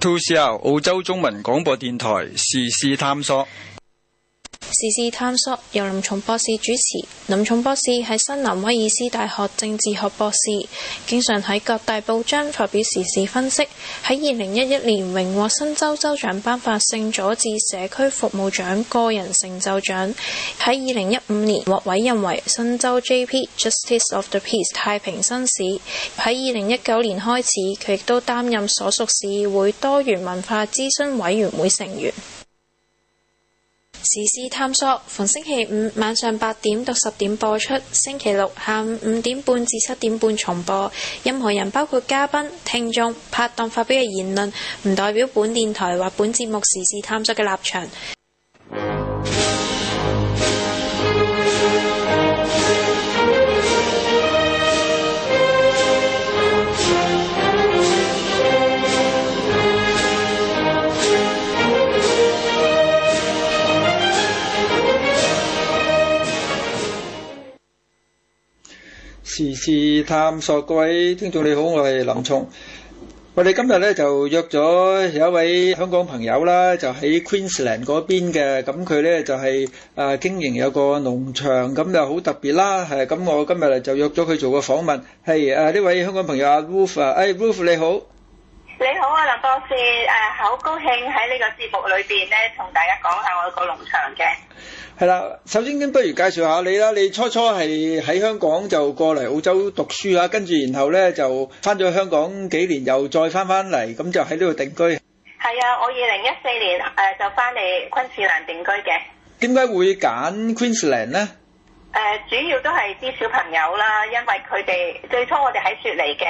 ToC L 澳洲中文廣播電台，時事探索。時事探索由林聰博士主持。林聰博士係新南威爾斯大學政治學博士，經常喺各大報章發表時事分析。喺二零一一年榮獲新州州長頒發聖佐治社區服務獎個人成就獎。喺二零一五年獲委任為新州 J.P. Justice of the Peace 太平紳士。喺二零一九年開始，佢亦都擔任所屬市議會多元文化諮詢委員會成員。時事探索逢星期五晚上八點到十點播出，星期六下午五點半至七點半重播。任何人，包括嘉賓、聽眾、拍檔發表嘅言論，唔代表本電台或本節目時事探索嘅立場。 時事探索，各位聽眾你好，我係林聰。我哋今日咧就約咗有一位香港朋友啦，就喺 Queensland 嗰邊嘅。咁佢咧就係、是、誒、呃、經營有個農場，咁就好特別啦。係咁，我今日咧就約咗佢做個訪問。係誒呢位香港朋友阿、啊、Roofer、哎、誒 Roofer 你好。你好啊，林博士，誒，好高興喺呢個節目裏邊咧，同大家講下我個農場嘅。係啦。首先咁，不如介紹下你啦。你初初係喺香港就過嚟澳洲讀書啊，跟住然後咧就翻咗香港幾年，又再翻翻嚟咁就喺呢度定居。係啊，我二零一四年誒就翻嚟昆士蘭定居嘅。點解會揀昆士蘭咧？誒，主要都係啲小朋友啦，因為佢哋最初我哋喺雪梨嘅。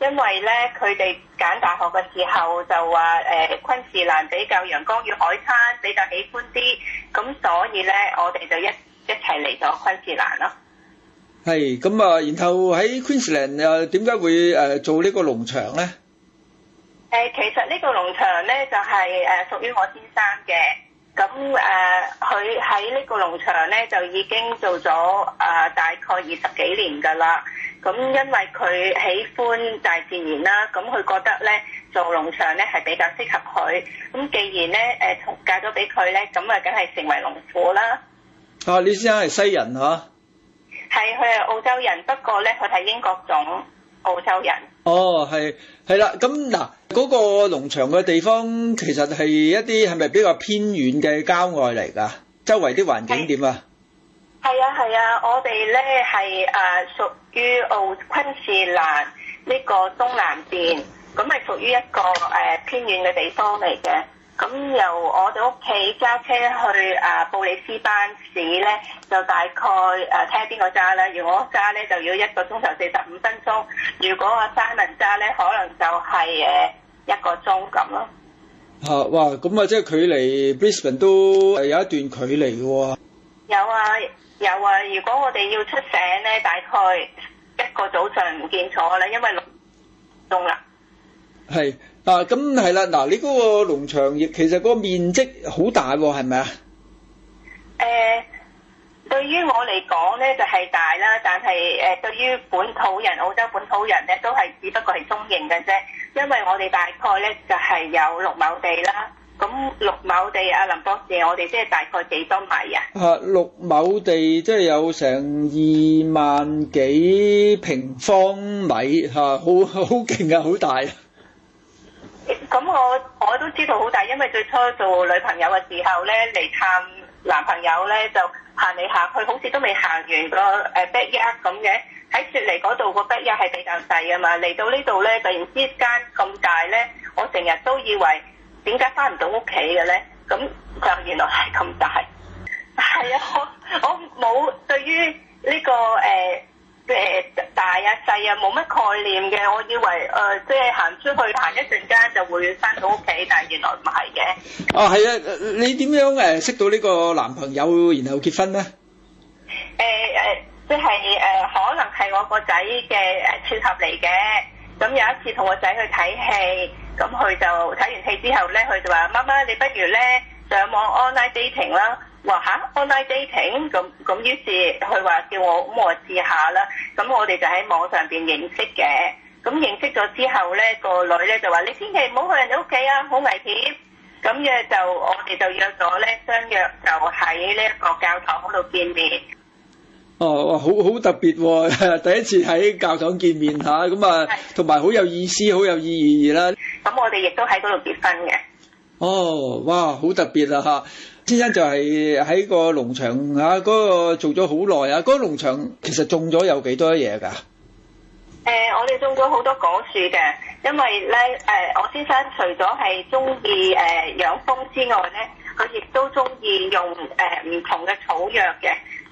因為咧，佢哋揀大學嘅時候就話誒昆士蘭比較陽光與海灘，比較喜歡啲，咁所以咧我哋就一一齊嚟咗昆士蘭咯。係，咁、嗯、啊，然後喺昆士蘭又點解會誒做呢個農場咧？誒、呃，其實呢個農場咧就係、是、誒屬於我先生嘅，咁誒佢喺呢個農場咧就已經做咗啊、呃、大概二十幾年㗎啦。咁因為佢喜歡大自然啦，咁佢覺得咧做農場咧係比較適合佢。咁既然咧誒嫁咗俾佢咧，咁啊梗係成為農婦啦、啊。啊，你先生係西人嚇？係，佢係澳洲人，不過咧佢係英國種澳洲人。哦，係係啦。咁嗱，嗰、那個農場嘅地方其實係一啲係咪比較偏遠嘅郊外嚟㗎？周圍啲環境點啊？係啊，係啊，我哋咧係誒屬於澳昆士蘭呢個東南邊，咁係屬於一個誒、啊、偏遠嘅地方嚟嘅。咁由我哋屋企揸車去誒、啊、布里斯班市咧，就大概誒聽邊個揸啦？如果揸咧，就要一個鐘頭四十五分鐘；如果阿 Simon 揸咧，可能就係誒一個鐘咁咯。嚇、啊！哇！咁啊，即係距離 Brisbane 都係有一段距離喎。有啊，有啊！如果我哋要出城咧，大概一個早上唔見咗啦，因為六鐘啦。係啊，咁係啦，嗱，你嗰個農場亦其實個面積好大，係咪啊？誒，對於我嚟講咧就係大啦，但係誒，對於本土人，澳洲本土人咧都係只不過係中型嘅啫，因為我哋大概咧就係有六畝地啦。咁六畝地阿林博士，我哋即係大概幾多米啊？啊，六畝地即係有成二萬幾平方米，吓好好勁啊，好大。咁我我都知道好大，因為最初做女朋友嘅時候咧嚟探男朋友咧就行嚟行去，好似都未行完個誒 backyard 咁嘅。喺雪梨嗰度個 backyard 係比較細噶嘛，嚟到呢度咧突然之間咁大咧，我成日都以為。點解翻唔到屋企嘅咧？咁就原來係咁大，係 啊！我我冇對於呢、呢個誒誒、呃呃、大啊細啊冇乜概念嘅，我以為誒即係行出去行一陣間就會翻到屋企，但係原來唔係嘅。哦，係啊！你點樣誒識到呢個男朋友，然後結婚咧？誒誒、呃，即係誒可能係我個仔嘅撮合嚟嘅。咁有一次同我仔去睇戲，咁佢就睇完戲之後咧，佢就話：媽媽，你不如咧上網 online dating 啦。哇吓 online dating，咁咁於是佢話叫我，咁我試下啦。咁我哋就喺網上邊認識嘅。咁認識咗之後咧，個女咧就話：你千祈唔好去人哋屋企啊，好危險。咁嘅就我哋就約咗咧相約，就喺呢一個教堂嗰度見面。哦，好好特別喎，第一次喺教堂見面，同埋好有意思，oh,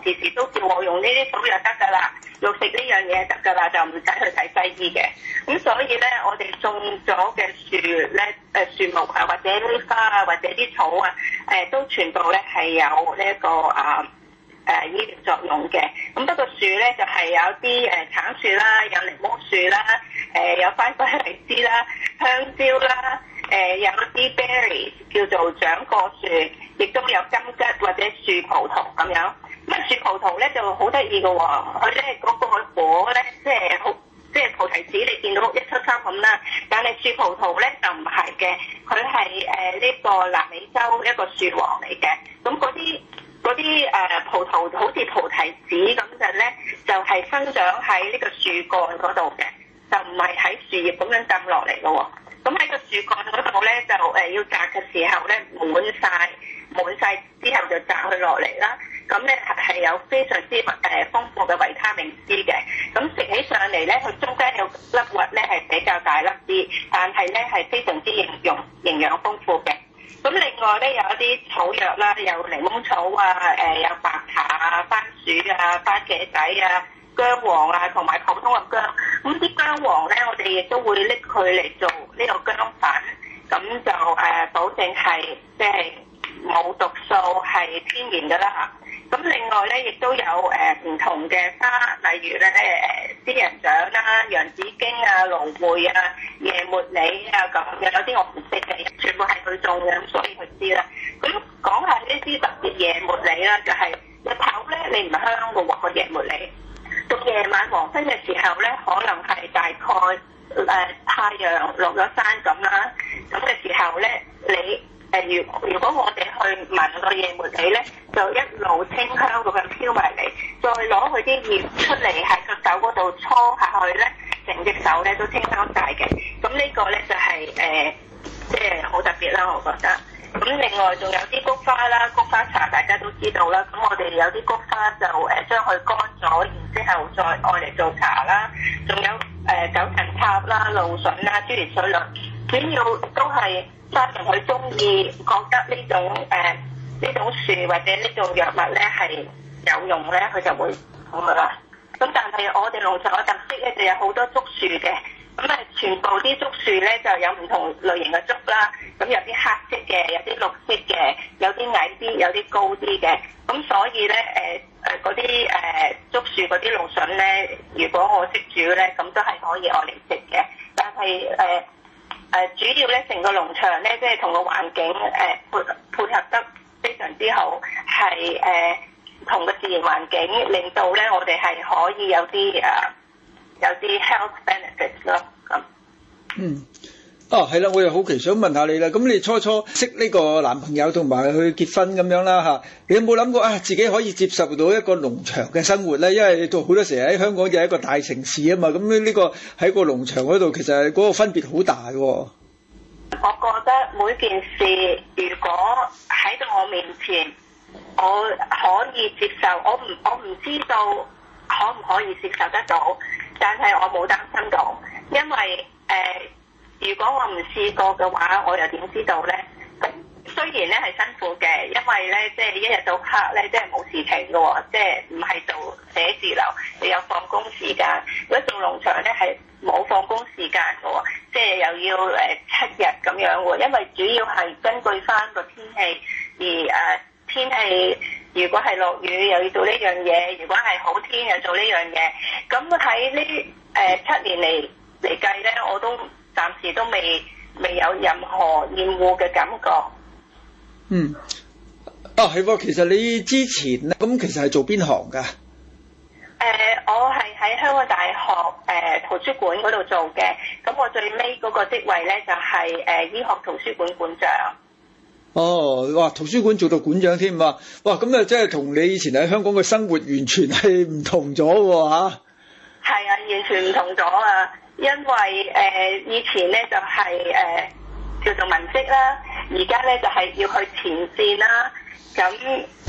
時時都叫我用呢啲草藥得㗎啦，用食呢樣嘢得㗎啦，就唔使去睇西醫嘅。咁所以咧，我哋種咗嘅樹咧，誒、呃、樹木啊，或者啲花啊，或者啲草啊，誒、呃、都全部咧係有呢、這、一個啊誒、啊、醫療作用嘅。咁不過樹咧就係、是、有啲誒橙樹啦，有檸檬樹啦，誒有番石榴枝啦，香蕉啦，誒、呃、有啲 b e r r y 叫做長果樹，亦都有金桔或者樹葡萄咁樣。咩樹葡萄咧就好得意嘅喎，佢咧嗰個果咧，即係好，即係菩提子，你見到一七三咁啦。但係樹葡萄咧就唔係嘅，佢係誒呢個南美洲一個樹王嚟嘅。咁嗰啲啲誒葡萄好似菩提子咁，就咧就係生長喺呢個樹幹嗰度嘅，就唔係喺樹葉咁樣浸落嚟嘅喎。咁喺個樹幹嗰度咧，就誒要摘嘅時候咧，滿晒，滿晒之後就摘佢落嚟啦。咁咧係有非常之誒豐富嘅維他命 C 嘅，咁食起上嚟咧，佢中間有粒核咧係比較大粒啲，但係咧係非常之營養，營養豐富嘅。咁另外咧有一啲草藥啦，有檸檬草啊、誒、呃、有白茶啊、番薯啊、番茄仔啊、薑黃啊，同埋普通嘅薑。咁啲薑黃咧，我哋亦都會拎佢嚟做呢個薑粉，咁就誒保證係即係冇毒素，係天然㗎啦嚇。咁另外咧，亦都有誒唔、呃、同嘅花，例如咧誒仙人掌啦、洋紫荊啊、龍梅啊、夜茉莉啊咁，又有啲我唔識嘅，全部係佢種嘅，咁所以佢知啦。咁講下呢啲特別夜茉莉啦，就係、是、日頭咧你唔香嘅喎個夜茉莉，到夜晚黃昏嘅時候咧，可能係大概誒、呃、太陽落咗山咁啦，咁嘅時候咧你。誒，如如果我哋去聞個野茉莉咧，就一路清香咁樣飄埋嚟，再攞佢啲葉出嚟喺個手嗰度搓下去咧，成隻手咧都清香曬嘅。咁呢個咧就係誒，即係好特別啦，我覺得。咁另外仲有啲菊花啦，菊花茶大家都知道啦。咁我哋有啲菊花就誒將佢乾咗，然之後再攞嚟做茶啦。仲有誒九層塔啦、蘆筍啦、豬苓水類。主要都係山民佢中意覺得呢種誒，呢種樹或者呢種藥物咧係有用咧，佢就會好噶啦。咁但係我哋農場嘅特色咧就有好多竹樹嘅。咁誒全部啲竹樹咧就有唔同類型嘅竹啦，咁有啲黑色嘅，有啲綠色嘅，有啲矮啲，有啲高啲嘅。咁所以咧誒，誒嗰啲誒竹樹嗰啲蘆筍咧，如果我識煮咧，咁都係可以愛嚟食嘅。但係誒。誒主要咧，成個農場咧，即係同個環境誒配配合得非常之好，係誒同個自然環境令到咧，我哋係可以有啲誒有啲 health benefits 咯，咁。嗯。哦，係啦，啊，我又好奇想問下你啦。咁你初初識呢個男朋友同埋去結婚咁樣啦，嚇，你有冇諗過啊？自己可以接受到一個農場嘅生活咧？因為好多時喺香港就係一個大城市啊嘛。咁呢個喺個農場嗰度，其實嗰個分別好大。哦。我覺得每件事如果喺到我面前，我可以接受，我唔我唔知道可唔可以接受得到，但係我冇擔心到，因為誒。呃如果我唔試過嘅話，我又點知道呢？咁雖然呢係辛苦嘅，因為呢即係你一日到黑呢，真係冇事情㗎喎，即係唔係做寫字樓，你有放工時間；如果做農場呢，係冇放工時間㗎喎，即係又要誒七日咁樣喎。因為主要係根據返個天氣而誒天氣，如果係落雨又要做呢樣嘢，如果係好天又做呢樣嘢。咁喺呢誒七年嚟嚟計呢，我都。暫時都未未有任何厭惡嘅感覺。嗯，啊，係喎，其實你之前咧，咁其實係做邊行㗎？誒、呃，我係喺香港大學誒、呃、圖書館嗰度做嘅，咁我最尾嗰個職位咧就係、是、誒、呃、醫學圖書館館長。哦，哇！圖書館做到館長添嘛？哇！咁啊，即係同你以前喺香港嘅生活完全係唔同咗喎，吓、啊。係啊，完全唔同咗啊！因為誒以前咧就係誒叫做文職啦，而家咧就係要去前線啦。咁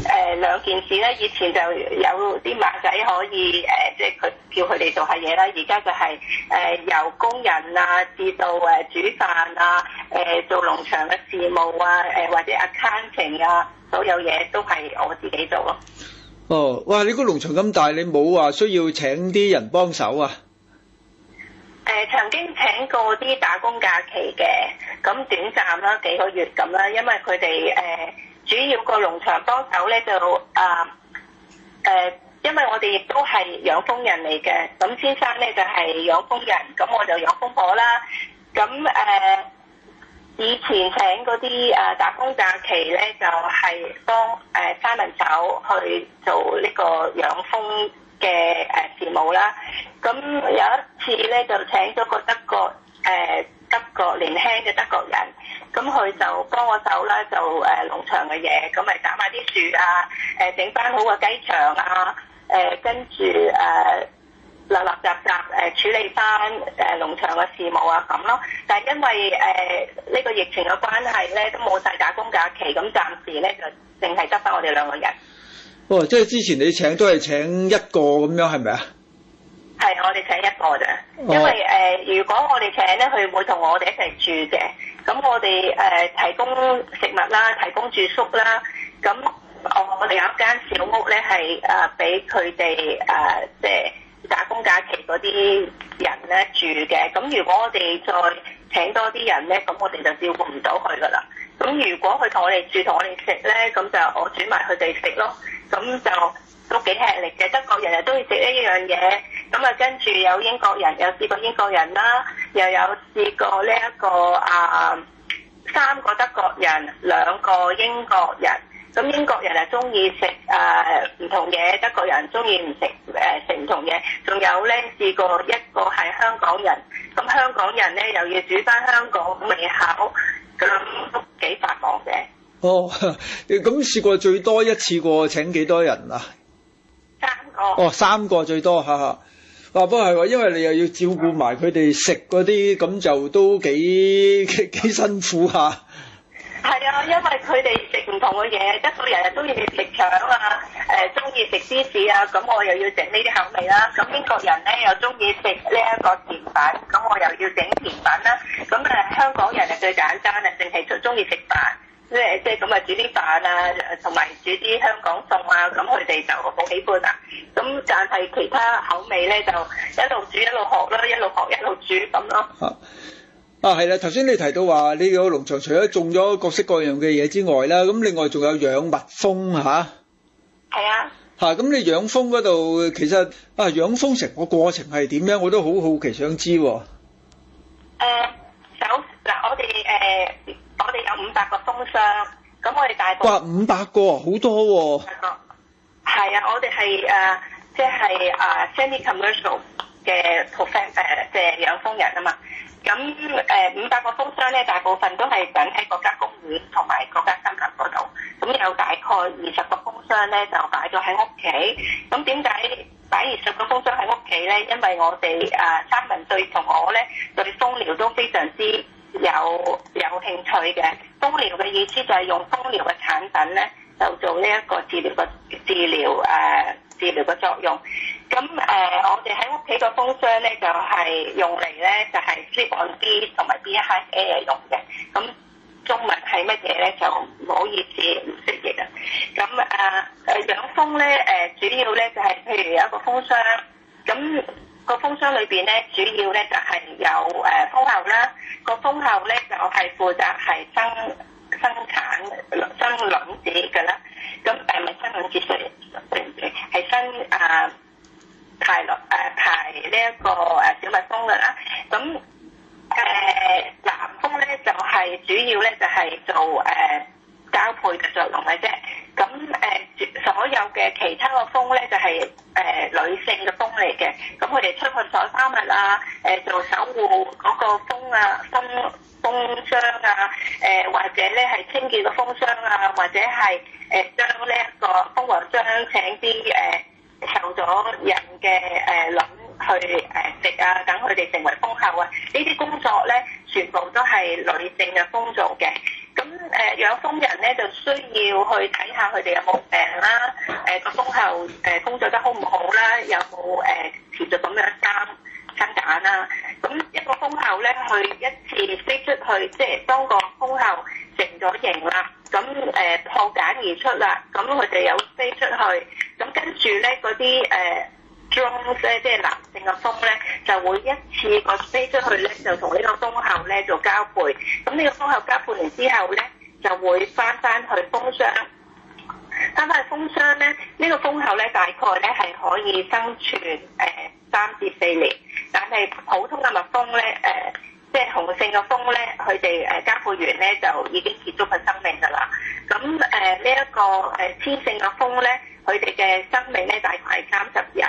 誒兩件事咧，以前就有啲馬仔可以誒，即係佢叫佢哋做下嘢啦。而家就係誒由工人啊，至到誒煮飯啊，誒做農場嘅事務啊，誒或者 accounting 啊，所有嘢都係我自己做咯。哦，哇！你個農場咁大，你冇話需要請啲人幫手啊？誒曾經請過啲打工假期嘅，咁短暫啦，幾個月咁啦，因為佢哋誒主要個農場幫手咧就啊誒、呃呃，因為我哋亦都係養蜂人嚟嘅，咁先生咧就係、是、養蜂人，咁我就養蜂婆啦。咁誒、呃、以前請嗰啲啊打工假期咧就係、是、幫誒、呃、三人手去做呢個養蜂。嘅誒事務啦，咁有一次咧就請咗個德國誒、呃、德國年輕嘅德國人，咁佢就幫我手啦，就誒農場嘅嘢，咁、嗯、咪打埋啲樹啊，誒整翻好個雞場啊，誒跟住誒立立雜雜誒處理翻誒農場嘅事務啊咁咯，但係因為誒呢、呃這個疫情嘅關係咧，都冇晒打工假期，咁暫時咧就淨係得翻我哋兩個人。哦，即係之前你請都係請一個咁樣，係咪啊？係，我哋請一個啫。因為誒、呃，如果我哋請咧，佢唔會同我哋一齊住嘅。咁我哋誒、呃、提供食物啦，提供住宿啦。咁我我哋有一間小屋咧，係誒俾佢哋誒即係打工假期嗰啲人咧住嘅。咁如果我哋再請多啲人咧，咁我哋就照顧唔到佢噶啦。咁如果佢同我哋住同我哋食呢，咁就我煮埋佢哋食咯。咁就都幾吃力嘅，德國人日都要食呢樣嘢。咁啊，跟住有英國人，有試過英國人啦，又有試過呢、這、一個啊三個德國人，兩個英國人。咁英國人啊，中意食誒唔同嘢，德國人中意唔食誒食唔同嘢。仲有呢，試過一個係香港人，咁香港人呢，又要煮翻香港味口。百幾百個嘅哦，咁試過最多一次過，請幾多人啊？三個哦，三個最多嚇。哇、哦，不過係話，因為你又要照顧埋佢哋食嗰啲，咁就都幾幾，幾辛苦吓。哈哈係啊，因為佢哋食唔同嘅嘢，德國人係中意食腸啊，誒中意食芝士啊，咁我又要整呢啲口味啦、啊。咁英國人咧又中意食呢一個甜品，咁我又要整甜品啦、啊。咁誒、啊、香港人係最簡單啦，淨係中中意食飯，即係即係咁啊煮啲飯啊，同埋煮啲香港餸啊，咁佢哋就好喜歡啊。咁但係其他口味咧就一路煮一路學咯，一路學一路煮咁咯。啊啊，係啦，頭先你提到話呢個農場除咗種咗各式各樣嘅嘢之外啦，咁另外仲有養蜜蜂嚇。係啊。嚇，咁你養蜂嗰度其實啊，養蜂成個過程係點樣？我都好好奇想知喎。誒，首先，嗱，我哋誒，我哋有五百個蜂箱，咁我哋大部。五百個，好多喎。係啊，我哋係誒，即係啊，semi commercial 嘅 professor，即係養蜂人啊嘛。咁誒五百個蜂箱咧，大部分都係緊喺國家公園同埋國家森林嗰度，咁有大概二十個蜂箱咧就擺咗喺屋企。咁點解擺二十個蜂箱喺屋企咧？因為我哋啊三文對同我咧對蜂療都非常之有有興趣嘅。蜂療嘅意思就係用蜂療嘅產品咧，就做呢一個治療嘅治療誒。啊治療嘅作用，咁誒、呃，我哋喺屋企個蜂箱咧就係、是、用嚟咧就係輸放 B 同埋 beehive 用嘅，咁中文係乜嘢咧就唔好意思唔識嘅，咁啊誒養蜂咧誒、呃、主要咧就係、是、譬如有一個蜂箱，咁、那個蜂箱裏邊咧主要咧就係、是、有誒蜂后啦，那個蜂后咧就係、是、負責係生。生產生卵子嘅啦，咁誒咪生卵子？水，誒係生啊排落誒排蜂蜂，呃、呢一個誒小蜜蜂嘅啦，咁誒南蜂咧就係、是、主要咧就係、是、做誒。呃交配嘅作用嘅啫，咁誒所有嘅其他嘅蜂咧就係誒女性嘅蜂嚟嘅，咁佢哋出去採花蜜啊，誒做守護嗰個蜂啊蜂蜂箱啊，誒或者咧係清潔個蜂箱啊，或者係誒將呢一個蜂王箱請啲誒受咗孕嘅誒卵去誒食啊，等佢哋成為蜂后啊，呢啲工作咧全部都係女性嘅蜂做嘅。咁誒養蜂人咧就需要去睇下佢哋有冇病啦，誒個蜂后誒工作得好唔好啦，有冇誒持續咁樣生生蛋啦。咁一個蜂后咧，佢一次飛出去，即係當個蜂后成咗型啦。咁誒破繭而出啦，咁佢哋有飛出去，咁跟住咧嗰啲誒。蜂咧，即係男性嘅蜂咧，就會一次過飛出去咧，就同呢個蜂后咧做交配。咁呢個蜂后交配完之後咧，就會翻翻去蜂箱。翻翻去蜂箱咧，這個、風呢個蜂后咧大概咧係可以生存誒三至四年。但係普通嘅蜜蜂咧，誒、呃、即係雄性嘅蜂咧，佢哋誒交配完咧就已經結束佢生命㗎啦。咁誒、呃這個、呢一個誒雌性嘅蜂咧，佢哋嘅生命咧大概係三十日。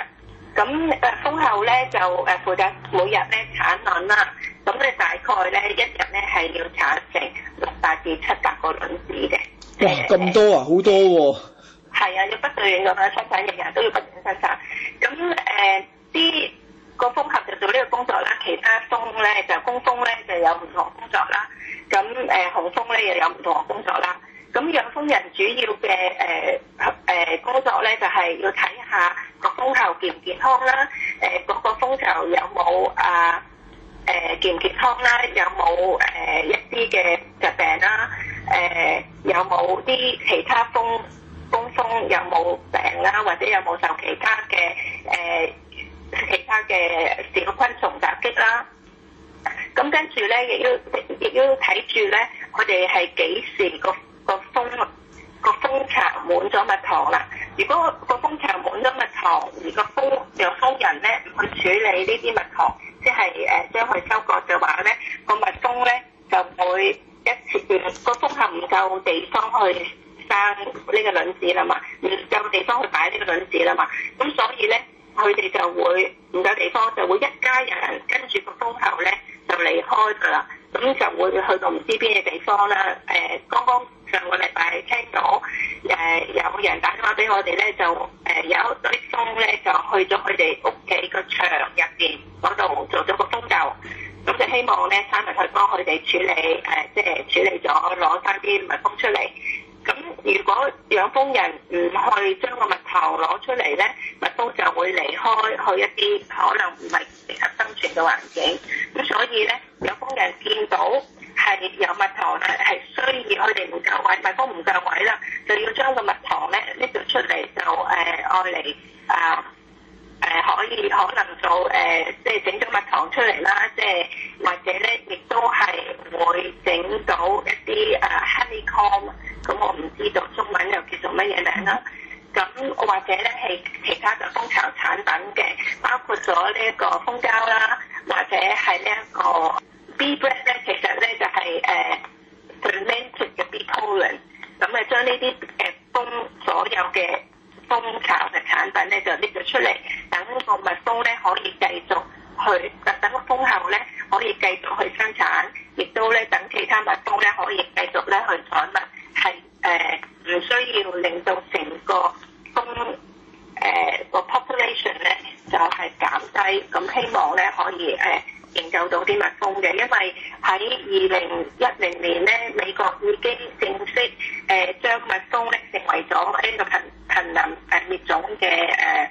咁誒蜂后咧就誒負責每日咧產卵啦。咁你大概咧一日咧係要產成六百至七百個卵子嘅。哇！咁多啊，呃、好多喎、哦。係啊，要不斷咁樣出產，日日都要不斷出產。咁誒啲個蜂后就做呢個工作啦。其他蜂咧就工蜂咧就有唔同工作啦。咁誒熊蜂咧又有唔同嘅工作啦。咁養蜂人主要嘅誒誒工作咧，就係要睇下個蜂後健唔健康啦。誒，嗰個蜂後有冇啊誒健唔健康啦？有冇誒、呃、一啲嘅疾病啦？誒、呃、有冇啲其他蜂工蜂有冇病啦？或者有冇受其他嘅誒、呃、其他嘅小昆蟲襲擊啦？咁跟住咧，亦都亦都睇住咧，佢哋係幾時個。個蜂個蜂巢滿咗蜜糖啦。如果個蜂巢滿咗蜜糖，而個蜂有蜂人咧唔去處理呢啲蜜糖，即係誒將佢收割嘅話咧，個、呃、蜜蜂咧就會一次過個蜂后唔夠地方去生呢個卵子啦嘛，唔夠地方去擺呢個卵子啦嘛，咁所以咧佢哋就會唔夠地方就會一家人跟住個蜂后咧就離開佢啦，咁就會去到唔知邊嘅地方啦。誒、呃、剛剛。上個禮拜聽到誒有人打電話俾我哋咧，就誒有一堆蜂咧就去咗佢哋屋企個牆入面嗰度做咗個蜂竇，咁就希望咧翻嚟去幫佢哋處理誒，即、呃、係、就是、處理咗攞翻啲蜜蜂出嚟。咁如果養蜂人唔去將個蜜巢攞出嚟咧，蜜蜂，蜂就會離開去一啲可能唔係適合生存嘅環境。咁所以咧，養蜂人見到。係有蜜糖咧，係需要佢哋唔夠位，蜜蜂唔夠位，呃呃呃呃就是，啦，就要將個蜜糖咧拎咗出嚟，就誒愛嚟啊誒可以可能做誒即係整咗蜜糖出嚟啦，即係或者咧亦都係會整到一啲啊 honeycomb，咁、嗯、我唔知道中文又叫做乜嘢名啦。咁、嗯、或者咧係其他嘅蜂巢產品嘅，包括咗呢一個蜂膠啦，或者係呢一個。Bee bread 咧，其實咧就係誒 fermented 嘅 bee pollen，咁誒將呢啲誒蜂所有嘅蜂巢嘅產品咧就拎咗出嚟，等個蜜蜂咧可以繼續去，就等個蜂后咧可以繼續去生產，亦都咧等其他蜜蜂咧可以繼續咧去採蜜，係誒唔需要令到成個蜂誒個 population 咧就係減低，咁希望咧可以誒。營救到啲蜜蜂嘅，因為喺二零一零年咧，美國已經正式誒、呃、將蜜蜂咧成為咗呢個瀕瀕臨滅種嘅誒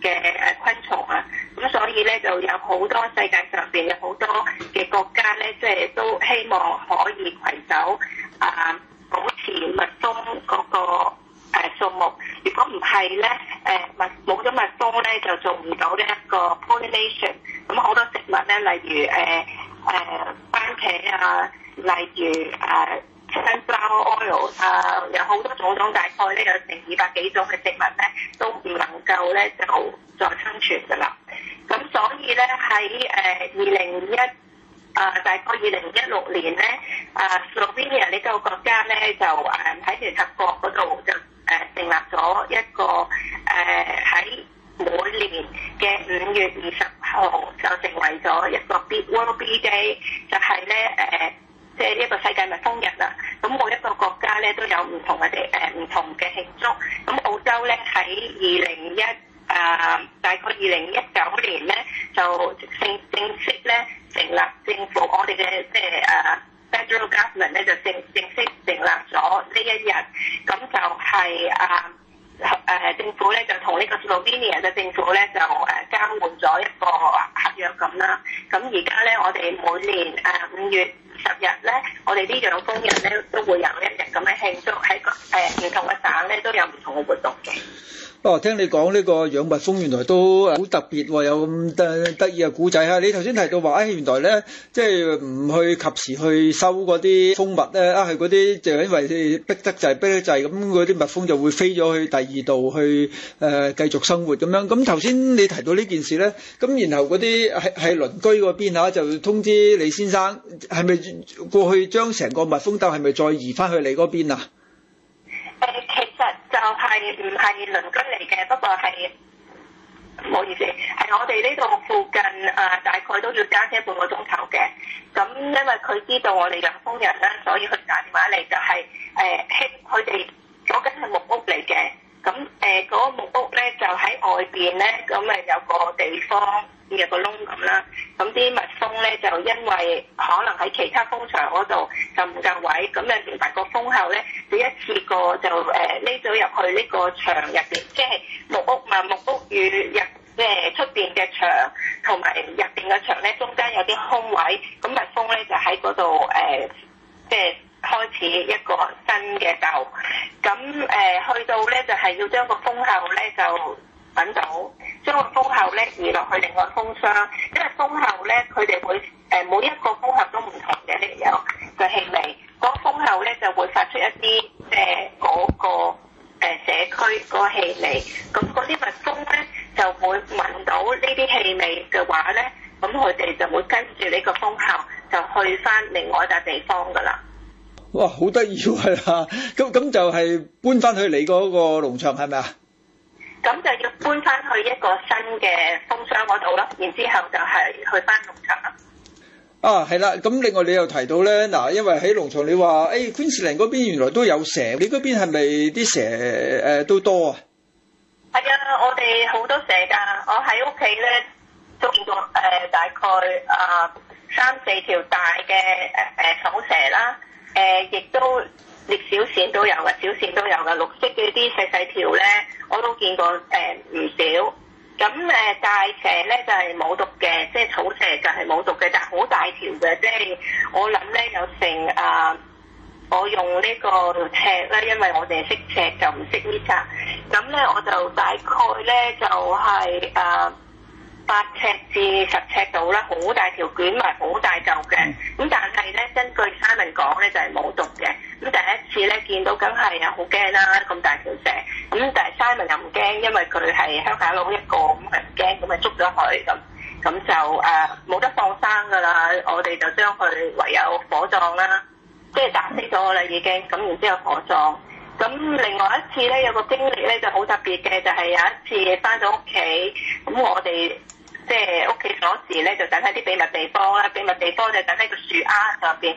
嘅誒昆蟲啊，咁所以咧就有好多世界上邊有好多嘅國家咧，即、就、係、是、都希望可以攜走啊、呃，保持蜜蜂嗰、那個。誒樹木，如果唔係咧，誒物冇咗蜜蜂咧，就做唔到呢一個 pollination。咁好多植物咧，例如誒誒番茄啊，例如誒 sunflower oil 啊，有好多種種，大概咧，有成二百幾種嘅植物咧，都唔能夠咧就再生存噶啦。咁所以咧喺誒二零一。啊！Uh, 大概二零一六年咧，啊，斯洛文尼亞呢個國家咧就誒喺聯合國嗰度就誒、uh, 成立咗一個誒喺、uh, 每年嘅五月二十號就成為咗一個 World Bee Day，就係咧誒，即係呢個世界蜜蜂日啦。咁每一個國家咧都有唔同嘅誒唔同嘅慶祝。咁澳洲咧喺二零一啊，1, uh, 大概二零一九年咧就正正式咧。成立政府，我哋嘅即係誒 Federal Government 咧就正正式成立咗呢一日，咁就係誒誒政府咧就同呢個 Liberia 嘅政府咧就誒交換咗一個合約咁啦，咁而家咧我哋每年誒五、呃、月十日咧，我哋啲養蜂人咧都會有一日咁樣，慶祝喺誒唔同嘅省咧，都有唔同嘅活動嘅。哦，聽你講呢個養蜜蜂原來都好特別喎，有咁得得意嘅故仔嚇。你頭先提到話，啊原來咧即係唔去及時去收嗰啲蜂蜜咧，啊係嗰啲就因為逼得滯，逼得滯咁，嗰啲蜜蜂就會飛咗去第二度去誒繼續生活咁樣。咁頭先你提到呢件事咧，咁然後嗰啲喺喺鄰居嗰邊嚇就通知李先生係咪？過去將成個蜜蜂竇係咪再移翻去你嗰邊啊？誒，其實就係唔係鄰居嚟嘅，不過係唔好意思，係我哋呢度附近誒，大概都要加車半個鐘頭嘅。咁因為佢知道我哋養蜂人啦，所以佢打電話嚟就係、是、誒，佢哋嗰間係木屋嚟嘅。咁誒，嗰個木屋咧就喺外邊咧，咁誒有個地方。嘅個窿咁啦，咁啲蜜蜂咧就因為可能喺其他蜂場嗰度就唔夠位，咁入邊大個蜂后咧，第一次過就誒匿咗入去呢個牆入邊，即、就、係、是、木屋嘛、啊，木屋與入即係、呃、出邊嘅牆同埋入邊嘅牆咧，中間有啲空位，咁蜜蜂咧就喺嗰度誒，即、呃、係、就是、開始一個新嘅竇，咁誒、呃、去到咧就係、是、要將個蜂后咧就。揾到將個蜂后咧移落去另外蜂箱，因為蜂后咧佢哋每誒每一個蜂后都唔同嘅，呢個氣味。嗰個蜂后咧就會發出一啲誒嗰個誒社區嗰個氣味，咁嗰啲蜜蜂咧就會聞到呢啲氣味嘅話咧，咁佢哋就會跟住呢個蜂后就去翻另外一笪地方噶啦。哇！好得意喎，係嘛？咁咁就係搬翻去你嗰個農場，係咪啊？咁就要搬翻去一個新嘅蜂箱嗰度咯，然之後就係去翻農場啦。啊，係啦，咁另外你又提到咧，嗱，因為喺農場你話，哎，昆士蘭嗰邊原來都有蛇，你嗰邊係咪啲蛇誒、呃、都多啊？係啊，我哋好多蛇㗎，我喺屋企咧捉到誒大概啊、呃、三四條大嘅誒、呃呃、草蛇啦，誒、呃、亦都。裂小線都有嘅，小線都有嘅，綠色嗰啲細細條咧，我都見過誒唔、嗯、少。咁誒大蛇咧就係、是、冇毒嘅，即係草蛇就係冇毒嘅，但係好大條嘅，即、就、係、是、我諗咧有成誒、啊。我用個呢個尺啦，因為我哋係識尺就唔識呢扎。咁咧我就大概咧就係、是、誒。啊八尺至十尺到啦，好大條，捲埋，好大嚿嘅。咁但係咧，根據 Simon 講咧就係冇毒嘅。咁第一次咧見到，梗係啊好驚啦，咁大條蛇。咁但係 Simon 又唔驚，因為佢係鄉下佬一個，咁咪唔驚，咁咪捉咗佢咁。咁就誒冇得放生㗎啦，我哋就將佢唯有火葬啦，即係打死咗啦已經。咁然之後火葬。咁另外一次咧有個經歷咧就好特別嘅，就係有一次翻咗屋企，咁我哋。即係屋企鎖匙咧，就等喺啲秘密地方啦。秘密地方就等喺個樹丫上邊。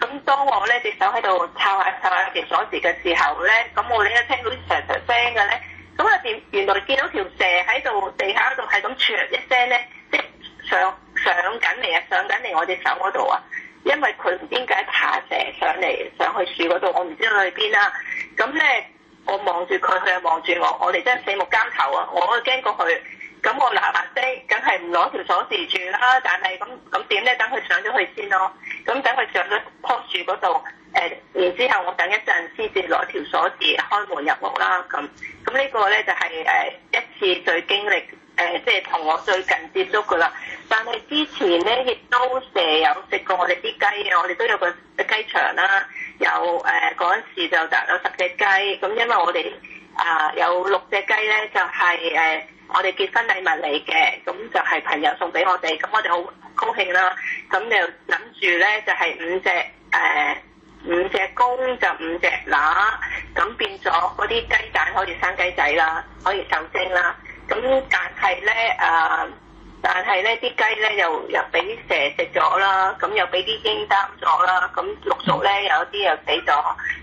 咁當我咧隻手喺度抄下抄下條鎖匙嘅時候咧，咁我一聽到啲唰聲嘅咧，咁入邊原來見到條蛇喺度地下度係咁唰一聲咧，即上上緊嚟啊！上緊嚟我隻手嗰度啊！因為佢唔知點解爬蛇上嚟上去樹嗰度？我唔知佢去邊啦、啊。咁咧我望住佢，佢又望住我。我哋真係四目監頭啊！我驚過佢。咁我嗱嗱聲，梗係唔攞條鎖匙住啦。但係咁咁點咧？等佢上咗去先咯。咁等佢上咗棵樹嗰度，誒、呃、然後之後我等一陣先至攞條鎖匙開門入屋啦。咁咁呢個咧就係、是、誒、呃、一次最經歷誒，即係同我最近接觸噶啦。但係之前咧亦都蛇有食過我哋啲雞，我哋都有個雞場啦，有誒嗰陣時就大有十隻雞。咁因為我哋啊、呃、有六隻雞咧，就係、是、誒。呃我哋結婚禮物嚟嘅，咁就係朋友送俾我哋，咁我哋好高興啦。咁又諗住咧，就係、是、五隻誒、呃、五隻公就五隻乸，咁變咗嗰啲雞蛋可以生雞仔啦，可以受精啦。咁但係咧誒，但係咧啲雞咧又又俾蛇食咗啦，咁又俾啲鷹擔咗啦，咁陸續咧有啲又死咗，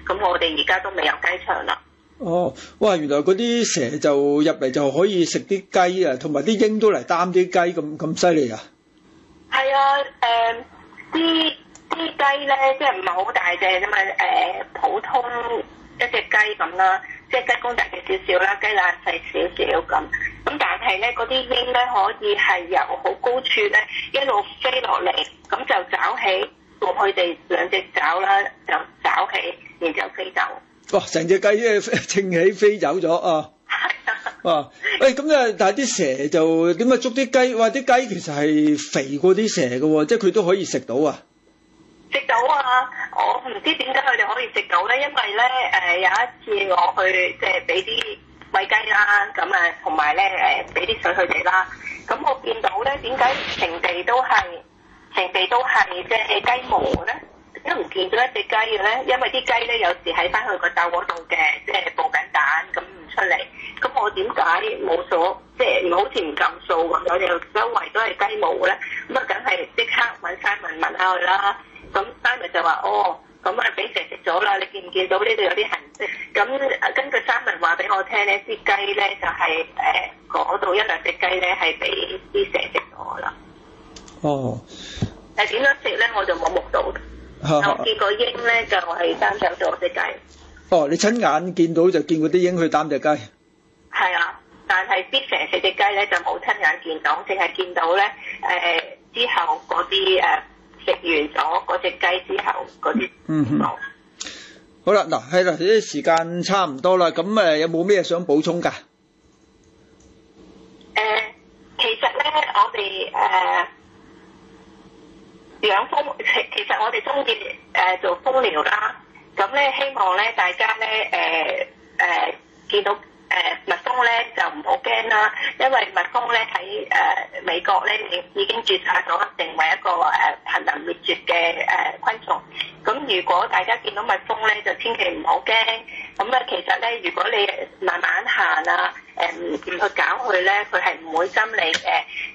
咁我哋而家都未有雞場啦。哦，哇！原來嗰啲蛇就入嚟就可以食啲雞，雞啊，同埋啲鷹都嚟擔啲雞咁，咁犀利啊！係、呃、啊，誒啲啲雞咧，即係唔係好大隻啫嘛？誒、呃、普通一隻雞咁啦，即係雞公大隻少少啦，雞乸細少少咁。咁但係咧，嗰啲鷹咧可以係由好高處咧一路飛落嚟，咁就爪起，用佢哋兩隻爪啦，就爪起，然之後就飛走。哇！成隻雞即係竄起飛走咗啊！哇！喂，咁咧，但係啲蛇就點解捉啲雞？話啲雞其實係肥過啲蛇嘅喎，即係佢都可以食到啊！食到啊！我唔知點解佢哋可以食到咧，因為咧誒有一次我去即係俾啲米雞啦，咁啊同埋咧誒俾啲水佢哋啦，咁我見到咧點解成地都係成地都係即係雞毛咧？都唔見咗一隻雞嘅咧，因為啲雞咧有時喺翻去個竇嗰度嘅，即係抱緊蛋咁唔出嚟。咁我點解冇咗，即係唔好似唔夠數咁樣，又周圍都係雞毛咧？咁啊，梗係即刻搵 Simon 問下佢啦。咁 Simon 就話：哦，咁啊俾蛇食咗啦！你見唔見到呢度有啲痕跡？咁根據 Simon 話俾我聽呢，啲雞咧就係誒嗰度一兩隻雞咧係俾啲蛇食咗啦。哦。Oh. 但係點樣食咧？我就冇目睹。我見個鷹咧，就係擔走咗隻雞。哦，你親眼見到就見過啲鷹去擔隻雞。係啊，但係之成四隻雞咧就冇親眼見到，淨係見到咧誒、呃、之後嗰啲誒食完咗嗰隻雞之後嗰啲。嗯，好哼、嗯。好啦，嗱係啦，呢啲時間差唔多啦，咁誒有冇咩想補充㗎？誒、呃，其實咧，我哋誒。呃養蜂，其 其實我哋中意誒做蜂療啦，咁咧希望咧大家咧誒誒見到誒、呃、蜜蜂咧就唔好。嗱，因為蜜蜂咧喺誒美國咧已已經註冊咗，定為一個誒瀕臨滅絕嘅誒、呃、昆蟲。咁、呃、如果大家見到蜜蜂咧，就千祈唔好驚。咁、呃、啊，其實咧，如果你慢慢行啊，誒唔唔去揀佢咧，佢係唔會針你嘅。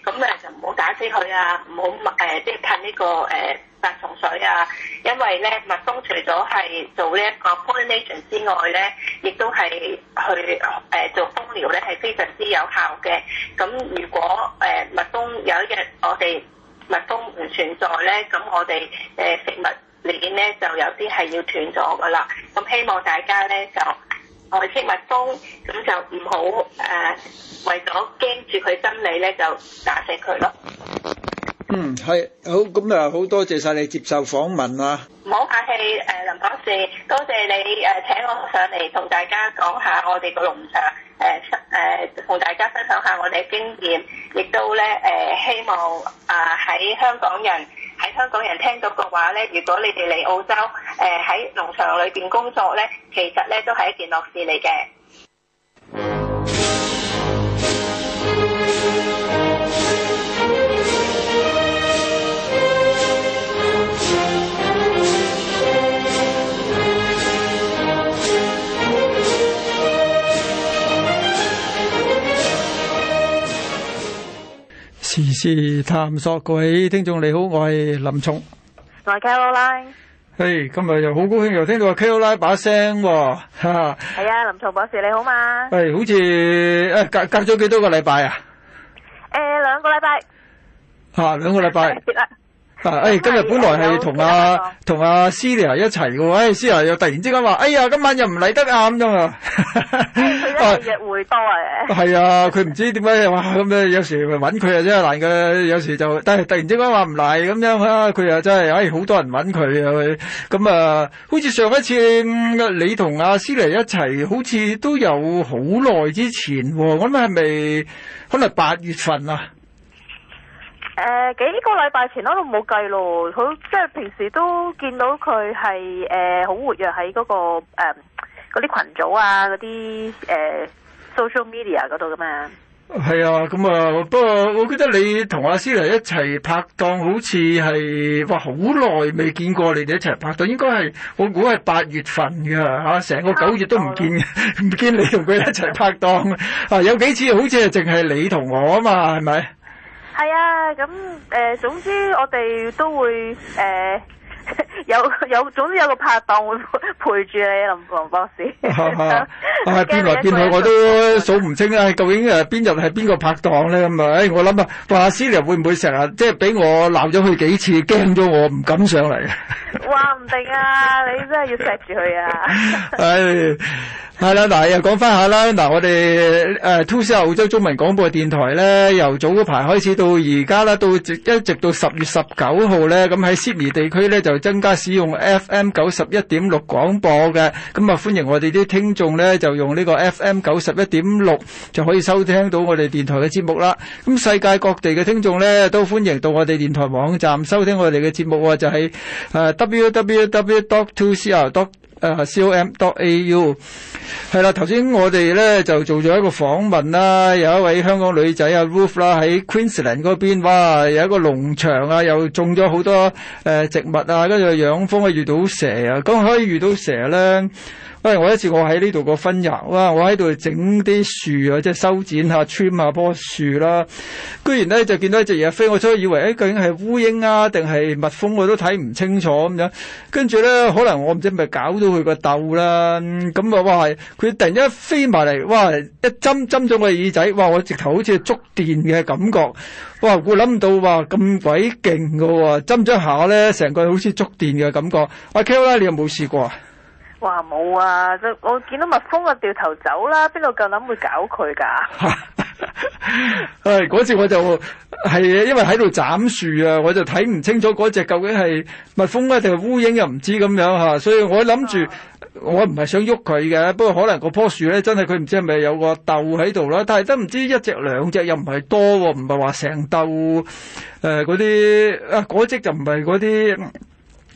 咁、呃、啊，就唔好打死佢啊，唔好誒即係噴呢、這個誒殺蟲水啊。因為咧，蜜蜂除咗係做呢一個 pollination 之外咧，亦都係去誒做蜂療咧，係非常之有效嘅。咁如果誒蜜蜂有一日我哋蜜蜂唔存在咧，咁我哋誒食物鏈咧就有啲係要斷咗噶啦。咁希望大家咧就愛惜蜜蜂，咁就唔好誒為咗驚住佢真理咧就打死佢咯。嗯，係好，咁啊好多謝晒你接受訪問啊！唔好客氣，誒林博士，多謝你誒請我上嚟同大家講下我哋個農場，誒誒同大家分享下我哋嘅經驗，亦都咧誒、呃、希望啊喺香港人喺香港人聽到嘅話咧，如果你哋嚟澳洲，誒喺農場裏邊工作咧，其實咧都係一件樂事嚟嘅。嗯時事探索鬼，各位聽眾你好，我係林松，我係 Caroline 嘿，hey, 今日又好高興又聽到 Caroline 把聲喎，係啊，林松博士你好嘛，係，好似誒隔隔咗幾多個禮拜啊，誒，兩個禮拜，啊，兩個禮拜、啊，啦、uh,。啊 哎、啊！今日本來係同阿同阿思瑩一齊嘅喎，誒、哎，思瑩又突然之間話，哎呀，今晚又唔嚟得啱咁樣啊，佢約會多誒。係啊，佢唔知點解又話咁咧？有時揾佢啊，真係難嘅。有時就但係突然之間話唔嚟咁樣啊，佢又真係，哎，好多人揾佢啊。咁啊，好似上一次你同阿思瑩一齊，好似都有好耐之前喎。咁係咪可能八月份啊？誒，幾個禮拜前我都冇計咯，佢即係平時都見到佢係誒好活躍，喺嗰個誒嗰啲群組啊，嗰啲誒 social media 嗰度噶嘛。係啊，咁、嗯、啊、不、嗯、過我記得你同阿思妮一齊拍檔，好似係哇好耐未見過你哋一齊拍檔，應該係我估係八月份噶吓，成、啊、個九月都唔見唔、嗯嗯、 見你同佢一齊拍檔。啊、嗯嗯嗯，有幾次好似淨係你同我啊嘛，係咪？係啊，咁誒，呃，總之我哋都會誒。呃 有有，總之有個拍檔會陪住你，林黃博士。哈哈、啊，但、啊、係 邊來邊去上上我都數唔清啊！究竟誒邊日係邊個拍檔咧咁啊？誒、哎，我諗啊，黃阿 Sir 會唔會成日即係俾我鬧咗佢幾次，驚咗我唔敢上嚟啊？話 唔定啊，你真係要錫住佢啊！係係啦，嗱又講翻下啦，嗱我哋誒 To Sir 澳洲中文廣播電台咧，由早嗰排開始到而家啦，到直一直到十月十九號咧，咁喺 Sydney 地區咧就。就增加使用 FM 91.6廣播嘅，咁啊歡迎我哋啲聽眾咧就用呢個 FM 91.6就可以收聽到我哋電台嘅節目啦。咁世界各地嘅聽眾咧都歡迎到我哋電台網站收聽我哋嘅節目啊，就喺 www.dot 2cr.dot 誒 c o m dot a u 係啦，頭先、uh, 我哋咧就做咗一個訪問啦、啊，有一位香港女仔 Ruth, 啊，Ruth 啦，喺 Queensland 嗰邊，哇、啊，有一個農場啊，又種咗好多誒、呃、植物啊，跟住養蜂啊，遇到蛇啊，咁可以遇到蛇咧。喂、哎，我一次我喺呢度個分入，哇！我喺度整啲樹啊，即係修剪下、trim 下棵樹啦。居然咧就見到一隻嘢飛，我初以為誒、哎、究竟係烏蠅啊定係蜜蜂、啊，我都睇唔清楚咁樣。跟住咧可能我唔知咪搞到佢個竇啦。咁、嗯、啊、嗯、哇！佢突然間一飛埋嚟，哇！一針針咗我耳仔，哇！我直頭好似觸電嘅感覺。哇！我諗唔到話咁鬼勁㗎喎，針咗下咧，成個好似觸電嘅感覺。阿、啊、Ko 你有冇試過啊？哇，冇啊！我見到蜜蜂啊，掉頭走啦！邊度夠膽會搞佢㗎、啊？誒嗰次我就係因為喺度斬樹啊，我就睇唔清楚嗰隻究竟係蜜蜂啊定係烏蠅又唔知咁樣嚇，所以我諗住、啊、我唔係想喐佢嘅。不過可能嗰棵樹咧，真係佢唔知係咪有個竇喺度啦。但係都唔知一隻兩隻又唔係多，唔係話成竇誒嗰啲啊嗰隻就唔係嗰啲。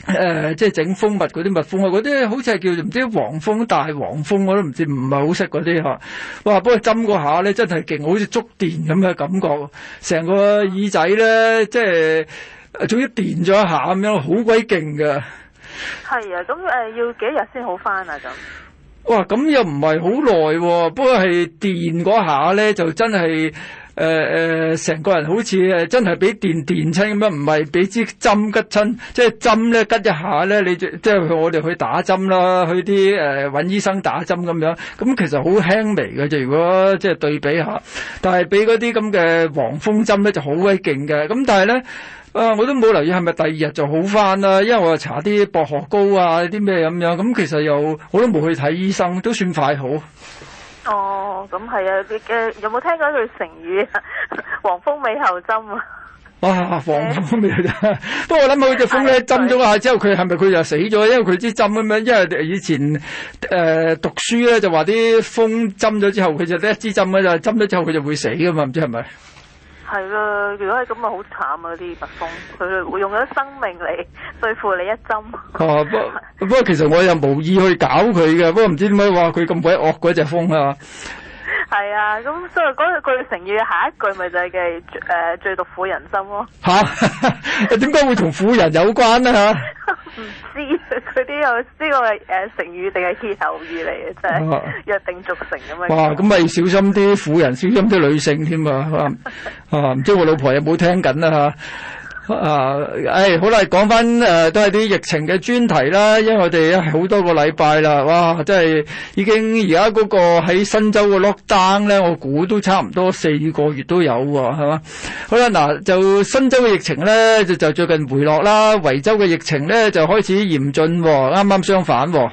誒、呃、即係整蜂蜜嗰啲蜜蜂啊，嗰啲好似係叫唔知黃蜂，大黃蜂我都唔知，唔係好識嗰啲嚇。哇！不過針嗰下咧真係勁，好似觸電咁嘅感覺，成個耳仔咧即係總之電咗一下咁樣，好鬼勁㗎。係啊，咁、嗯、誒要幾日先好翻啊？就哇，咁又唔係好耐喎，不過係電嗰下咧就真係。誒誒，成、呃、個人好似誒真係俾電電親咁樣，唔係俾支針拮親，即係針咧拮一下咧，你就即係我哋去打針啦，去啲誒搵醫生打針咁樣。咁其實好輕微嘅啫，如果即係對比下，但係俾嗰啲咁嘅黃蜂針咧就、呃、就好鬼勁嘅。咁但係咧，啊我都冇留意係咪第二日就好返啦，因為我又搽啲薄荷膏啊啲咩咁樣。咁其實又我都冇去睇醫生，都算快好。哦，咁係啊！啲嘅、嗯、有冇聽過一句成語 啊？黃蜂尾後針啊！哇，黃蜂尾針，不過我諗佢隻蜂咧針咗下之後，佢係咪佢就死咗？因為佢支針咁樣，因為以前誒、呃、讀書咧就話啲蜂針咗之後，佢就一支針噶咋，針咗之後佢就會死噶嘛，唔知係咪？係咯，如果係咁啊，好慘啊！啲蜜蜂佢會用咗生命嚟對付你一針、啊 啊。不不過其實我又無意去搞佢嘅，不過唔知點解話佢咁鬼惡嗰隻蜂啊。係啊，咁所以嗰句成語下一句咪就係嘅誒最毒婦人心咯、啊、嚇？點解、啊、 會同婦人有關呢？嚇 ？唔知佢啲有呢個誒成語定係歇後語嚟嘅，即係約定俗成咁啊！哇！咁咪小心啲婦人，小心啲女性添啊！啊，唔知我老婆有冇聽緊啊？嚇？啊，誒、哎，好啦，講翻誒，都係啲疫情嘅專題啦，因為我哋好多個禮拜啦，哇，真係已經而家嗰個喺新州嘅 lockdown 咧，我估都差唔多四個月都有喎、啊，係嘛？好啦，嗱、啊，就新州嘅疫情咧，就就最近回落啦，維州嘅疫情咧就開始嚴峻、喔，啱啱相反、喔。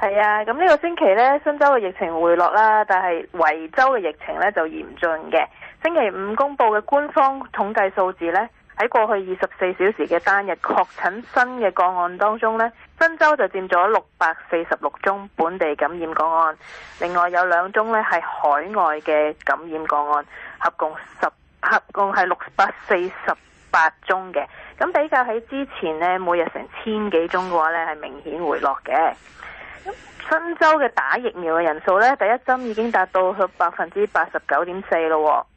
係啊，咁呢個星期咧，新州嘅疫情回落啦，但係維州嘅疫情咧就嚴峻嘅。星期五公布嘅官方統計數字咧。喺過去二十四小時嘅單日確診新嘅個案當中呢，新州就佔咗六百四十六宗本地感染個案，另外有兩宗呢係海外嘅感染個案，合共十合共係六百四十八宗嘅。咁比較起之前呢，每日成千幾宗嘅話呢係明顯回落嘅。新州嘅打疫苗嘅人數呢，第一針已經達到去百分之八十九點四咯喎。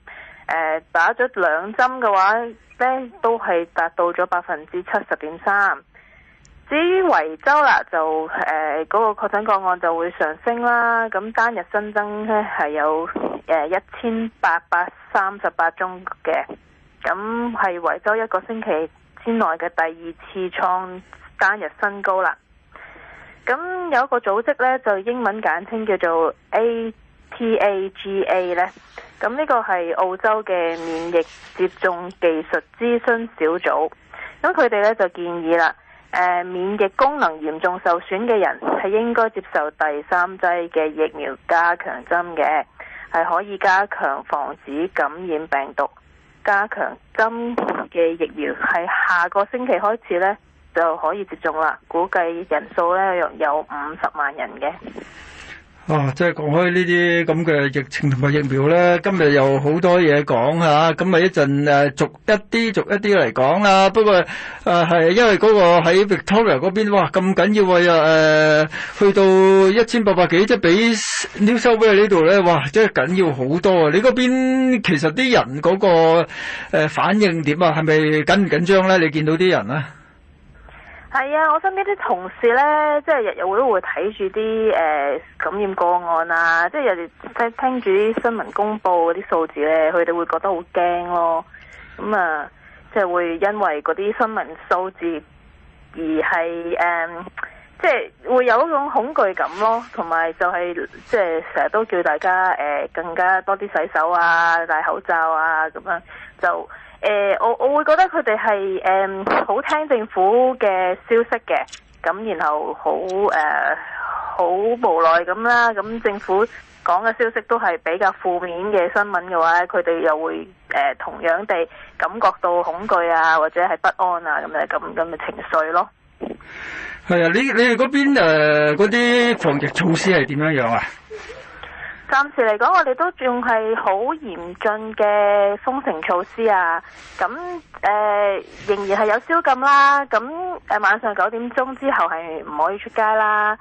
誒、呃，打咗兩針嘅話咧，都係達到咗百分之七十點三。至於維州啦，就誒嗰、呃那個確診個案就會上升啦。咁單日新增咧係有誒一千八百三十八宗嘅，咁係維州一個星期之內嘅第二次創單日新高啦。咁有一個組織咧，就英文簡稱叫做 A。T.A.G.A 咧，咁呢個係澳洲嘅免疫接種技術諮詢小組，咁佢哋呢就建議啦，呃，免疫功能嚴重受損嘅人係應該接受第三劑嘅疫苗加強針嘅，係可以加強防止感染病毒。加強針嘅疫苗係下個星期開始呢就可以接種啦，估計人數呢約有五十萬人嘅。哦、啊，即係講開呢啲咁嘅疫情同埋疫苗咧，今日又好多嘢講吓，咁、啊、咪一陣誒、呃、逐一啲逐一啲嚟講啦。不過誒係，呃、因為嗰個喺 Victoria 嗰邊，哇咁緊要啊！誒、呃，去到一千八百幾，即係比 New South Wales 呢度咧，哇，即係緊要好多啊！你嗰邊其實啲人嗰、嗰個誒、呃、反應點啊，係咪緊唔緊張咧？你見到啲人啊？係啊，我身邊啲同事呢，即係日日會都會睇住啲誒感染個案啊，即係日日聽住啲新聞公佈嗰啲數字呢，佢哋會覺得好驚咯。咁、嗯、啊，即係會因為嗰啲新聞數字而係誒、呃，即係會有一種恐懼感咯。同埋就係、是、即係成日都叫大家誒、呃、更加多啲洗手啊、戴口罩啊咁樣就。誒、呃，我我會覺得佢哋係誒好聽政府嘅消息嘅，咁然後好誒好無奈咁啦。咁政府講嘅消息都係比較負面嘅新聞嘅話，佢哋又會誒、呃、同樣地感覺到恐懼啊，或者係不安啊咁嘅咁咁嘅情緒咯。係啊，你你哋嗰邊誒嗰啲防疫措施係點樣樣啊？暫時嚟講，我哋都仲係好嚴峻嘅封城措施啊！咁誒、呃，仍然係有宵禁啦。咁誒、呃，晚上九點鐘之後係唔可以出街啦。誒、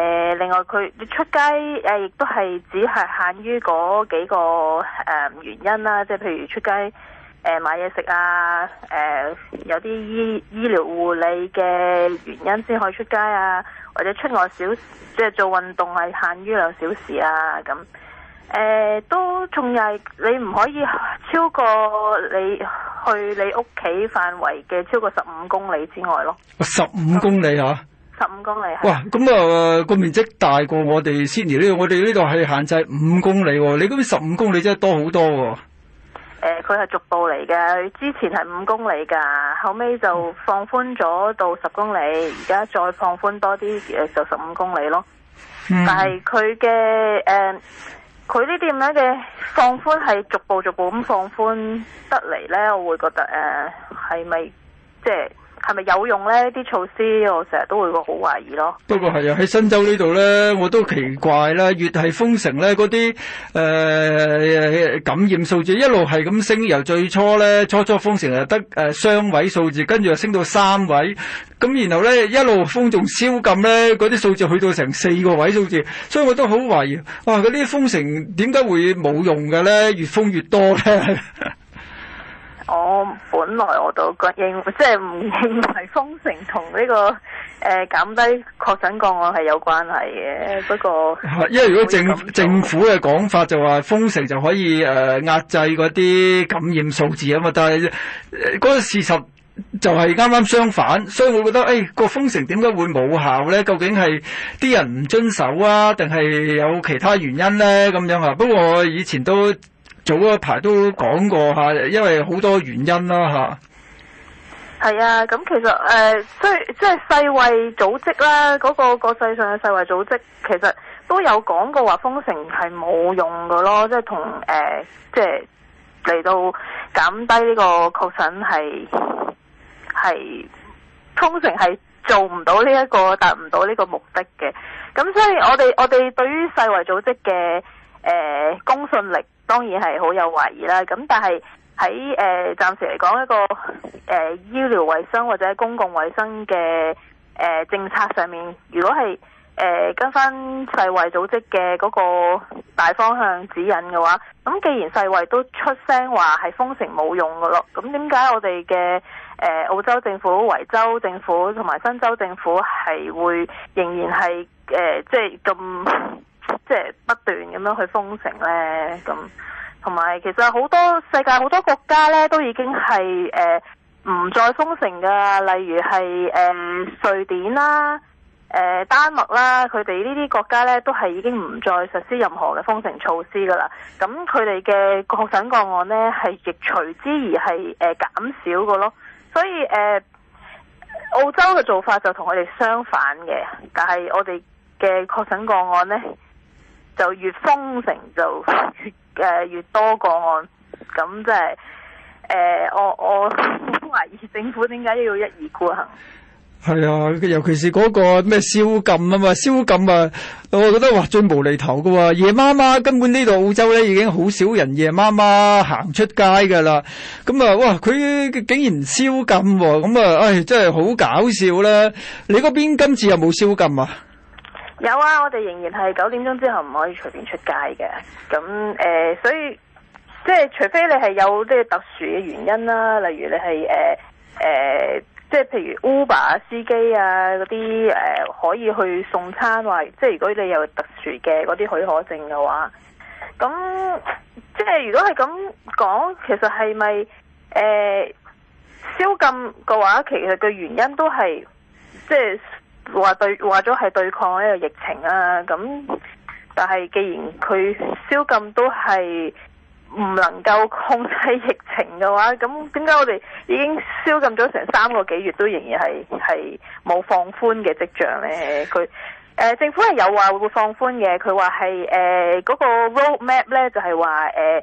呃，另外佢出街誒，亦、呃、都係只係限於嗰幾個誒、呃、原因啦，即係譬如出街。誒，買嘢食啊！誒、呃，有啲醫醫療護理嘅原因先可以出街啊，或者出外小，即係做運動係限於兩小時啊，咁誒、呃，都仲係你唔可以超過你去你屋企範圍嘅超過十五公里之外咯。十五、啊、公里吓、啊，十五公里。哇，咁啊個面積大過我哋 Sydney 呢？我哋呢度係限制五公里，你嗰邊十五公里真係多好多喎、啊！誒，佢係、呃、逐步嚟嘅，之前係五公里噶，後尾就放寬咗到十公里，而家再放寬多啲，誒、呃、就十五公里咯。嗯、但係佢嘅誒，佢呢啲咁樣嘅放寬係逐步逐步咁放寬得嚟呢，我會覺得誒係咪即係？呃是係咪有用咧？啲措施我成日都會好懷疑咯。不過係啊，喺新州呢度咧，我都奇怪啦。越係封城咧，嗰啲誒感染數字一路係咁升。由最初咧，初初封城就得誒、呃、雙位數字，跟住又升到三位。咁然後咧，一路封仲收緊咧，嗰啲數字去到成四個位數字。所以我都好懷疑，哇、啊！嗰啲封城點解會冇用嘅咧？越封越多咧。 我本來我都認即係唔認為封城同呢、這個誒減、呃、低確診個案係有關係嘅，不過，因為如果政政府嘅講法就話封城就可以誒壓、呃、制嗰啲感染數字啊嘛，但係嗰、呃那個事實就係啱啱相反，所以我覺得誒、哎那個封城點解會冇效咧？究竟係啲人唔遵守啊，定係有其他原因咧？咁樣啊？不過我以前都。早一排都講過嚇，因為好多原因啦嚇。係啊，咁、啊嗯、其實誒、呃，即係即係世衞組織啦，嗰、那個國際上嘅世衞組織其實都有講過話封城係冇用嘅咯，即係同誒，即係嚟到減低呢個確診係係，封城係做唔到呢、這、一個達唔到呢個目的嘅。咁所以我哋我哋對於世衞組織嘅誒、呃、公信力。當然係好有懷疑啦，咁但係喺誒暫時嚟講一個誒醫療衞生或者公共衞生嘅誒、呃、政策上面，如果係誒、呃、跟返世衞組織嘅嗰個大方向指引嘅話，咁既然世衞都出聲話係封城冇用㗎囉，咁點解我哋嘅誒澳洲政府、維州政府同埋新州政府係會仍然係誒、呃、即係咁？即係不斷咁樣去封城呢，咁同埋其實好多世界好多國家呢，都已經係誒唔再封城噶，例如係誒、呃、瑞典啦、呃、丹麥啦，佢哋呢啲國家呢，都係已經唔再實施任何嘅封城措施噶啦。咁佢哋嘅確診個案呢，係亦隨之而係誒減少個咯。所以誒、呃、澳洲嘅做法就同我哋相反嘅，但係我哋嘅確診個案呢，就越封城就越誒、呃、越多個案，咁即係誒我我懷疑政府點解要一意孤行？係啊，尤其是嗰、那個咩宵禁啊嘛，宵禁啊，我覺得哇最無厘頭噶喎，夜媽媽根本呢度澳洲咧已經好少人夜媽媽行出街噶啦，咁、嗯、啊哇佢竟然宵禁喎、啊，咁啊唉真係好搞笑啦、啊！你嗰邊今次有冇宵禁啊？有啊，我哋仍然係九點鐘之後唔可以隨便出街嘅。咁誒、呃，所以即係除非你係有即係特殊嘅原因啦，例如你係誒誒，即係譬如 Uber 司機啊嗰啲誒可以去送餐，或者即係如果你有特殊嘅嗰啲許可證嘅話，咁即係如果係咁講，其實係咪誒宵禁嘅話，其實嘅原因都係即係。話對話咗係對抗呢個疫情啊，咁但係既然佢宵禁都係唔能夠控制疫情嘅話，咁點解我哋已經宵禁咗成三個幾月都仍然係係冇放寬嘅跡象呢？佢、呃、政府係有話會放寬嘅，佢話係誒嗰個 road map 呢，就係話誒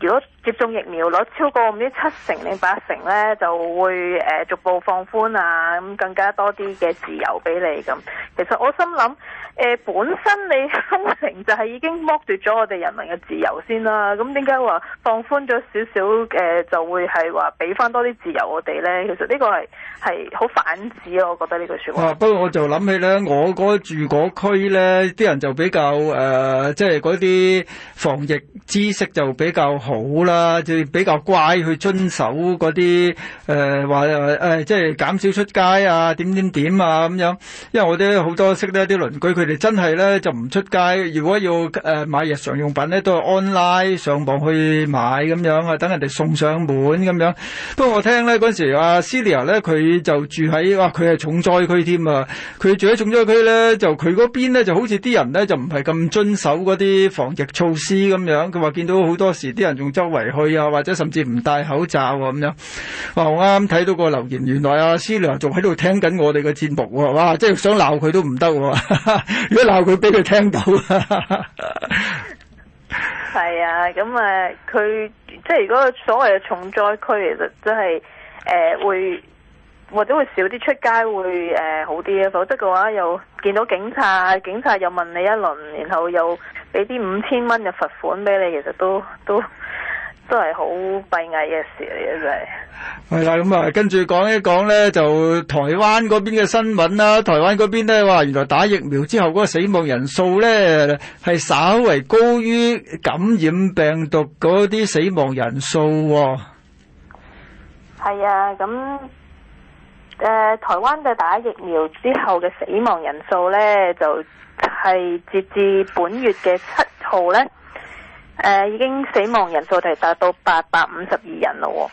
如果。接種疫苗率超過唔知七成定八成呢，就會誒、呃、逐步放寬啊，咁更加多啲嘅自由俾你咁。其實我心諗，誒、呃，本身你封城就係已經剝奪咗我哋人民嘅自由先啦。咁點解話放寬咗少少誒、呃，就會係話俾翻多啲自由我哋呢？其實呢個係係好反智啊，我覺得呢句說話、啊、不過，我就諗起呢，我嗰住嗰區咧，啲人就比較誒，即係嗰啲防疫知識就比較好啦。啊，就比較乖，去遵守啲誒、話誒即係減少出街啊，點點點啊咁樣，因為我哋好多識得啲鄰居，佢哋真係咧就唔出街。如果要誒、呃、買日常用品咧，都係 online 上網去買咁樣啊，等人哋送上門咁樣，不過我聽咧嗰陣時，阿、啊、Celia 咧佢就住喺，哇，佢係重災區添啊。佢住喺重災區咧，就佢邊咧就好似啲人咧就唔係咁遵守啲防疫措施咁樣，佢話見到好多時啲人仲周圍去啊，或者甚至唔戴口罩咁樣。哇，好啱睇到個留言，原來阿、啊、師娘仲喺度聽緊我哋嘅節目喎。哇，即係想鬧佢都唔得、啊，如果鬧佢俾佢聽到。係啊，咁、嗯、誒，佢、呃、即係如果所謂嘅重災區，其實真係誒會或者會少啲出街會誒、呃、好啲啊。否則嘅話又見到警察，警察又問你一輪，然後又俾啲五千蚊嘅罰款俾你，其實都都。都都係好閉翳嘅事嚟、啊、嘅，真係。係啦、嗯，咁啊，跟住講一講呢，就台灣嗰邊嘅新聞啦。台灣嗰邊呢，話原來打疫苗之後嗰個死亡人數呢，係稍為高於感染病毒嗰啲死亡人數、哦。係啊，咁誒、呃，台灣嘅打疫苗之後嘅死亡人數呢，就係、是、截至本月嘅七號呢。誒，uh, 已經死亡人數就係達到八百五十二人咯，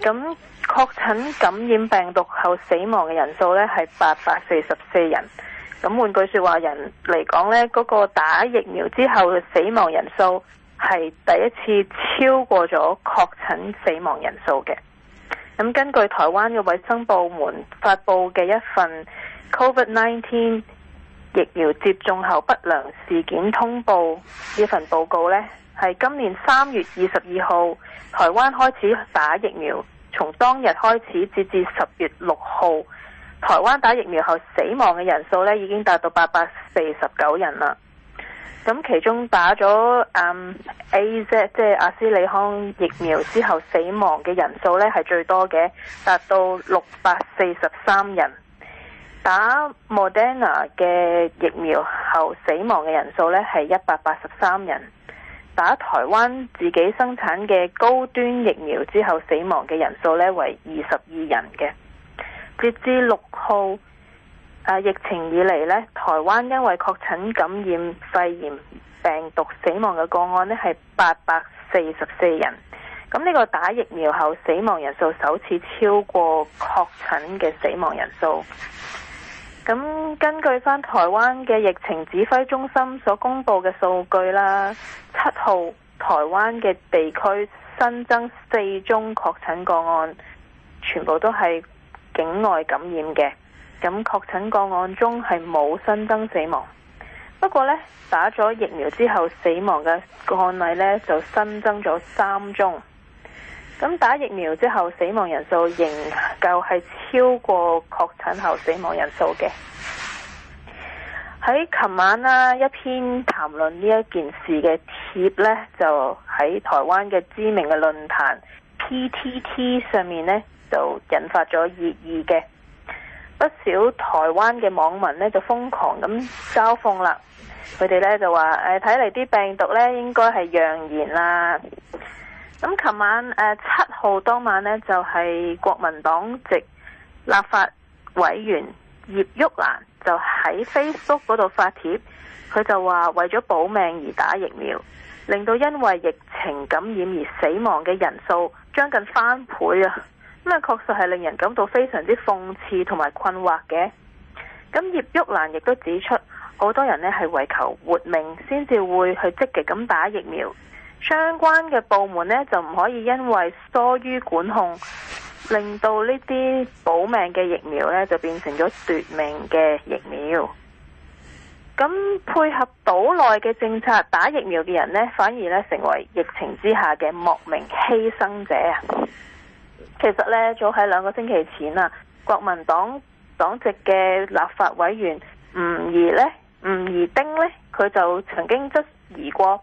咁確診感染病毒後死亡嘅人數咧係八百四十四人。咁換句說話，人嚟講咧，嗰個打疫苗之後嘅死亡人數係第一次超過咗確診死亡人數嘅。咁根據台灣嘅衛生部門發布嘅一份 COVID nineteen 疫苗接種後不良事件通報呢份報告咧。係今年三月二十二號台灣開始打疫苗，從當日開始直至十月六號，台灣打疫苗後死亡嘅人數咧已經達到八百四十九人啦。咁其中打咗嗯 AZ，um, AZ，即係阿斯利康疫苗之後死亡嘅人數咧係最多嘅，達到六百四十三人。打 Moderna 嘅疫苗後死亡嘅人數咧係一百八十三人。打台灣自己生產嘅高端疫苗之後死亡嘅人數呢，為二十二人嘅。截至六號啊，疫情以嚟呢，台灣因為確診感染肺炎病毒死亡嘅個案呢，係八百四十四人，咁呢個打疫苗後死亡人數首次超過確診嘅死亡人數。咁根據翻台灣嘅疫情指揮中心所公布嘅數據啦，七號台灣嘅地區新增四宗確診個案，全部都係境外感染嘅。咁確診個案中係冇新增死亡，不過呢，打咗疫苗之後，死亡嘅案例呢，就新增咗三宗。咁打疫苗之後死亡人數仍舊係超過確診後死亡人數嘅。喺琴晚啦，一篇談論呢一件事嘅帖呢，就喺台灣嘅知名嘅論壇 PTT 上面呢，就引發咗熱議嘅。不少台灣嘅網民呢，就瘋狂咁嘲諷啦。佢哋呢，就話：誒，睇嚟啲病毒呢，應該係揚言啦。咁琴晚誒七號當晚呢，就係國民黨籍立法委員葉旭蘭就喺 Facebook 嗰度發帖，佢就話為咗保命而打疫苗，令到因為疫情感染而死亡嘅人數將近翻倍啊！咁啊，確實係令人感到非常之諷刺同埋困惑嘅。咁葉旭蘭亦都指出，好多人呢係為求活命先至會去積極咁打疫苗。相關嘅部門呢，就唔可以因為疏於管控，令到呢啲保命嘅疫苗呢，就變成咗奪命嘅疫苗。咁配合島內嘅政策打疫苗嘅人呢，反而呢成為疫情之下嘅莫名犧牲者啊！其實呢，早喺兩個星期前啊，國民黨黨籍嘅立法委員吳怡呢，吳怡玎呢，佢就曾經質疑過。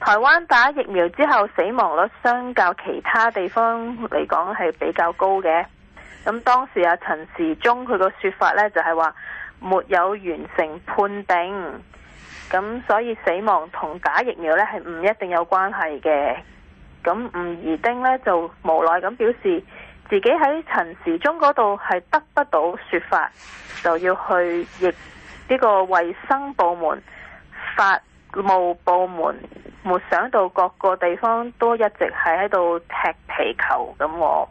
台灣打疫苗之後死亡率相較其他地方嚟講係比較高嘅，咁當時阿陳時中佢個說法呢，就係話沒有完成判定，咁所以死亡同打疫苗呢係唔一定有關係嘅。咁吳宜丁呢就無奈咁表示自己喺陳時中嗰度係得不到說法，就要去疫呢個衛生部門發務部門，沒想到各個地方都一直係喺度踢皮球咁，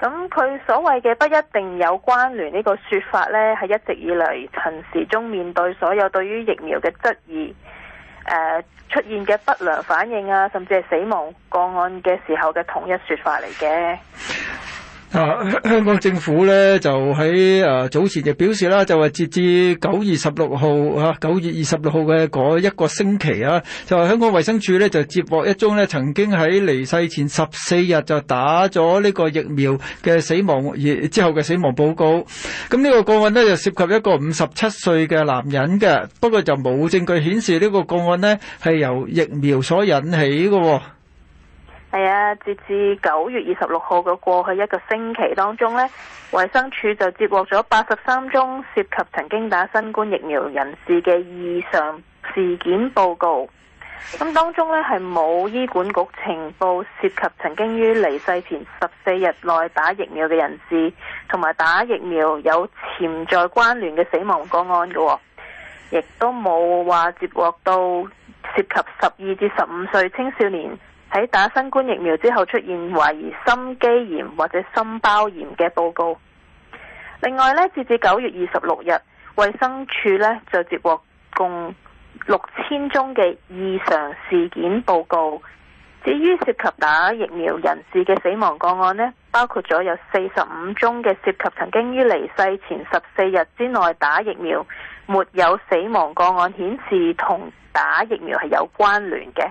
咁佢所謂嘅不一定有關聯呢、這個說法呢，係一直以嚟陳時中面對所有對於疫苗嘅質疑，誒、呃、出現嘅不良反應啊，甚至係死亡個案嘅時候嘅統一說法嚟嘅。啊！香港政府呢，就喺啊早前就表示啦，就話截至九月十六號，啊，九月二十六號嘅嗰一個星期啊，就話香港衛生署呢，就接獲一宗呢曾經喺離世前十四日就打咗呢個疫苗嘅死亡而之後嘅死亡報告。咁呢個個案呢，就涉及一個五十七歲嘅男人嘅，不過就冇證據顯示呢個個案呢，係由疫苗所引起嘅喎、哦。係啊、哎，截至九月二十六號嘅過去一個星期當中呢，衛生署就接獲咗八十三宗涉及曾經打新冠疫苗人士嘅異常事件報告。咁當中呢，係冇醫管局情報涉及曾經於離世前十四日內打疫苗嘅人士，同埋打疫苗有潛在關聯嘅死亡個案嘅、哦，亦都冇話接獲到涉及十二至十五歲青少年喺打新冠疫苗之後出現懷疑心肌炎或者心包炎嘅報告。另外呢，截至九月二十六日，衛生署呢就接獲共六千宗嘅異常事件報告。至於涉及打疫苗人士嘅死亡個案呢，包括咗有四十五宗嘅涉及曾經於離世前十四日之內打疫苗，沒有死亡個案顯示同打疫苗係有關聯嘅。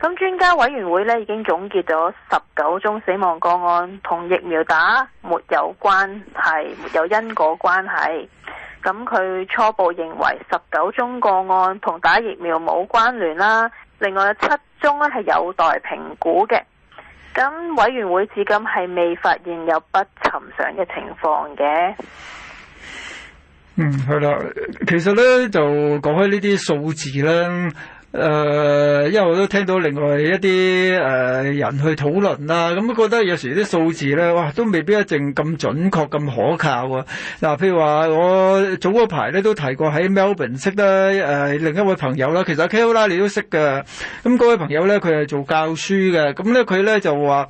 咁專家委員會呢已經總結咗十九宗死亡個案同疫苗打沒有關係，沒有因果關係。咁佢初步認為十九宗個案同打疫苗冇關聯啦。另外七宗咧係有待評估嘅。咁委員會至今係未發現有不尋常嘅情況嘅。嗯，係啦。其實呢，就講開呢啲數字咧。誒、呃，因為我都聽到另外一啲誒、呃、人去討論啦、啊，咁、嗯、覺得有時啲數字咧，哇，都未必一定咁準確、咁可靠啊。嗱、呃，譬如話我早嗰排咧都提過喺 Melbourne 識得誒、呃、另一位朋友啦，其實 Kuala 你都識嘅。咁、嗯、嗰位朋友咧，佢係做教書嘅，咁咧佢咧就話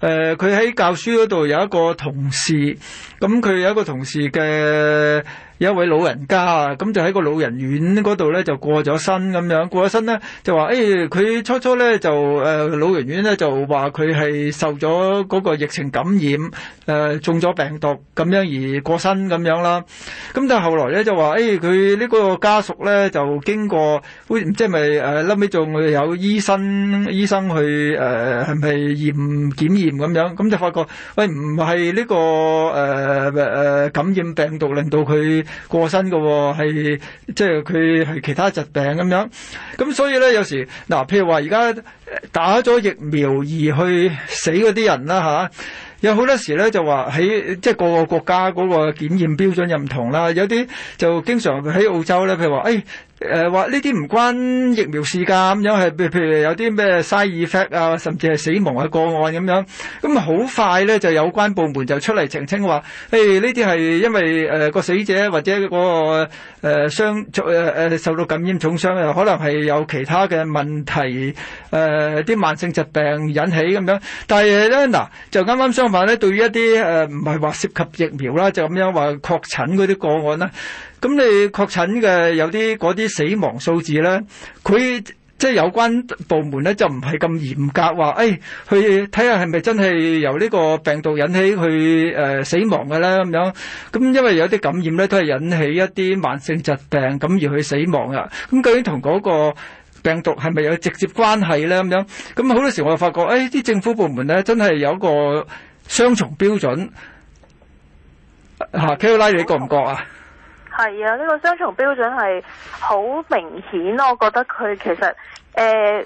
誒，佢、呃、喺教書嗰度有一個同事，咁、嗯、佢有一個同事嘅。有一位老人家啊，咁就喺個老人院嗰度咧就過咗身咁樣，過咗身咧就話，誒佢初初咧就誒老人院咧就話佢係受咗嗰個疫情感染，誒中咗病毒咁樣而過身咁樣啦。咁但係後來咧就話，誒佢呢個家屬咧就經過，即係咪誒孻尾仲有醫生醫生去誒係咪驗檢驗咁樣，咁就發覺喂唔係呢個誒誒感染病毒令到佢。過身㗎喎，係即係佢係其他疾病咁樣，咁所以咧有時嗱，譬如話而家打咗疫苗而去死嗰啲人啦吓、啊、有好多時咧就話喺即係個個國家嗰個檢驗標準又唔同啦，有啲就經常喺澳洲咧，譬如話誒。哎誒話呢啲唔關疫苗事㗎咁樣，係譬如譬如有啲咩 side effect 啊，甚至係死亡嘅個案咁樣，咁好快咧就有關部門就出嚟澄清話，誒呢啲係因為誒個、呃、死者或者嗰、嗰個誒傷重受到感染重傷，可能係有其他嘅問題誒啲、呃、慢性疾病引起咁樣。但係咧嗱，就啱啱相反咧，對於一啲誒唔係話涉及疫苗啦，就咁樣話確診嗰啲個案啦。咁你確診嘅有啲嗰啲死亡數字咧，佢即係有關部門咧就唔係咁嚴格話，誒去睇下係咪真係由呢個病毒引起去誒死亡嘅咧咁樣。咁因為有啲感染咧都係引起一啲慢性疾病，咁而去死亡啊。咁究竟同嗰個病毒係咪有直接關係咧咁樣？咁好多時我就發覺，誒啲政府部門咧真係有個雙重標準嚇。Kelly，你覺唔覺啊？係啊，呢、哎這個雙重標準係好明顯咯，我覺得佢其實誒、呃、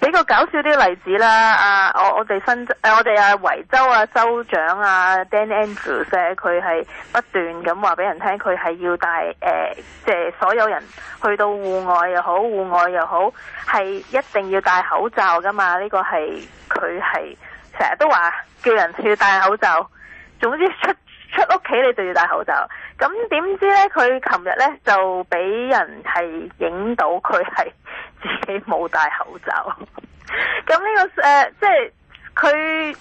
比較搞笑啲例子啦。啊，我我哋新誒我哋啊維州啊州長啊 Dan Andrews 佢、啊、係不斷咁話俾人聽，佢係要戴誒即係所有人去到戶外又好，戶外又好係一定要戴口罩噶嘛。呢、這個係佢係成日都話叫人要戴口罩。總之出。出屋企你就要戴口罩，咁點知呢？佢琴日呢，就俾人係影到佢係自己冇戴口罩，咁 呢、呢個誒即係佢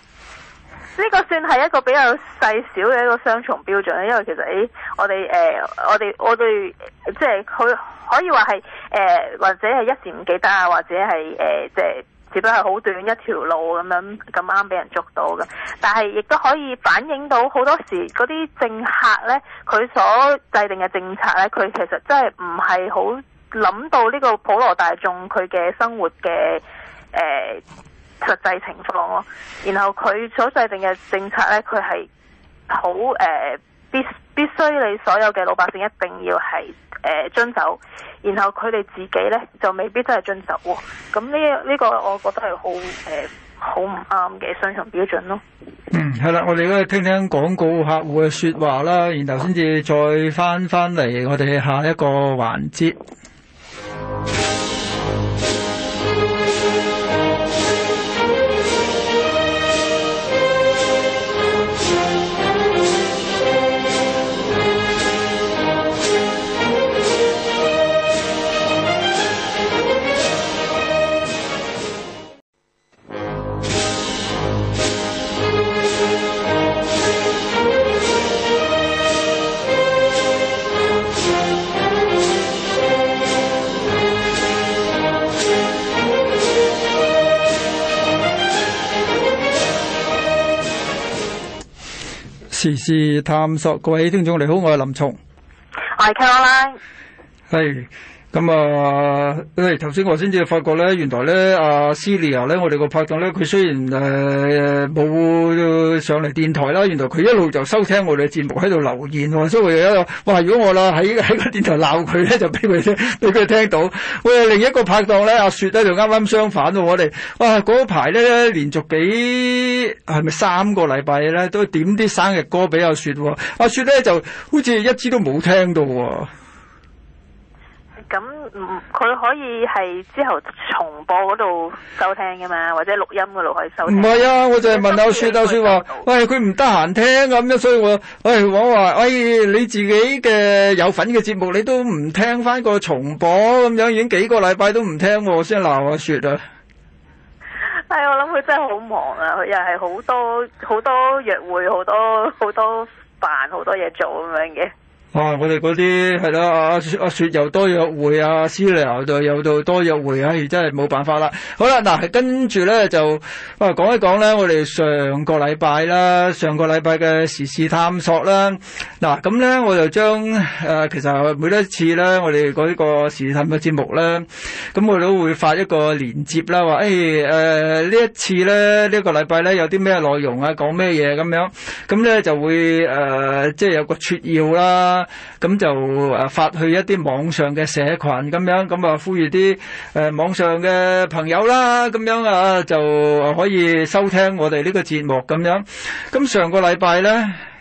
呢個算係一個比較細小嘅一個雙重標準，因為其實誒、欸、我哋誒、呃、我哋我哋即係佢可以話係誒或者係一時唔記得啊，或者係誒即係。只不過係好短一條路咁樣，咁啱俾人捉到嘅，但係亦都可以反映到好多時嗰啲政客呢，佢所制定嘅政策呢，佢其實真係唔係好諗到呢個普羅大眾佢嘅生活嘅誒、呃、實際情況咯。然後佢所制定嘅政策呢，佢係好誒必，呃必須你所有嘅老百姓一定要係誒、呃、遵守，然後佢哋自己呢就未必真係遵守喎。咁呢呢個我覺得係好誒好唔啱嘅雙重標準咯。嗯，係啦，我哋而家聽聽廣告客戶嘅說話啦，然後先至再翻翻嚟我哋下一個環節。時事探索，各位聽眾，你好，我係林松。我係卡拉。咁啊，誒頭先我先至發覺咧，原來咧阿、啊、Celia 咧，我哋個拍檔咧，佢雖然誒冇、呃、上嚟電台啦，原來佢一路就收聽我哋嘅節目喺度留言，所以我又喺度，哇！如果我啦喺喺個電台鬧佢咧，就俾佢聽，俾 佢聽到。喂，另一個拍檔咧，阿雪咧就啱啱相反喎、啊，我哋哇嗰排咧連續幾係咪三個禮拜咧都點啲生日歌俾阿雪喎、啊，阿雪咧就好似一支都冇聽到喎、啊。咁唔，佢可以係之後重播嗰度收聽噶嘛，或者錄音嗰度可以收聽。唔係啊，我就係問阿雪，阿雪話，喂、嗯，佢唔得閒聽啊咁樣，所以我，喂、哎，我話，哎，你自己嘅有份嘅節目，你都唔聽翻個重播咁樣，已經幾個禮拜都唔聽、啊，先鬧阿雪啊。哎，我諗佢真係好忙啊，佢又係好多好多約會，好多好多辦，好多嘢做咁樣嘅。哇、啊！我哋嗰啲係啦，阿阿、啊、雪又、啊、多約會啊，私聊就有到多約會，唉、哎，真係冇辦法啦。好啦，嗱、啊，跟住咧就哇，講、啊、一講咧，我哋上個禮拜啦，上個禮拜嘅時事探索啦，嗱、啊，咁咧我就將誒、啊、其實每一次咧，我哋嗰一個時事探索節目咧，咁我哋都會發一個連結啦，話唉誒呢一次咧，這個、呢一個禮拜咧有啲咩內容啊，講咩嘢咁樣，咁咧就會誒、呃、即係有個撮要啦。咁就誒發去一啲網上嘅社群咁樣，咁啊呼籲啲誒網上嘅朋友啦，咁樣啊就可以收聽我哋呢個節目咁樣。咁上個禮拜咧。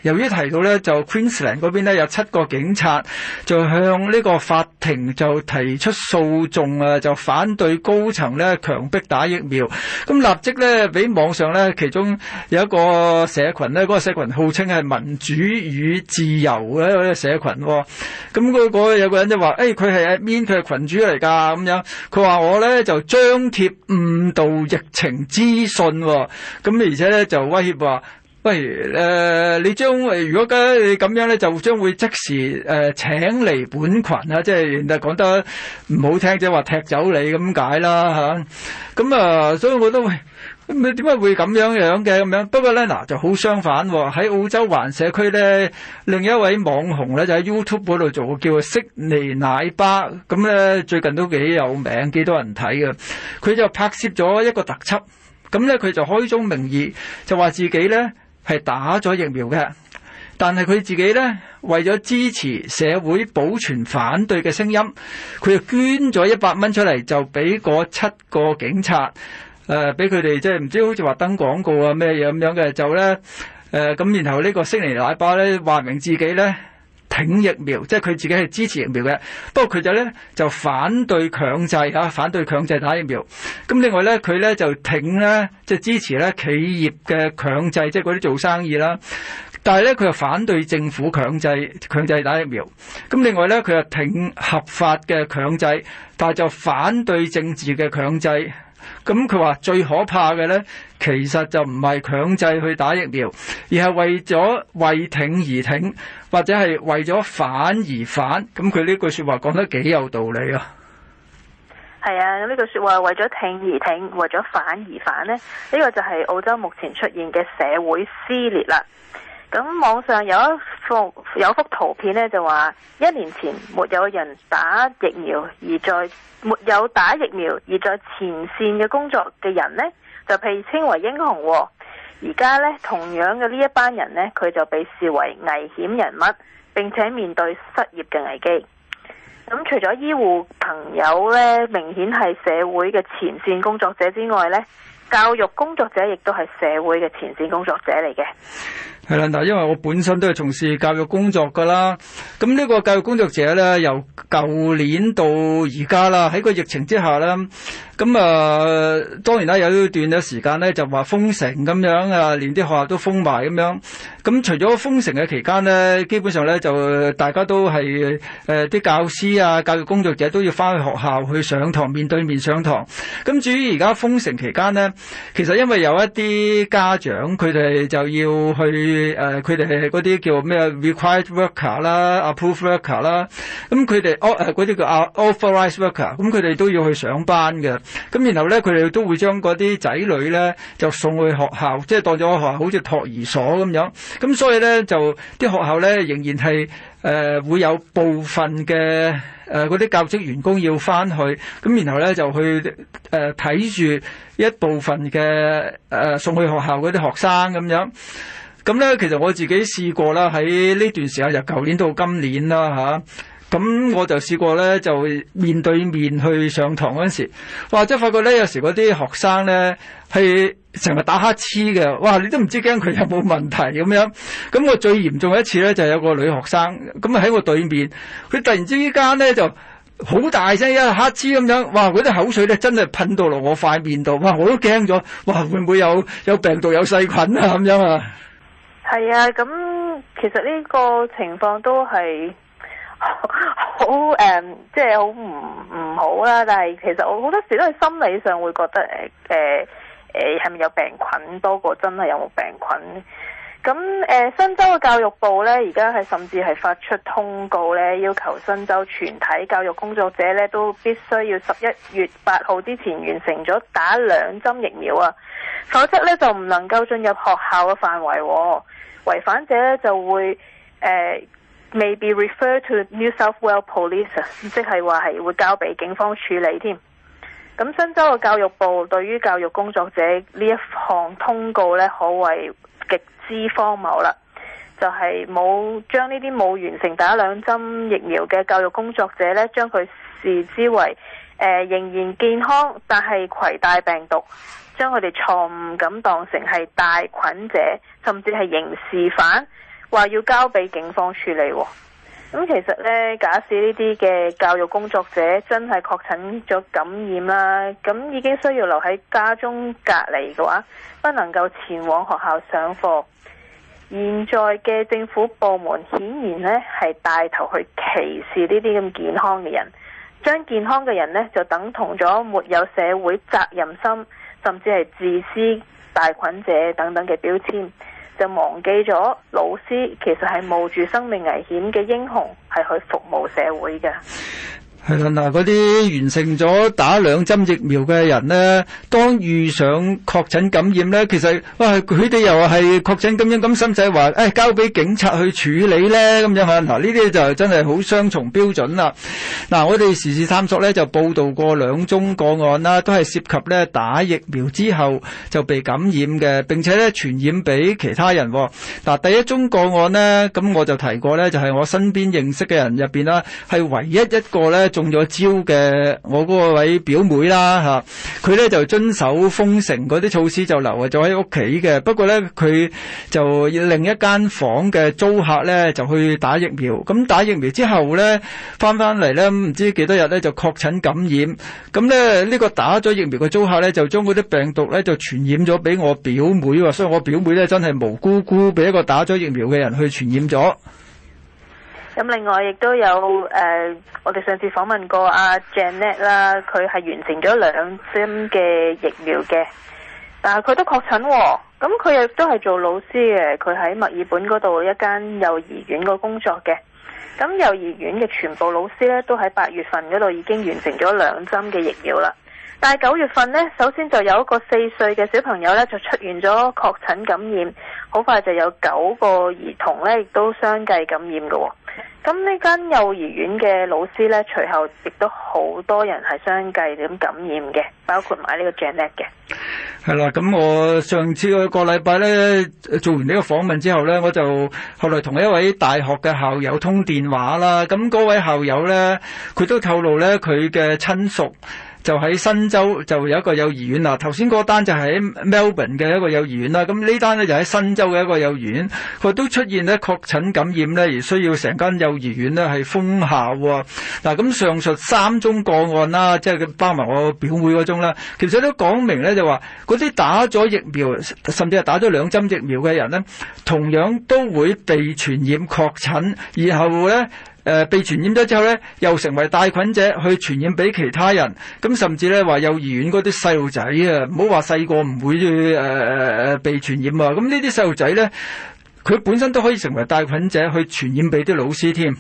由於提到咧，就 Queensland 嗰邊咧有七個警察就向呢個法庭就提出訴訟啊，就反對高層呢強迫打疫苗。咁立即咧俾網上咧其中有一個社群咧，嗰、那個社群號稱係民主與自由嘅一個社群喎。咁、那、嗰個有個人就話，誒佢係啊，admin 佢係群主嚟㗎咁樣。佢話我咧就張貼誤導疫情資訊，咁而且咧就威脅話。喂，誒，你將如果咁咁樣咧，就將會即時誒請離本群啊！即係原嚟講得唔好聽，即係話踢走你咁解啦嚇。咁啊，所以我都點解會咁樣樣嘅咁樣？不過咧嗱，就好相反喎。喺澳洲環社區咧，另一位網紅咧就喺 YouTube 嗰度做叫做悉尼奶爸，咁咧最近都幾有名，幾多人睇嘅。佢就拍攝咗一個特輯，咁咧佢就開宗明義就話自己咧。係打咗疫苗嘅，但係佢自己咧為咗支持社會保存反對嘅聲音，佢又捐咗一百蚊出嚟，就俾嗰七個警察，誒俾佢哋，即係唔知好似話登廣告啊咩嘢咁樣嘅，就咧誒咁，然後呢個悉尼奶爸咧，話明自己咧。挺疫苗，即係佢自己係支持疫苗嘅，不過佢就咧就反對強制啊，反對強制打疫苗。咁另外咧，佢咧就挺咧，即係支持咧企業嘅強制，即係嗰啲做生意啦。但係咧，佢又反對政府強制強制打疫苗。咁另外咧，佢又挺合法嘅強制，但係就反對政治嘅強制。咁佢話最可怕嘅呢，其實就唔係強制去打疫苗，而係為咗為挺而挺，或者係為咗反而反。咁佢呢句説話講得幾有道理啊？係啊，呢句説話係為咗挺而挺，為咗反而反呢呢個就係澳洲目前出現嘅社會撕裂啦。咁網上有一幅有幅圖片呢，就話一年前沒有人打疫苗，而在沒有打疫苗而在前線嘅工作嘅人呢，就被稱為英雄喎。而家呢，同樣嘅呢一班人呢，佢就被視為危險人物，並且面對失業嘅危機。咁除咗醫護朋友呢，明顯係社會嘅前線工作者之外呢，教育工作者亦都係社會嘅前線工作者嚟嘅。係啦，嗱，因為我本身都係從事教育工作噶啦，咁呢個教育工作者咧，由舊年到而家啦，喺個疫情之下咧，咁啊、呃，當然啦，有段一段時間咧，就話封城咁樣啊，連啲學校都封埋咁樣。咁除咗封城嘅期間咧，基本上咧就大家都係誒啲教師啊，教育工作者都要翻去學校去上堂，面對面上堂。咁至於而家封城期間呢，其實因為有一啲家長佢哋就要去。誒，佢哋係嗰啲叫咩 required worker 啦，approve worker 啦、嗯，咁佢哋 all 嗰啲叫啊 authorized worker，咁佢哋都要去上班嘅。咁、嗯、然後咧，佢哋都會將嗰啲仔女咧就送去學校，即係當咗學校好似托兒所咁樣。咁、嗯、所以咧，就啲學校咧仍然係誒、呃、會有部分嘅誒啲教職員工要翻去咁、嗯，然後咧就去誒睇住一部分嘅誒、呃、送去學校嗰啲學生咁樣。嗯嗯嗯。咁咧，其實我自己試過啦，喺呢段時間由舊年到今年啦嚇。咁、啊、我就試過咧，就面對面去上堂嗰陣時，哇！即係發覺咧，有時嗰啲學生咧係成日打乞嗤嘅，哇！你都唔知驚佢有冇問題咁樣。咁我最嚴重嘅一次咧，就係、是、有個女學生咁喺我對面，佢突然之間咧就好大聲一乞嗤咁樣，哇！嗰啲口水咧真係噴到落我塊面度，哇！我都驚咗，哇！會唔會有有病毒有細菌啊咁樣啊？係啊，咁、嗯、其實呢個情況都係好誒，即係好唔唔好啦。但係其實我好多時都係心理上會覺得誒誒係咪有病菌多過真係有冇病菌？咁、嗯、誒、呃，新州嘅教育部呢，而家係甚至係發出通告咧，要求新州全體教育工作者呢，都必須要十一月八號之前完成咗打兩針疫苗啊，否則呢就唔能夠進入學校嘅範圍、啊。違反者咧就會誒、uh，maybe refer to New South Wales Police，即係話係會交俾警方處理添。咁新州嘅教育部對於教育工作者呢一項通告呢，可謂極之荒謬啦，就係、是、冇將呢啲冇完成打兩針疫苗嘅教育工作者呢，將佢視之為、呃、仍然健康，但係攜帶病毒。將佢哋錯誤咁當成係帶菌者，甚至係刑事犯，話要交俾警方處理。咁其實呢，假使呢啲嘅教育工作者真係確診咗感染啦、啊，咁已經需要留喺家中隔離嘅話，不能夠前往學校上課。現在嘅政府部門顯然呢係帶頭去歧視呢啲咁健康嘅人，將健康嘅人呢，就等同咗沒有社會責任心。甚至係自私、帶菌者等等嘅標籤，就忘記咗老師其實係冒住生命危險嘅英雄，係去服務社會嘅。係啦，嗱，嗰啲完成咗打兩針疫苗嘅人呢，當遇上確診感染呢，其實哇，佢哋又係確診感染，咁使唔使話誒，交俾警察去處理呢，咁樣啊，嗱，呢啲就真係好雙重標準啦。嗱、啊，我哋時事探索呢，就報道過兩宗個案啦，都係涉及呢打疫苗之後就被感染嘅，並且咧傳染俾其他人、哦。嗱、啊，第一宗個案呢，咁我就提過呢，就係、是、我身邊認識嘅人入邊啦，係唯一一個呢。中咗招嘅我嗰位表妹啦嚇，佢、啊、咧就遵守封城嗰啲措施就留啊，咗喺屋企嘅。不過咧，佢就另一間房嘅租客咧就去打疫苗。咁、嗯、打疫苗之後咧，翻翻嚟咧唔知幾多日咧就確診感染。咁咧，呢個打咗疫苗嘅租客咧就將嗰啲病毒咧就傳染咗俾我表妹。所以我表妹咧真係無辜辜俾一個打咗疫苗嘅人去傳染咗。咁另外亦都有誒、呃，我哋上次訪問過阿、啊、Janet 啦，佢係完成咗兩針嘅疫苗嘅,但係佢都確診喎、哦。咁佢亦都係做老師嘅,佢喺墨爾本嗰度一間幼兒園個工作嘅。咁幼兒園嘅全部老師咧，都喺八月份嗰度已經完成咗兩針嘅疫苗啦。但係九月份咧，首先就有一個四歲嘅小朋友咧，就出現咗確診感染，好快就有九個兒童咧，亦都相繼感染嘅、哦。咁呢間幼兒園嘅老師呢，隨後亦都好多人係相繼點感染嘅，包括買呢個 Janet 嘅。係啦，咁我上次個個禮拜呢做完呢個訪問之後呢，我就後來同一位大學嘅校友通電話啦。咁嗰位校友呢，佢都透露呢，佢嘅親屬。就喺新州就有一個幼兒園啦。頭先嗰單就喺 Melbourne 嘅一個幼兒園啦。咁呢單呢，就喺新州嘅一個幼兒園，佢都出現咧確診感染咧，而需要成間幼兒園呢係封校。嗱，咁上述三宗個案啦，即係包埋我表妹嗰宗啦，其實都講明咧就話嗰啲打咗疫苗，甚至係打咗兩針疫苗嘅人呢，同樣都會被傳染確診，然後咧。誒、呃，被傳染咗之後呢，又成為帶菌者去傳染俾其他人，咁、啊、甚至呢話幼兒園嗰啲細路仔啊，唔好話細個唔會誒誒誒被傳染啊，咁呢啲細路仔呢，佢本身都可以成為帶菌者去傳染畀啲老師添。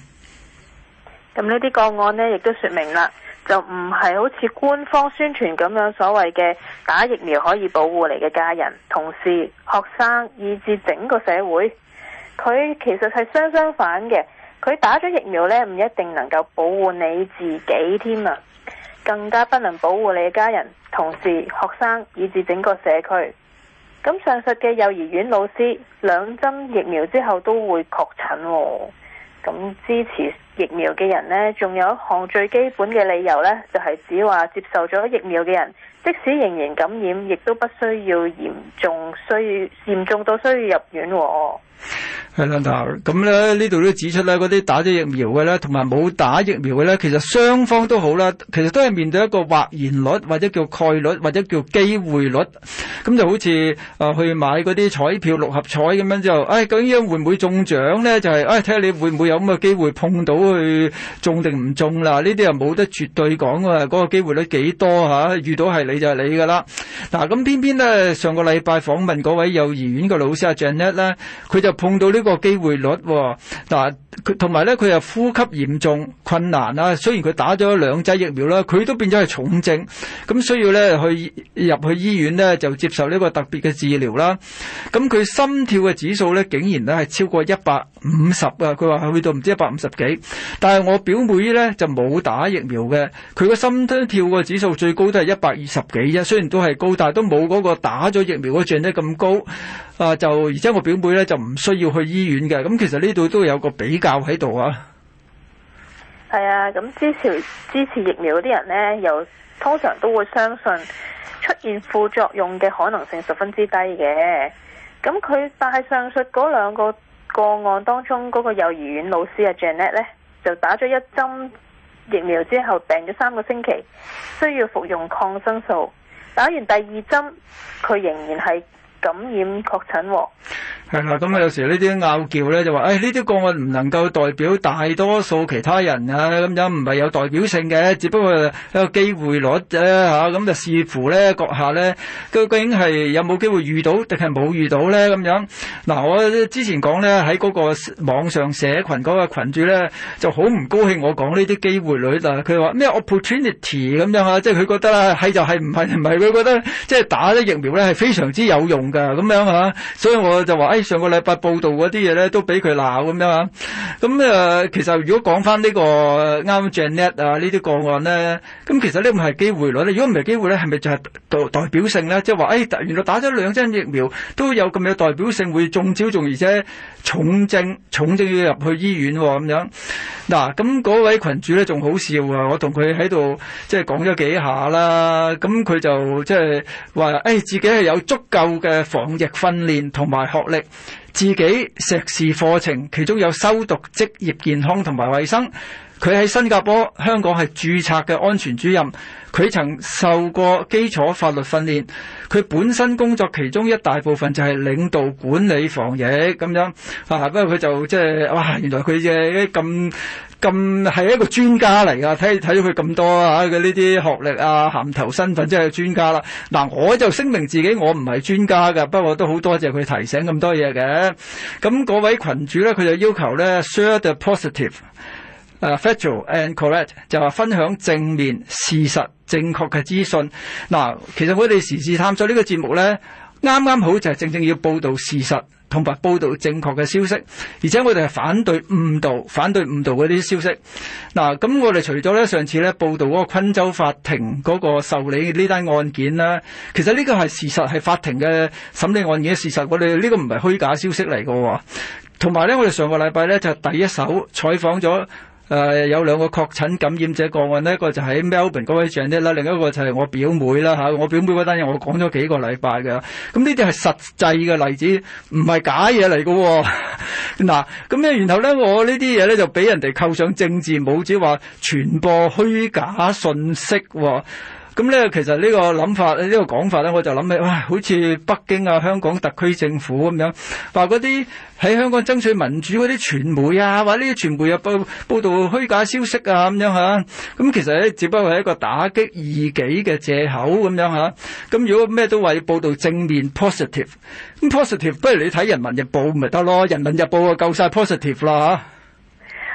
咁呢啲個案呢，亦都說明啦，就唔係好似官方宣傳咁樣所謂嘅打疫苗可以保護你嘅家人、同事、學生，以至整個社會，佢其實係相相反嘅。佢打咗疫苗咧，唔一定能夠保護你自己添啊，更加不能保護你家人、同事、學生，以至整個社區。咁上述嘅幼兒園老師兩針疫苗之後都會確診喎，咁支持疫苗嘅人呢，仲有一項最基本嘅理由呢，就係指話接受咗疫苗嘅人。即使仍然感染，亦都不需要嚴重，需要嚴重到需要入院。係啦，嗱，咁咧呢度都指出咧，嗰啲打咗疫苗嘅咧，同埋冇打疫苗嘅咧，其實雙方都好啦，其實都係面對一個或然率，或者叫概率，或者叫機會率。咁就好似啊去買嗰啲彩票六合彩咁樣就，唉，究竟會唔會中獎咧？就係，唉，睇下你會唔會有咁嘅機會碰到去中定唔中啦？呢啲又冇得絕對講啊，嗰個機會率幾多吓？遇到係。你就係你噶啦，嗱、啊、咁偏偏咧上個禮拜訪問嗰位幼兒園嘅老師阿鄭一咧，佢就碰到呢個機會率、哦，嗱，佢同埋咧佢又呼吸嚴重困難啦、啊，雖然佢打咗兩劑疫苗啦，佢都變咗係重症，咁、啊、需要咧去入去醫院咧就接受呢個特別嘅治療啦。咁、啊、佢心跳嘅指數咧竟然咧係超過一百五十啊，佢話去到唔知一百五十幾，但係我表妹咧就冇打疫苗嘅，佢個心跳嘅指數最高都係一百二十。幾啫，雖然都係高，但係都冇嗰個打咗疫苗嗰個 Janet 咁高啊！就而且我表妹咧就唔需要去醫院嘅，咁、嗯、其實呢度都有個比較喺度啊。係啊，咁支持支持疫苗嗰啲人咧，又通常都會相信出現副作用嘅可能性十分之低嘅。咁佢但係上述嗰兩個個案當中嗰、嗰個幼兒園老師啊 Janet 咧、e，就打咗一針。疫苗之後病咗三個星期，需要服用抗生素。打完第二針，佢仍然係感染確診喎。係啦，咁啊有時呢啲拗撬咧就話，誒呢啲個案唔能夠代表大多數其他人啊，咁樣唔係有代表性嘅，只不過一個機會率啫嚇，咁、啊、就視乎咧閣下咧究竟係有冇機會遇到，定係冇遇到咧咁樣。嗱、啊，我之前講咧喺嗰個網上社群嗰個羣主咧就好唔高興，我講呢啲機會率嗱，佢話咩 opportunity 咁樣啊，即係佢覺得係就係唔係唔係佢覺得即係、就係、打啲疫苗咧係非常之有用㗎咁樣嚇、啊，所以我就話誒。哎上個禮拜報道嗰啲嘢咧，都俾佢鬧咁樣啊！咁誒、呃，其實如果講翻呢個啱 Janet 啊呢啲個案咧，咁其實呢唔係機會率咯。如果唔係機會咧，係咪就係代代表性咧？即係話，誒、哎、原來打咗兩針疫苗都有咁有代表性會中招仲而且，重症，重症要入去醫院咁、哦、樣。嗱、啊，咁嗰位群主咧仲好笑啊！我同佢喺度即係講咗幾下啦，咁佢就即係話，誒、哎、自己係有足夠嘅防疫訓練同埋學歷，自己碩士課程，其中有修讀職業健康同埋衞生。佢喺新加坡、香港係註冊嘅安全主任。佢曾受過基礎法律訓練。佢本身工作其中一大部分就係領導管理防疫咁樣啊。不過佢就即係哇，原來佢嘅咁咁係一個專家嚟噶。睇睇到佢咁多嚇嘅呢啲學歷啊、銜頭身份，即係專家啦。嗱，我就聲明自己我唔係專家嘅，不過都好多謝佢提醒咁多嘢嘅。咁嗰位群主咧，佢就要求咧 share the positive。誒、uh, factual and correct 就話分享正面事實正確嘅資訊。嗱，其實我哋時事探索呢個節目咧，啱啱好就係正正要報導事實，同埋報導正確嘅消息。而且我哋係反對誤導、反對誤導嗰啲消息。嗱，咁我哋除咗咧上次咧報導嗰個昆州法庭嗰個受理呢單案件啦，其實呢個係事實係法庭嘅審理案件嘅事實。我哋呢個唔係虛假消息嚟嘅喎。同埋咧，我哋上個禮拜咧就第一手採訪咗。誒、呃，有兩個確診感染者個案，一個就喺 Melbourne 嗰位長者啦，另一個就係我表妹啦吓、啊，我表妹嗰單嘢我講咗幾個禮拜嘅，咁呢啲係實際嘅例子，唔係假嘢嚟噶。嗱、啊、咁、啊、樣然後咧，我呢啲嘢咧就俾人哋扣上政治帽子，話傳播虛假信息、哦。咁咧，其實呢個諗法呢、呢個講法咧，我就諗起哇，好似北京啊、香港特區政府咁樣，話嗰啲喺香港爭取民主嗰啲傳媒啊，或者呢啲傳媒又報報導虛假消息啊咁樣嚇，咁、啊嗯、其實咧只不過係一個打擊異己嘅借口咁樣嚇。咁、啊、如果咩都話要報導正面 positive，咁 positive 不如你睇《人民日報》咪得咯，《人民日報》夠晒 positive 啦嚇。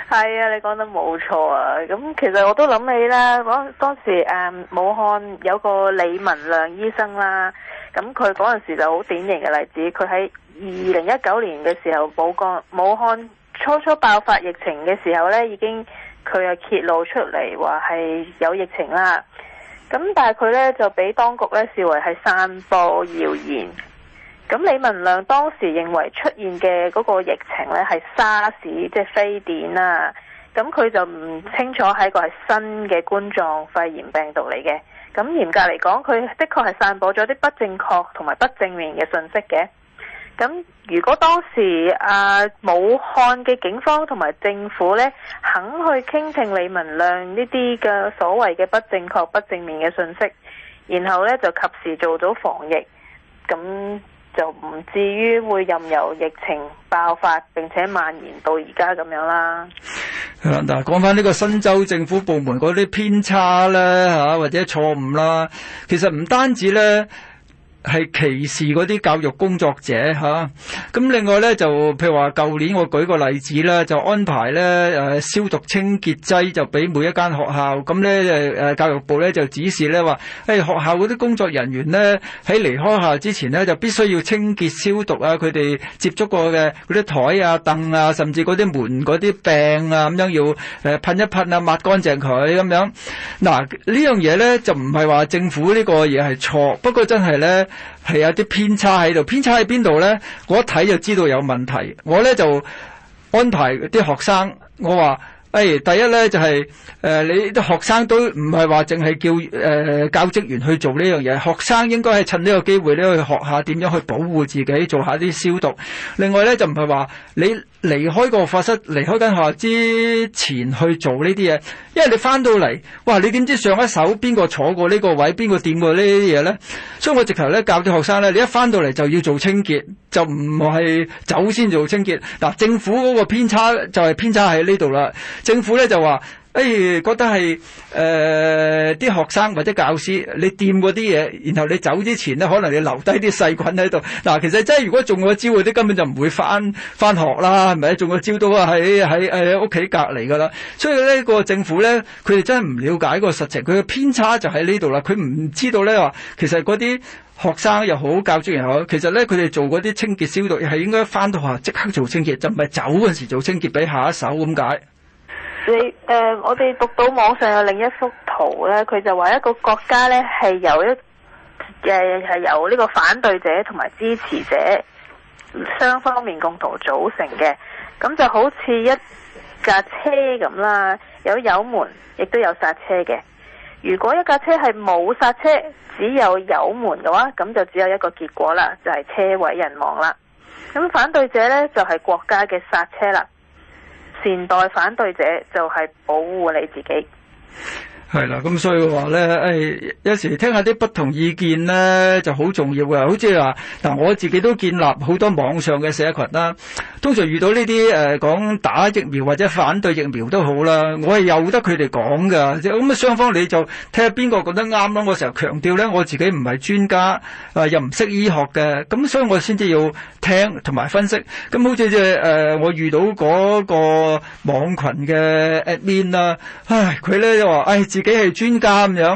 係啊，你講得冇錯啊！咁其實我都諗起啦，嗰當時誒、嗯、武漢有個李文亮醫生啦，咁佢嗰陣時就好典型嘅例子，佢喺二零一九年嘅時候，武江武漢初初爆發疫情嘅時候呢，已經佢又揭露出嚟話係有疫情啦，咁但係佢呢，就俾當局呢視為係散播謠言。咁李文亮當時認為出現嘅嗰個疫情呢係沙士，SARS，即係非典啊，咁、嗯、佢就唔清楚係一個係新嘅冠狀肺炎病毒嚟嘅。咁、嗯、嚴格嚟講，佢的確係散播咗啲不正確同埋不正面嘅信息嘅。咁、嗯、如果當時啊武漢嘅警方同埋政府呢肯去傾聽李文亮呢啲嘅所謂嘅不正確不正面嘅信息，然後呢就及時做咗防疫，咁、嗯。就唔至於會任由疫情爆發並且蔓延到而家咁樣啦。嗱，講翻呢個新州政府部門嗰啲偏差咧嚇，或者錯誤啦，其實唔單止咧。係歧視嗰啲教育工作者嚇，咁、啊、另外咧就譬如話，舊年我舉個例子啦，就安排咧誒、呃、消毒清潔劑就俾每一間學校，咁咧誒教育部咧就指示咧話，誒、欸、學校嗰啲工作人員咧喺離開學校之前咧就必須要清潔消毒啊，佢哋接觸過嘅嗰啲枱啊凳啊，甚至嗰啲門嗰啲柄啊咁樣要誒噴一噴啊抹乾淨佢咁樣。嗱、啊、呢樣嘢咧就唔係話政府呢個嘢係錯，不過真係咧。係有啲偏差喺度，偏差喺邊度咧？我一睇就知道有問題。我咧就安排啲學生，我話，哎，第一咧就係，誒，你啲學生都唔係話淨係叫誒教職員去做呢樣嘢，學生應該係趁呢個機會咧去學下點樣去保護自己，做下啲消毒。另外咧就唔係話你。離開個課室，離開緊學校之前去做呢啲嘢，因為你翻到嚟，哇！你點知上一手邊個坐過呢個位，邊個掂過呢啲嘢咧？所以我直頭咧教啲學生咧，你一翻到嚟就要做清潔，就唔係走先做清潔。嗱、啊，政府嗰個偏差就係偏差喺呢度啦。政府咧就話。譬如、哎、覺得係誒啲學生或者教師，你掂嗰啲嘢，然後你走之前呢，可能你留低啲細菌喺度。嗱、啊，其實真係如果中咗招，嗰啲根本就唔會翻翻學啦，係咪？中咗招都喺喺誒屋企隔離㗎啦。所以呢、這個政府咧，佢哋真係唔了解個實情，佢嘅偏差就喺呢度啦。佢唔知道咧話，其實嗰啲學生又好，教職員又好，其實咧佢哋做嗰啲清潔消毒係應該翻到學校即刻做清潔，就唔係走嗰陣時做清潔俾下一手咁解。你誒、呃，我哋讀到網上有另一幅圖咧，佢就話一個國家咧係由一誒係、呃、由呢個反對者同埋支持者雙方面共同組成嘅，咁就好似一架車咁啦，有油門亦都有剎車嘅。如果一架車係冇剎車，只有油門嘅話，咁就只有一個結果啦，就係、是、車毀人亡啦。咁反對者咧就係、是、國家嘅剎車啦。善待反對者，就係保護你自己。係啦，咁所以話咧，誒、哎，有時聽下啲不同意見咧就好重要嘅。好似話，嗱，我自己都建立好多網上嘅社群啦。通常遇到呢啲誒，講、呃、打疫苗或者反對疫苗都好、嗯、看看啦，我係由得佢哋講噶。咁啊，雙方你就聽下邊個覺得啱咯。我成日強調咧，我自己唔係專家，啊、呃，又唔識醫學嘅。咁所以我先至要聽同埋分析。咁好似即係誒，我遇到嗰個網群嘅 admin 啦、啊，唉，佢咧又話，唉。哎自己係專家咁樣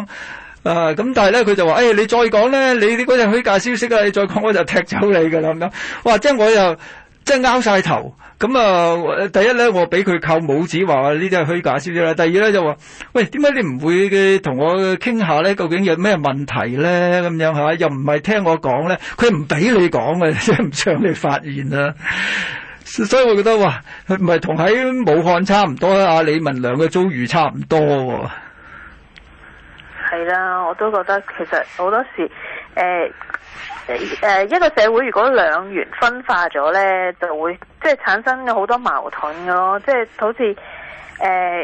啊，咁、呃、但係咧佢就話，誒、哎、你再講咧，你你嗰隻虛假消息啦，你再講我就踢走你噶啦咁樣。哇！即係我又即係拗晒頭咁啊、嗯！第一咧，我俾佢扣帽子話呢啲係虛假消息啦。第二咧就話，喂，點解你唔會嘅同我傾下咧？究竟有咩問題咧？咁樣嚇又唔係聽我講咧，佢唔俾你講嘅，即係唔想你發言啊。所以我覺得話唔係同喺武漢差唔多啊，李文亮嘅遭遇差唔多喎。係啦，我都覺得其實好多時，誒、呃、誒、呃呃、一個社會如果兩元分化咗呢，就會即係產生咗好多矛盾嘅咯、哦。即係好似誒、呃、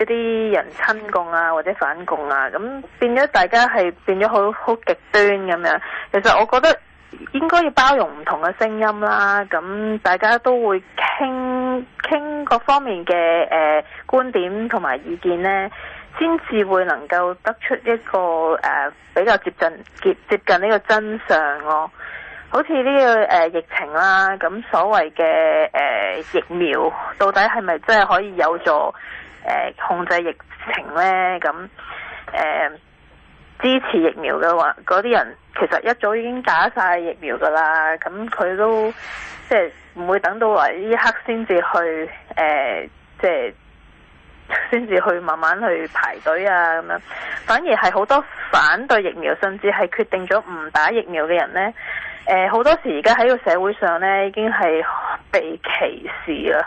一啲人親共啊，或者反共啊，咁變咗大家係變咗好好極端咁樣。其實我覺得應該要包容唔同嘅聲音啦，咁大家都會傾傾各方面嘅誒、呃、觀點同埋意見呢，先至會能夠得出一個誒、呃、比較接近接接近呢個真相咯、啊。好似呢個誒、呃、疫情啦，咁、嗯、所謂嘅誒疫苗到底係咪真係可以有助誒、呃、控制疫情咧？咁、嗯、誒、呃、支持疫苗嘅話，嗰啲人其實一早已經打晒疫苗㗎喇，咁、嗯、佢都即係唔會等到話呢一刻先至去誒、呃、即係。先至去慢慢去排隊啊咁樣，反而係好多反對疫苗，甚至係決定咗唔打疫苗嘅人呢。誒、呃，好多時而家喺個社會上呢，已經係被歧視啦。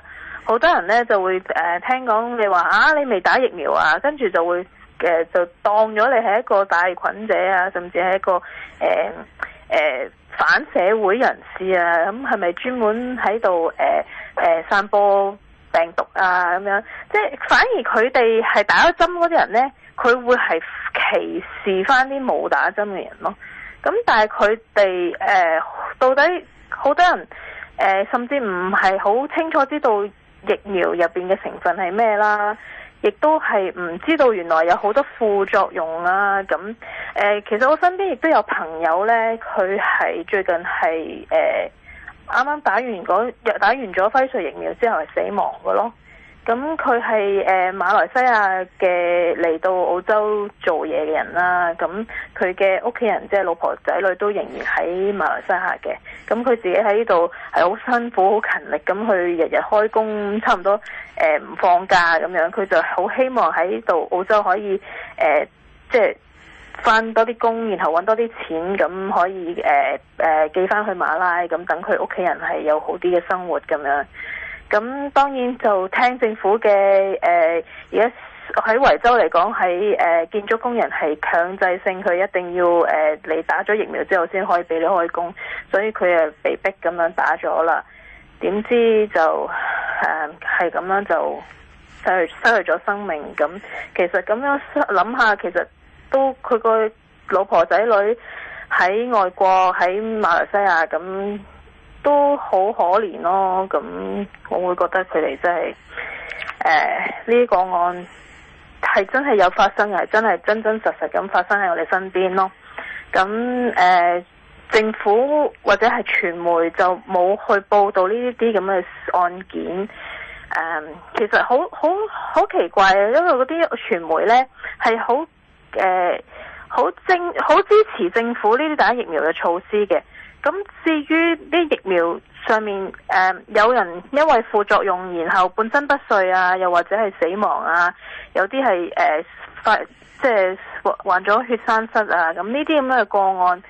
好多人呢就會誒、呃、聽講你話啊，你未打疫苗啊，跟住就會誒、呃、就當咗你係一個帶菌者啊，甚至係一個誒誒、呃呃、反社會人士啊。咁係咪專門喺度誒誒散播？病毒啊，咁樣，即係反而佢哋係打咗針嗰啲人呢，佢會係歧視翻啲冇打針嘅人咯。咁但係佢哋誒，到底好多人誒、呃，甚至唔係好清楚知道疫苗入邊嘅成分係咩啦，亦都係唔知道原來有好多副作用啦、啊。咁誒、呃，其實我身邊亦都有朋友呢，佢係最近係誒。呃啱啱打完嗰、那個、打完咗輝瑞疫苗之後，係死亡嘅咯。咁佢係誒馬來西亞嘅嚟到澳洲做嘢嘅人啦。咁佢嘅屋企人即係老婆仔女都仍然喺馬來西亞嘅。咁、嗯、佢自己喺呢度係好辛苦、好勤力咁去日日開工，差唔多誒唔、呃、放假咁樣。佢就好希望喺呢度澳洲可以誒、呃、即係。翻多啲工，然後揾多啲錢，咁可以誒誒、呃呃、寄翻去馬拉，咁等佢屋企人係有好啲嘅生活咁樣。咁當然就聽政府嘅誒，而家喺維州嚟講，喺誒、呃、建築工人係強制性，佢一定要誒你、呃、打咗疫苗之後先可以畀你開工，所以佢啊被逼咁樣打咗啦。點知就誒係咁樣就失去失去咗生命。咁其實咁樣諗下，其實。都佢個老婆仔女喺外國，喺馬來西亞，咁都好可憐咯。咁我會覺得佢哋真係誒呢個案係真係有發生嘅，係真係真真實實咁發生喺我哋身邊咯。咁誒、呃，政府或者係傳媒就冇去報道呢啲咁嘅案件誒、呃，其實好好好奇怪呀，因為嗰啲傳媒咧係好。誒，好政好支持政府呢啲打疫苗嘅措施嘅。咁至於啲疫苗上面誒、呃，有人因為副作用，然後半身不遂啊，又或者係死亡啊，有啲係誒發即係患咗血栓塞啊。咁呢啲咁樣嘅個案，誒、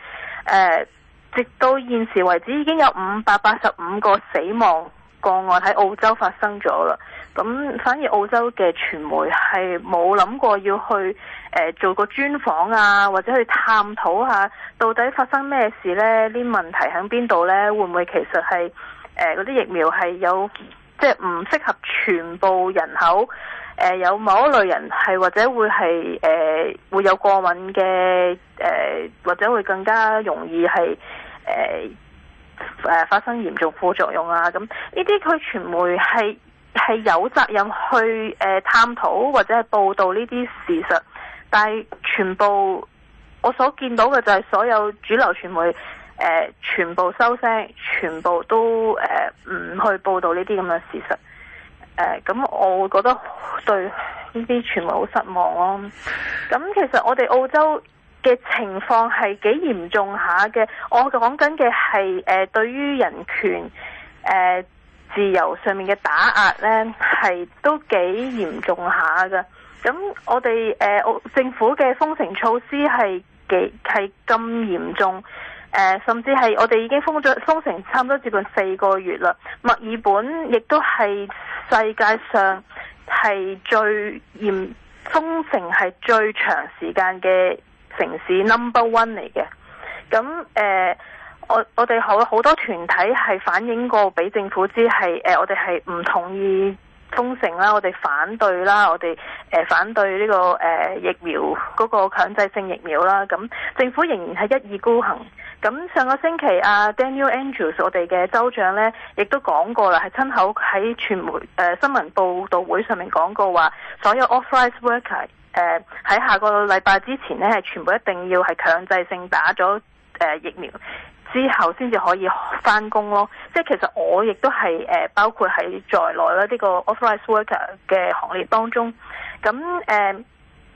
呃，直到現時為止已經有五百八十五個死亡。個案喺澳洲發生咗啦，咁反而澳洲嘅傳媒係冇諗過要去誒、呃、做個專訪啊，或者去探討下到底發生咩事呢？啲問題喺邊度呢？會唔會其實係誒嗰啲疫苗係有即係唔適合全部人口？誒、呃、有某一類人係或者會係誒、呃、會有過敏嘅誒、呃，或者會更加容易係誒，呃誒，發生嚴重副作用啊！咁呢啲佢傳媒係係有責任去誒探討或者係報道呢啲事實，但係全部我所見到嘅就係所有主流傳媒誒、呃、全部收聲，全部都誒唔、呃、去報道呢啲咁嘅事實。誒、呃，咁我會覺得對呢啲傳媒好失望咯、哦。咁其實我哋澳洲。嘅情況係幾嚴重下嘅。我講緊嘅係誒，對於人權誒、呃、自由上面嘅打壓呢，係都幾嚴重下噶。咁我哋誒、呃、政府嘅封城措施係幾係咁嚴重誒、呃，甚至係我哋已經封咗封城，差唔多接近四個月啦。墨爾本亦都係世界上係最嚴封城，係最長時間嘅。城市 number one 嚟嘅，咁誒、呃，我我哋好好多團體係反映過俾政府知，係、呃、誒我哋係唔同意封城啦，我哋反對啦，我哋誒、呃、反對呢、這個誒、呃、疫苗嗰個強制性疫苗啦。咁政府仍然係一意孤行。咁上個星期阿、啊、Daniel Andrews 我哋嘅州長呢亦都講過啦，係親口喺傳媒誒、呃、新聞報道會上面講過話，所有 office worker。誒，喺、呃、下個禮拜之前咧，係全部一定要係強制性打咗誒、呃、疫苗之後，先至可以翻工咯。即係其實我亦都係誒、呃，包括喺在，在內啦，呢、這個 office worker 嘅行列當中。咁、嗯、誒、呃，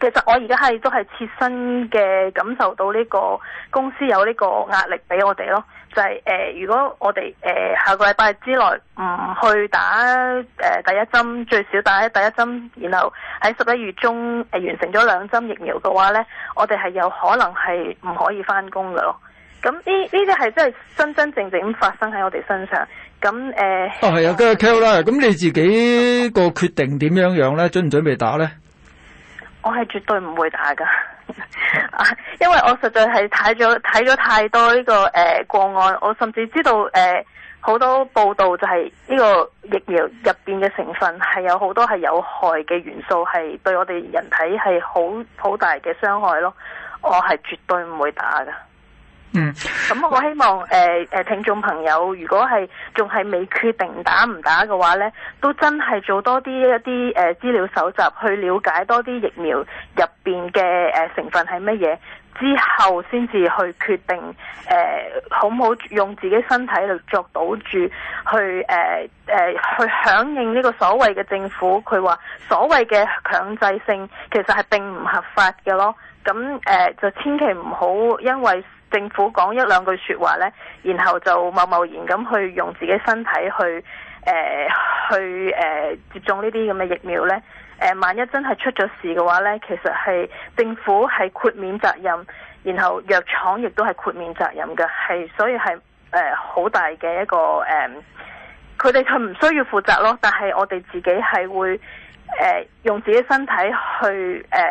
其實我而家係都係切身嘅感受到呢個公司有呢個壓力俾我哋咯。就係、是、誒、呃，如果我哋誒、呃、下個禮拜之內唔去打誒、呃、第一針，最少打第一針，然後喺十一月中誒、呃、完成咗兩針疫苗嘅話咧，我哋係有可能係唔可以翻工嘅咯。咁呢呢啲係真係真真正正，正發生喺我哋身上。咁、嗯、誒，啊係、哦、啊，跟住 Kelly 咁你自己個決定點樣樣咧？準唔準備打咧？我係絕對唔會打噶。 因為我實在係睇咗睇咗太多呢、這個誒個、呃、案，我甚至知道誒好、呃、多報道就係呢個疫苗入邊嘅成分係有好多係有害嘅元素，係對我哋人體係好好大嘅傷害咯。我係絕對唔會打㗎。嗯，咁我希望誒誒、呃，聽眾朋友如果係仲係未決定打唔打嘅話呢，都真係做多啲一啲誒資料搜集，去了解多啲疫苗入邊嘅成分係乜嘢，之後先至去決定誒、呃、好唔好用自己身體嚟作賭注去誒誒、呃呃、去響應呢個所謂嘅政府，佢話所謂嘅強制性其實係並唔合法嘅咯。咁誒、呃、就千祈唔好因為。政府講一兩句説話呢，然後就貿貿然咁去用自己身體去、呃、去誒、呃、接種呢啲咁嘅疫苗呢。誒、呃、萬一真係出咗事嘅話呢，其實係政府係豁免責任，然後藥廠亦都係豁免責任嘅。係所以係誒好大嘅一個誒，佢哋佢唔需要負責咯。但係我哋自己係會誒、呃、用自己身體去誒。呃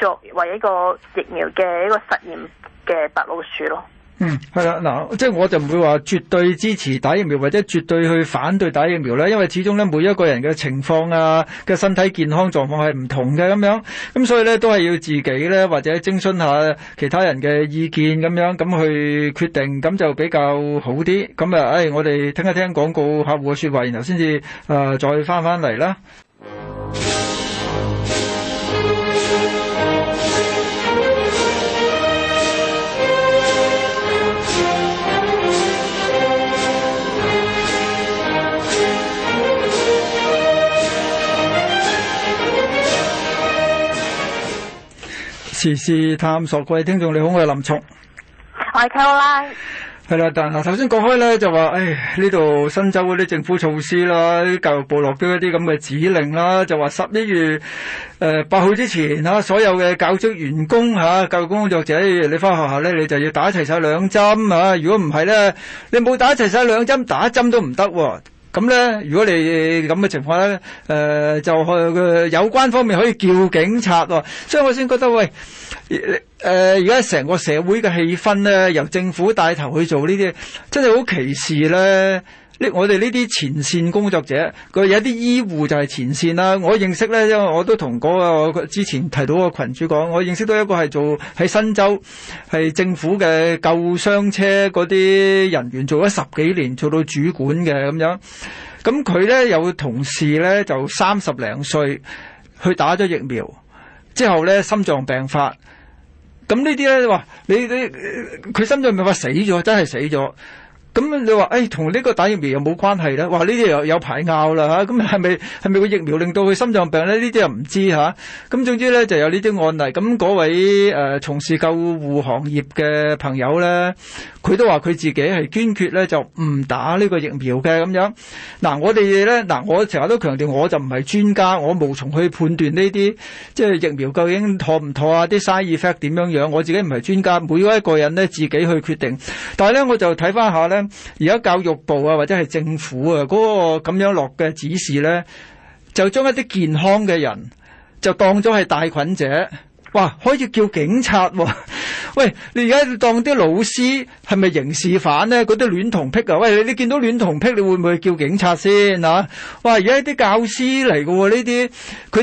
作為一個疫苗嘅一個實驗嘅白老鼠咯，嗯，係啦，嗱，即係我就唔會話絕對支持打疫苗或者絕對去反對打疫苗啦，因為始終咧每一個人嘅情況啊嘅身體健康狀況係唔同嘅咁樣，咁所以咧都係要自己咧或者徵詢下其他人嘅意見咁樣咁去決定，咁就比較好啲。咁啊，誒、哎，我哋聽一聽廣告客戶嘅說話，然後先至誒再翻翻嚟啦。時事探索，各位聽眾你好，我係林聰，我係 c a r o 啦。但嗱，頭先講開咧，就話，誒，呢度新州嗰啲政府措施啦，教育部落咗一啲咁嘅指令啦，就話十一月誒八號之前啦，所有嘅教職員工吓，教育工作者，你翻學校咧，你就要打齊晒兩針啊！如果唔係咧，你冇打齊晒兩針，打一針都唔得喎。咁咧，如果你咁嘅情況咧，誒、呃、就去有關方面可以叫警察喎，啊，所以我先覺得喂，誒而家成個社會嘅氣氛咧，由政府帶頭去做呢啲，真係好歧視咧。我哋呢啲前線工作者，佢有一啲醫護就係前線啦。我認識咧，因為我都同嗰個之前提到個群主講，我認識到一個係做喺新州，係政府嘅救傷車嗰啲人員，做咗十幾年，做到主管嘅咁樣。咁佢咧有同事咧就三十零歲，去打咗疫苗之後咧心臟病發。咁呢啲咧話你你佢心臟病發死咗，真係死咗。咁你話誒同呢個打疫苗又冇關係啦，哇！呢啲又有排拗啦吓，咁係咪係咪個疫苗令到佢心臟病咧？呢啲又唔知吓，咁、啊、總之咧就有呢啲案例。咁、嗯、嗰位誒從事救護行業嘅朋友咧，佢都話佢自己係堅決咧就唔打呢個疫苗嘅咁樣嗱、啊，我哋咧嗱，我成日都強調我就唔係專家，我無從去判斷呢啲即係疫苗究竟妥唔妥啊？啲 side effect 點樣樣，我自己唔係專家，每一個人咧自己去決定。但係咧，我就睇返下咧。啊而家教育部啊，或者係政府啊，嗰個咁樣落嘅指示咧，就將一啲健康嘅人就當咗係帶菌者，哇！可以叫警察。喂，你而家當啲老師係咪刑事犯咧？嗰啲戀童癖啊，喂，你見到戀童癖你會唔會叫警察先啊？哇！而家啲教師嚟嘅喎，呢啲，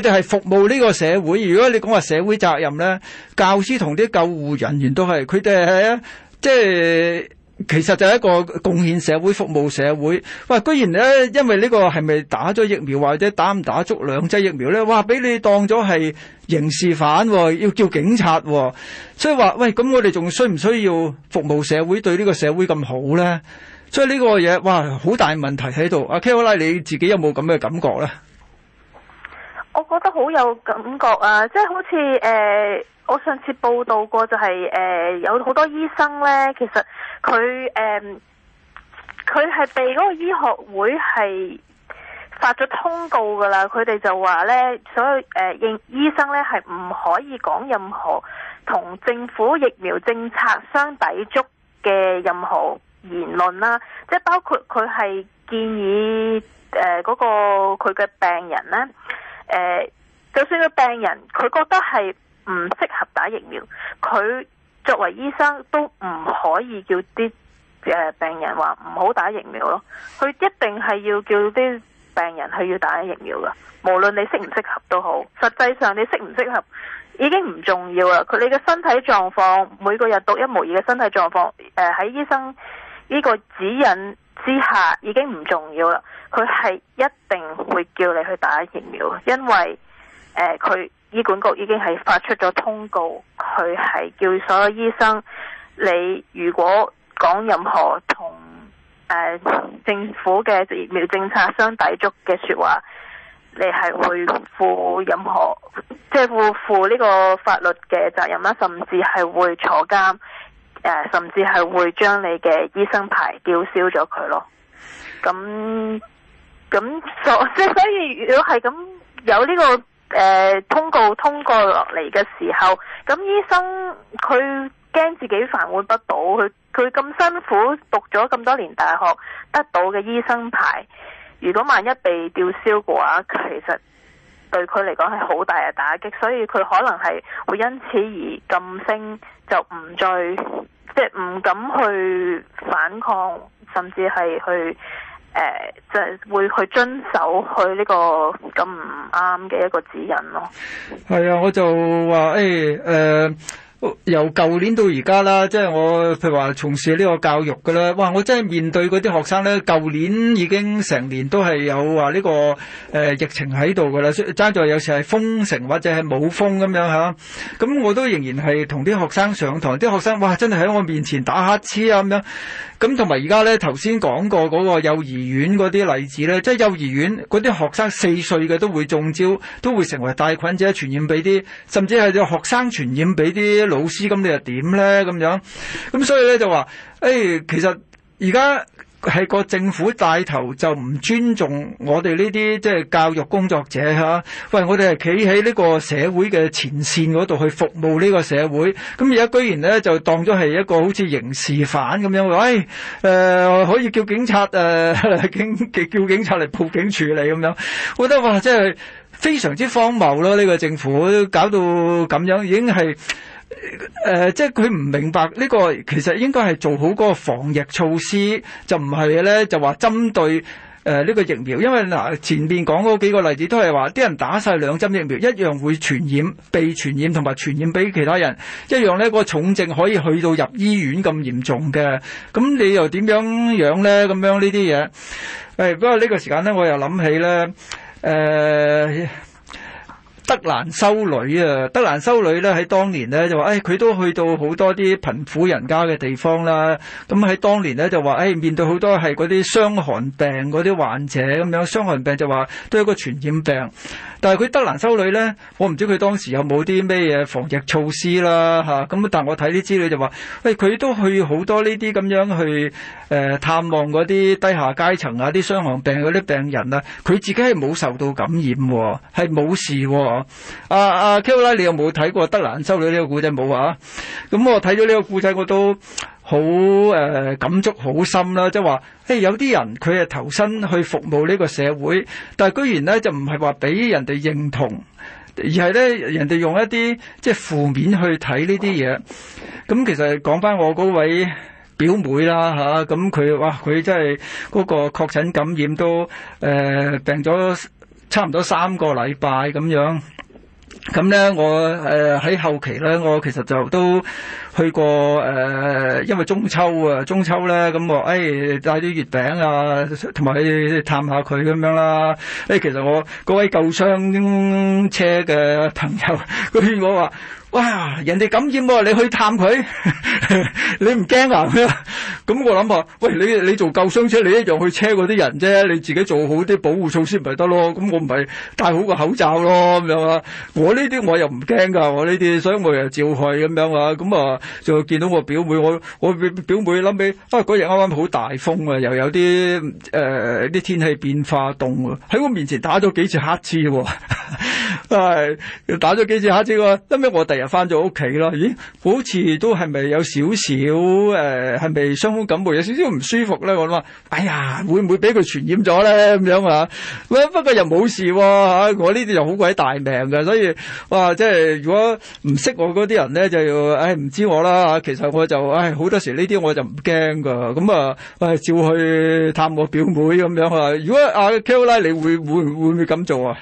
佢哋係服務呢個社會。如果你講話社會責任咧，教師同啲救護人員都係，佢哋係啊，即係。其實就係一個貢獻社會、服務社會。哇！居然咧，因為呢個係咪打咗疫苗或者打唔打足兩劑疫苗咧？哇！俾你當咗係刑事犯，要叫警察。所以話，喂，咁我哋仲需唔需要服務社會，對呢個社會咁好咧？所以呢個嘢，哇，好大問題喺度。阿 Carola，你自己有冇咁嘅感覺咧？我覺得好有感覺啊，即係好似誒。我上次報道過，就是，就係誒有好多醫生呢，其實佢誒佢係被嗰個醫學會係發咗通告噶啦，佢哋就話呢，所有誒醫醫生呢係唔可以講任何同政府疫苗政策相抵觸嘅任何言論啦，即係包括佢係建議誒嗰，呃嗰個佢嘅病人呢，誒、呃、就算個病人佢覺得係。唔適合打疫苗，佢作為醫生都唔可以叫啲誒病人話唔好打疫苗咯。佢一定係要叫啲病人去要打疫苗噶，無論你適唔適合都好。實際上你適唔適合已經唔重要啦。佢你嘅身體狀況，每個日獨一無二嘅身體狀況，誒、呃、喺醫生呢個指引之下已經唔重要啦。佢係一定會叫你去打疫苗，因為誒佢。呃醫管局已經係發出咗通告，佢係叫所有醫生，你如果講任何同誒、呃、政府嘅疫苗政策相抵觸嘅說話，你係會負任何即係會負呢個法律嘅責任啦，甚至係會坐監，誒、呃、甚至係會將你嘅醫生牌吊銷咗佢咯。咁咁所即係所以，如果係咁有呢個。誒、呃，通告通過落嚟嘅時候，咁醫生佢驚自己飯碗不保，佢佢咁辛苦讀咗咁多年大學得到嘅醫生牌，如果萬一被吊銷嘅話，其實對佢嚟講係好大嘅打擊，所以佢可能係會因此而噤聲，就唔再即係唔敢去反抗，甚至係去。誒，就係會去遵守去呢個咁唔啱嘅一個指引咯。係啊，我就話：誒，誒。由舊年到而家啦，即係我譬如話從事呢個教育嘅啦，哇！我真係面對嗰啲學生咧，舊年已經成年都係有話、這、呢個誒、呃、疫情喺度㗎啦，爭在有時係封城或者係冇封咁樣嚇，咁、啊、我都仍然係同啲學生上堂，啲學生哇真係喺我面前打乞嗤啊咁樣，咁同埋而家咧頭先講過嗰個幼兒園嗰啲例子咧，即係幼兒園嗰啲學生四歲嘅都會中招，都會成為帶菌者，傳染俾啲，甚至係有學生傳染俾啲。老師咁你又點咧？咁樣咁所以咧就話，誒、哎，其實而家係個政府帶頭就唔尊重我哋呢啲即係教育工作者吓、啊。喂，我哋係企喺呢個社會嘅前線嗰度去服務呢個社會。咁而家居然咧就當咗係一個好似刑事犯咁樣。喂、哎，誒、呃，可以叫警察誒警、呃、 叫警察嚟報警處理咁樣。我覺得哇，真係非常之荒謬咯！呢、這個政府搞到咁樣，已經係。誒、呃，即係佢唔明白呢、這個，其實應該係做好嗰個防疫措施，就唔係咧就話針對誒呢、呃這個疫苗，因為嗱、呃、前邊講嗰幾個例子都係話，啲人打晒兩針疫苗一樣會傳染、被傳染同埋傳染俾其他人，一樣咧、那個重症可以去到入醫院咁嚴重嘅，咁你又點樣樣咧？咁樣呢啲嘢，誒、哎，不過呢個時間咧，我又諗起咧，誒、呃。德蘭修女啊，德蘭修女咧喺當年咧就話，誒佢都去到好多啲貧苦人家嘅地方啦。咁喺當年咧就話，誒面對好多係嗰啲傷寒病嗰啲患者咁樣，傷寒病就話都有個傳染病。但係佢德蘭修女咧，我唔知佢當時有冇啲咩嘢防疫措施啦嚇。咁、啊、但係我睇啲資料就話，誒佢都去好多呢啲咁樣去誒、呃、探望嗰啲低下階層啊、啲傷寒病嗰啲病人啊，佢自己係冇受到感染喎，係冇事喎。啊，阿、啊、Kira 你有冇睇過德蘭《德蘭修女》呢、嗯、個故仔冇啊？咁我睇咗呢個故仔，我都好誒、呃、感觸好深啦。即係話，誒有啲人佢係投身去服務呢個社會，但係居然呢就唔係話俾人哋認同，而係咧人哋用一啲即係負面去睇呢啲嘢。咁、嗯、其實講翻我嗰位表妹啦吓，咁、啊、佢、嗯、哇佢真係嗰個確診感染都誒、呃、病咗。差唔多三個禮拜咁樣，咁呢我喺後期呢，我其實就都去過，因為中秋呀，中秋呢，咁我欸帶啲月餅呀同埋探下佢咁樣啦，其實我嗰位舊商車嘅朋友佢勸我話，哇！人哋感染喎、啊，你去探佢 怕、啊， 你唔驚啊？咁我諗啊，喂你你做救傷車，你一樣去車嗰啲人啫，你自己做好啲保護措施咪得咯？咁我唔係戴好個口罩咯，咁樣啊？我呢啲我又唔驚噶，我呢啲，所以我又照去咁樣啊？咁啊，就見到我表妹，我我表妹諗起啊，嗰日啱啱好大風啊，又有啲誒啲天氣變化凍啊。喺我面前打咗幾次乞嗤喎、啊， 打咗幾次乞嗤喎、啊，因咩我第？翻咗屋企咯，咦？好似都係咪有少少誒，係咪傷風感冒有少少唔舒服咧？我諗話，哎呀，會唔會俾佢傳染咗咧？咁樣啊？喂，不過又冇事喎，我呢啲就好鬼大命嘅，所以哇，即係如果唔識我嗰啲人咧，就誒唔、哎、知我啦。其實我就誒好、哎、多時呢啲我就唔驚噶，咁啊，我、哎、照去探我表妹咁樣啊。如果阿、啊、Kola 你會會會唔會咁做啊？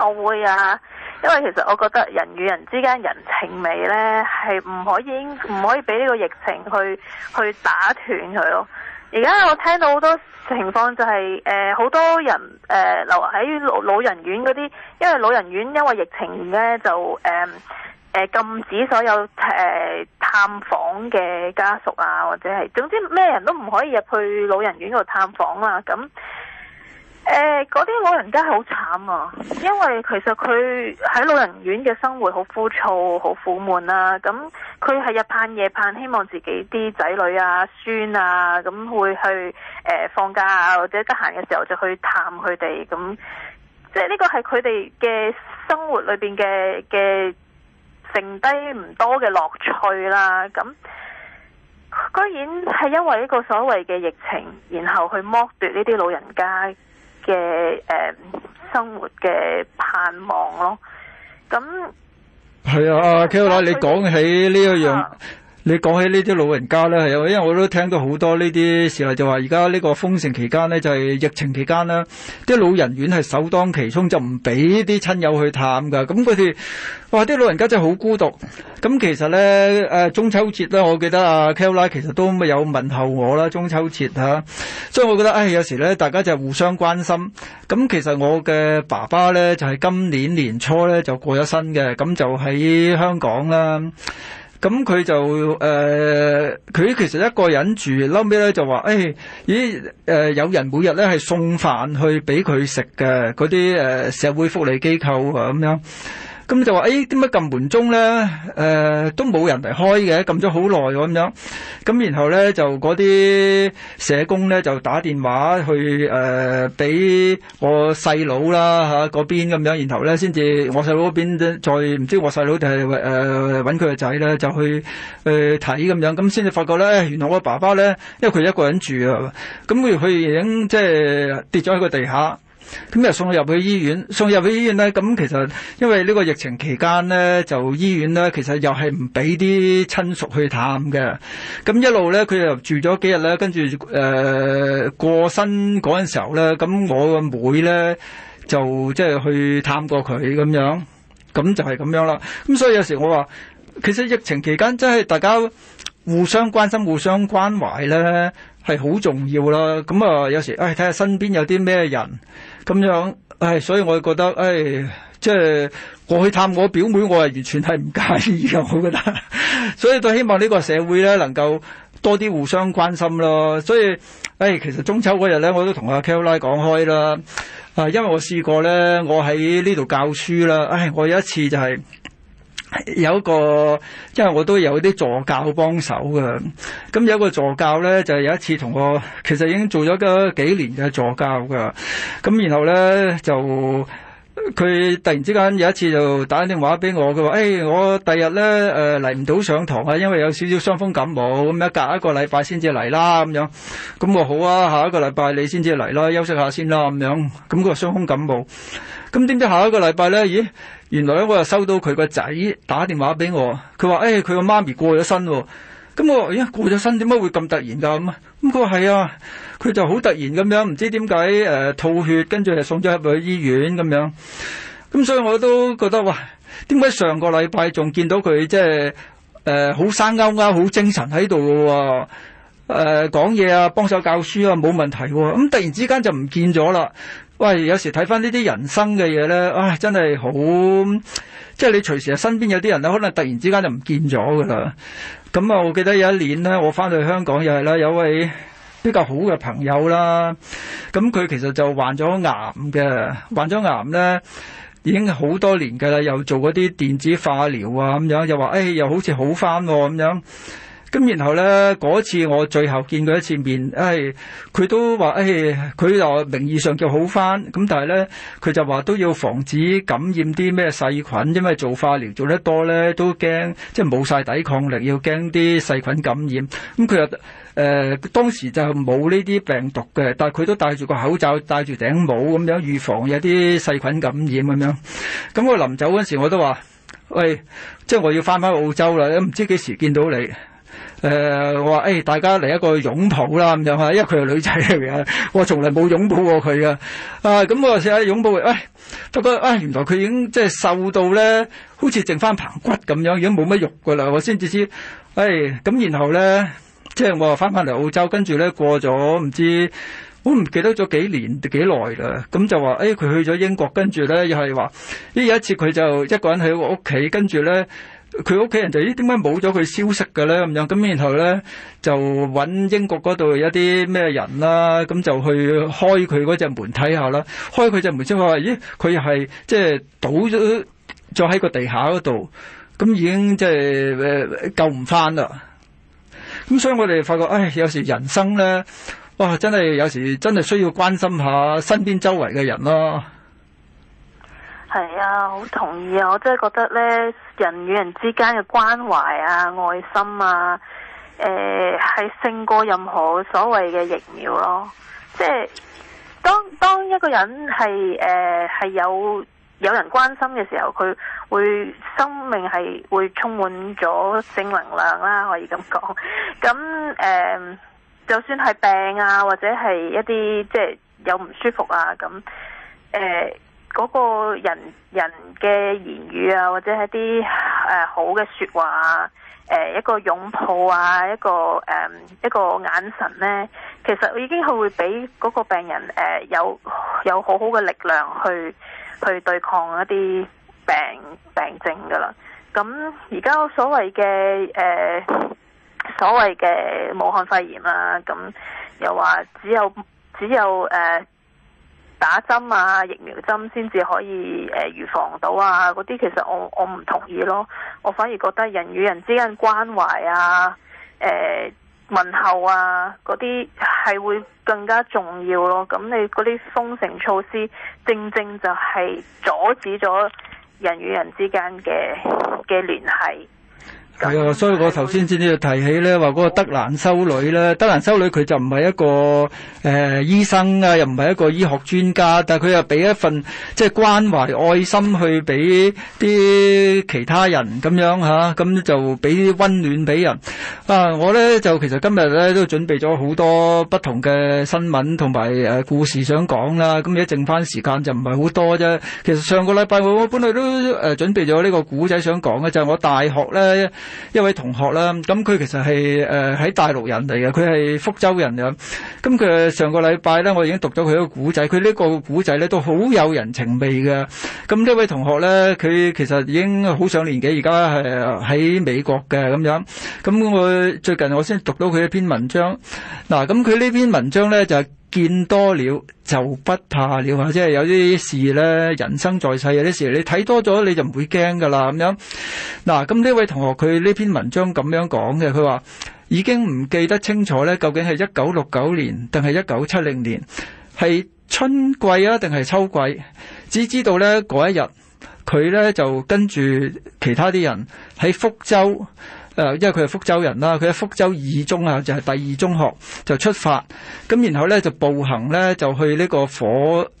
我會啊。因為其實我覺得人與人之間人情味呢，係唔可以唔可以俾呢個疫情去去打斷佢咯。而家我聽到好多情況就係誒好多人誒、呃、留喺老老人院嗰啲，因為老人院因為疫情呢，就誒誒、呃、禁止所有誒、呃、探訪嘅家屬啊，或者係總之咩人都唔可以入去老人院度探訪啊。咁。誒，嗰啲、呃、老人家好慘啊！因為其實佢喺老人院嘅生活好枯燥、好苦悶啦、啊。咁佢係日盼夜盼，希望自己啲仔女啊、孫啊咁、嗯、會去誒、呃、放假啊，或者得閒嘅時候就去探佢哋。咁、嗯、即係呢個係佢哋嘅生活裏邊嘅嘅剩低唔多嘅樂趣啦、啊。咁、嗯、居然係因為呢個所謂嘅疫情，然後去剝奪呢啲老人家，嘅誒生活嘅盼望咯，咁係啊，阿 Ko 奶，你講起呢一樣。你講起呢啲老人家咧，係因為我都聽到好多呢啲事啊，就話而家呢個封城期間呢，就係疫情期間啦，啲老人院係首當其衝，就唔俾啲親友去探㗎。咁佢哋哇，啲老人家真係好孤獨。咁其實咧，誒中秋節咧，我記得啊，Kella 其實都咪有問候我啦。中秋節嚇，所以我覺得唉，有時咧，大家就互相關心。咁其實我嘅爸爸咧，就係今年年初咧就過咗身嘅，咁就喺香港啦。咁佢就誒佢、呃、其實一個人住，後尾咧就話誒、哎、咦，誒、呃、有人每日咧係送飯去俾佢食嘅，嗰啲誒社會福利機構啊咁樣。咁就話誒點解撳門鐘咧，誒、呃、都冇人嚟開嘅，撳咗好耐咁樣。咁然後咧就嗰啲社工咧就打電話去誒俾、呃、我細佬啦嚇嗰、啊、邊咁樣，然後咧先至我細佬嗰邊再唔知我細佬定係誒揾佢個仔咧就去誒睇咁樣，咁先至發覺咧、哎、原來我爸爸咧因為佢一個人住啊，咁佢佢已經即係跌咗喺個地下。咁又送佢入去醫院，送佢入去醫院咧。咁其實因為呢個疫情期間咧，就醫院咧，其實又係唔俾啲親屬去探嘅。咁一路咧，佢又住咗幾日咧，跟住誒、呃、過身嗰陣時候咧，咁我個妹咧就即係、就是、去探過佢咁樣，咁就係咁樣啦。咁所以有時我話，其實疫情期間即係大家。互相關心、互相關懷咧係好重要啦。咁啊，有時唉，睇下身邊有啲咩人咁樣，唉。所以我覺得唉，即係過去探我表妹，我係完全係唔介意嘅。我覺得， 所以都希望呢個社會咧能夠多啲互相關心咯。所以誒，其實中秋嗰日咧，我都同阿 Kelley 講開啦。啊，因為我試過咧，我喺呢度教書啦。唉，我有一次就係、是。有一個，因為我都有啲助教幫手嘅，咁、嗯、有一個助教呢，就有一次同我，其實已經做咗幾年嘅助教噶，咁、嗯、然後呢，就佢突然之間有一次就打電話俾我，佢話：誒、欸，我第日呢誒嚟唔到上堂啊，因為有少少傷風感冒，咁、嗯、隔一個禮拜先至嚟啦，咁樣，咁、嗯嗯、我好啊，下一個禮拜你先至嚟啦，休息下先啦，咁樣，咁佢話傷風感冒。咁點知下一個禮拜咧？咦，原來我又收到佢個仔打電話俾我，佢話：誒、哎，佢個媽咪過咗身喎、哦。咁、嗯、我話：咦、哎，過咗身點解會咁突然㗎？咁佢話：係啊，佢就好突然咁樣，唔知點解誒吐血，跟住又送咗入去醫院咁樣。咁、嗯、所以我都覺得哇，點解上個禮拜仲見到佢即係誒好生勾勾、好精神喺度嘅喎？講嘢啊，幫手教書啊，冇問題喎、哦。咁、嗯、突然之間就唔見咗啦。喂，有時睇翻呢啲人生嘅嘢咧，啊，真係好，即係你隨時啊，身邊有啲人咧，可能突然之間就唔見咗噶啦。咁啊，我記得有一年咧，我翻到去香港又係啦，有位比較好嘅朋友啦，咁佢其實就患咗癌嘅，患咗癌咧已經好多年㗎啦，又做嗰啲電子化療啊咁樣，又話誒又好似好翻咁樣。咁然後咧，嗰次我最後見佢一次面，誒、哎、佢都話誒佢又名義上叫好翻咁，但係咧佢就話都要防止感染啲咩細菌，因為做化療做得多咧都驚即係冇晒抵抗力，要驚啲細菌感染。咁佢又誒當時就冇呢啲病毒嘅，但係佢都戴住個口罩，戴住頂帽咁樣預防有啲細菌感染咁樣。咁、嗯、我臨走嗰時我都話：喂，即係我要翻返澳洲啦，唔知幾時見到你。誒、呃，我話誒、哎，大家嚟一個擁抱啦，咁樣嚇，因為佢係女仔嚟嘅，我從來冇擁抱過佢噶、啊。啊，咁我試下擁抱佢，誒、啊，發覺啊，原來佢已經即係瘦到咧，好似剩翻棚骨咁樣，已經冇乜肉噶啦，我先至知。誒、哎，咁然後咧，即係我翻返嚟澳洲，跟住咧過咗唔知，我唔記得咗幾年幾耐啦。咁就話誒，佢、哎、去咗英國，跟住咧又係話，呢有一次佢就一個人喺屋企，跟住咧。佢屋企人就咦，點解冇咗佢消息嘅咧？咁樣咁，然後咧就揾英國嗰度一啲咩人啦、啊，咁就去開佢嗰隻門睇下啦。開佢隻門先話咦，佢係即係倒咗，咗喺個地下嗰度，咁已經即係誒救唔翻啦。咁所以我哋發覺，唉，有時人生咧，哇，真係有時真係需要關心下身邊周圍嘅人咯。係啊，好、啊、同意啊！我真係覺得咧。人與人之間嘅關懷啊、愛心啊，誒係勝過任何所謂嘅疫苗咯。即係當當一個人係誒係有有人關心嘅時候，佢會生命係會充滿咗正能量啦，可以咁講。咁誒，就算係病啊，或者係一啲即係有唔舒服啊，咁誒。嗰個人人嘅言語啊，或者係啲誒好嘅説話啊，誒、呃、一個擁抱啊，一個誒、呃、一個眼神咧，其實已經係會俾嗰個病人誒、呃、有有好好嘅力量去去對抗一啲病病症㗎啦。咁而家所謂嘅誒所謂嘅武漢肺炎啊，咁、嗯、又話只有只有誒。呃打針啊，疫苗針先至可以誒、呃、預防到啊，嗰啲其實我我唔同意咯，我反而覺得人與人之間關懷啊、誒、呃、問候啊嗰啲係會更加重要咯。咁你嗰啲封城措施，正正就係阻止咗人與人之間嘅嘅聯繫。係啊，所以我頭先先至提起咧，話個德蘭修女咧，德蘭修女佢就唔係一個誒、呃、醫生啊，又唔係一個醫學專家，但係佢又俾一份即係、就是、關懷愛心去俾啲其他人咁樣吓、啊，咁就俾啲溫暖俾人。啊，我咧就其實今日咧都準備咗好多不同嘅新聞同埋誒故事想講啦，咁而家剩翻時間就唔係好多啫。其實上個禮拜我我本來都誒準備咗呢個古仔想講嘅，就係、我大學咧。一位同學啦，咁佢其實係誒喺大陸人嚟嘅，佢係福州人咁樣。咁佢上個禮拜咧，我已經讀咗佢一個古仔，佢呢個古仔咧都好有人情味嘅。咁呢位同學咧，佢其實已經好上年紀，而家係喺美國嘅咁樣。咁我最近我先讀到佢一篇文章，嗱，咁佢呢篇文章咧就是。見多了就不怕了，或者係有啲事咧，人生在世有啲事，你睇多咗你就唔會驚噶啦咁樣。嗱，啊，咁呢位同學佢呢篇文章咁樣講嘅，佢話已經唔記得清楚呢究竟係一九六九年定係一九七零年，係春季啊定係秋季？只知道呢嗰一日，佢呢就跟住其他啲人喺福州。誒，因為佢係福州人啦，佢喺福州二中啊，就係、是、第二中學就出發，咁然後咧就步行咧就去呢個火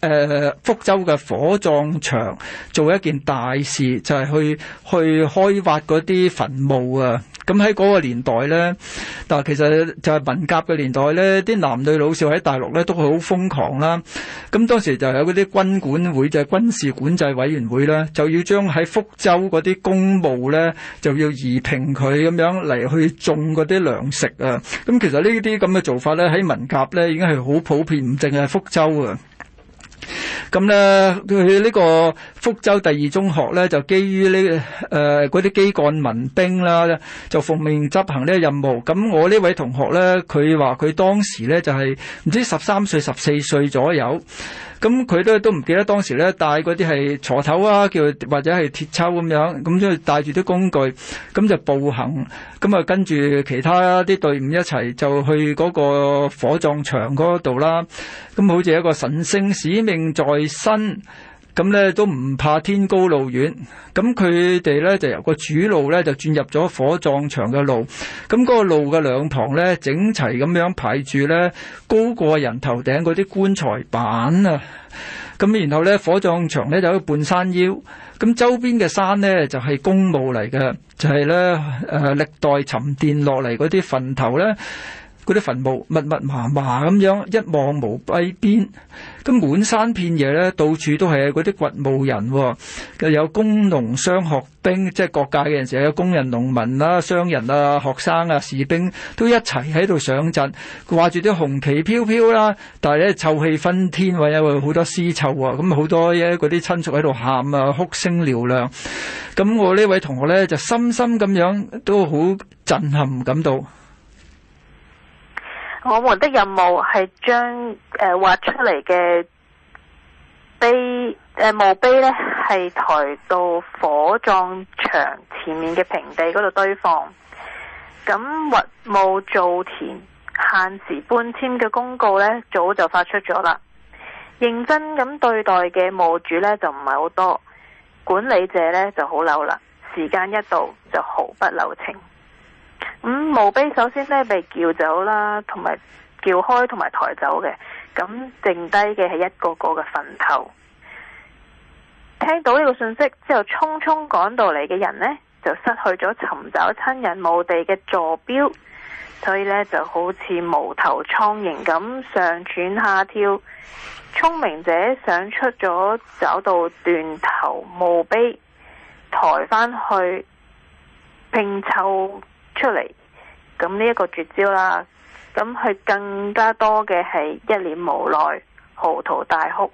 誒、呃、福州嘅火葬場做一件大事，就係、是、去去開挖嗰啲墳墓啊。咁喺嗰個年代咧，但係其實就係文革嘅年代咧，啲男女老少喺大陸咧都好瘋狂啦。咁當時就有嗰啲軍管會，就係、是、軍事管制委員會啦，就要將喺福州嗰啲公墓咧就要移平佢。咁樣嚟去種嗰啲糧食啊，咁其實呢啲咁嘅做法咧，喺文革咧已經係好普遍，唔淨係福州啊。咁咧佢呢個。福州第二中學咧就基於呢誒嗰啲基幹民兵啦，就奉命執行呢個任務。咁我呢位同學咧，佢話佢當時咧就係唔知十三歲、十四歲左右。咁佢咧都唔記得當時咧帶嗰啲係鋤頭啊，叫或者係鐵鍬咁樣，咁即係帶住啲工具，咁就步行，咁啊跟住其他啲隊伍一齊就去嗰個火葬場嗰度啦。咁好似一個神聖使命在身。咁咧都唔怕天高路遠，咁佢哋咧就由個主路咧就轉入咗火葬場嘅路。咁嗰個路嘅兩旁咧整齊咁樣排住咧，高過人頭頂嗰啲棺材板啊。咁然後咧火葬場咧就喺半山腰，咁周邊嘅山咧就係公墓嚟嘅，就係咧誒歷代沉澱落嚟嗰啲墳頭咧。嗰啲墳墓密密麻麻咁樣，一望無閉邊，咁滿山遍野咧，到處都係嗰啲掘墓人、哦，又有工農商學兵，即係各界嘅人士，有工人、農民啦、啊、商人啊、學生啊、士兵都一齊喺度上陣，掛住啲紅旗飄飄啦、啊，但係咧臭氣熏天喎，有好多屍臭喎、啊，咁好多嘢嗰啲親屬喺度喊啊，哭聲嘹亮，咁我呢位同學咧就深深咁樣都好震撼感到。我們的任務係將誒、呃、挖出嚟嘅碑、呃、墓碑咧，係抬到火葬場前面嘅平地嗰度堆放。咁挖墓造田限時搬遷嘅公告咧，早就發出咗啦。認真咁對待嘅墓主呢，就唔係好多，管理者呢，就好嬲啦。時間一到，就毫不留情。咁、嗯、墓碑首先呢被撬走啦，同埋撬開同埋抬走嘅。咁剩低嘅係一個個嘅墳頭。聽到呢個信息之後，匆匆趕到嚟嘅人呢，就失去咗尋找親人墓地嘅坐標，所以呢就好似無頭蒼蠅咁上躥下跳。聰明者想出咗找到斷頭墓碑，抬返去拼湊出嚟，咁呢一個絕招啦，咁佢更加多嘅係一臉無奈，嚎啕大哭。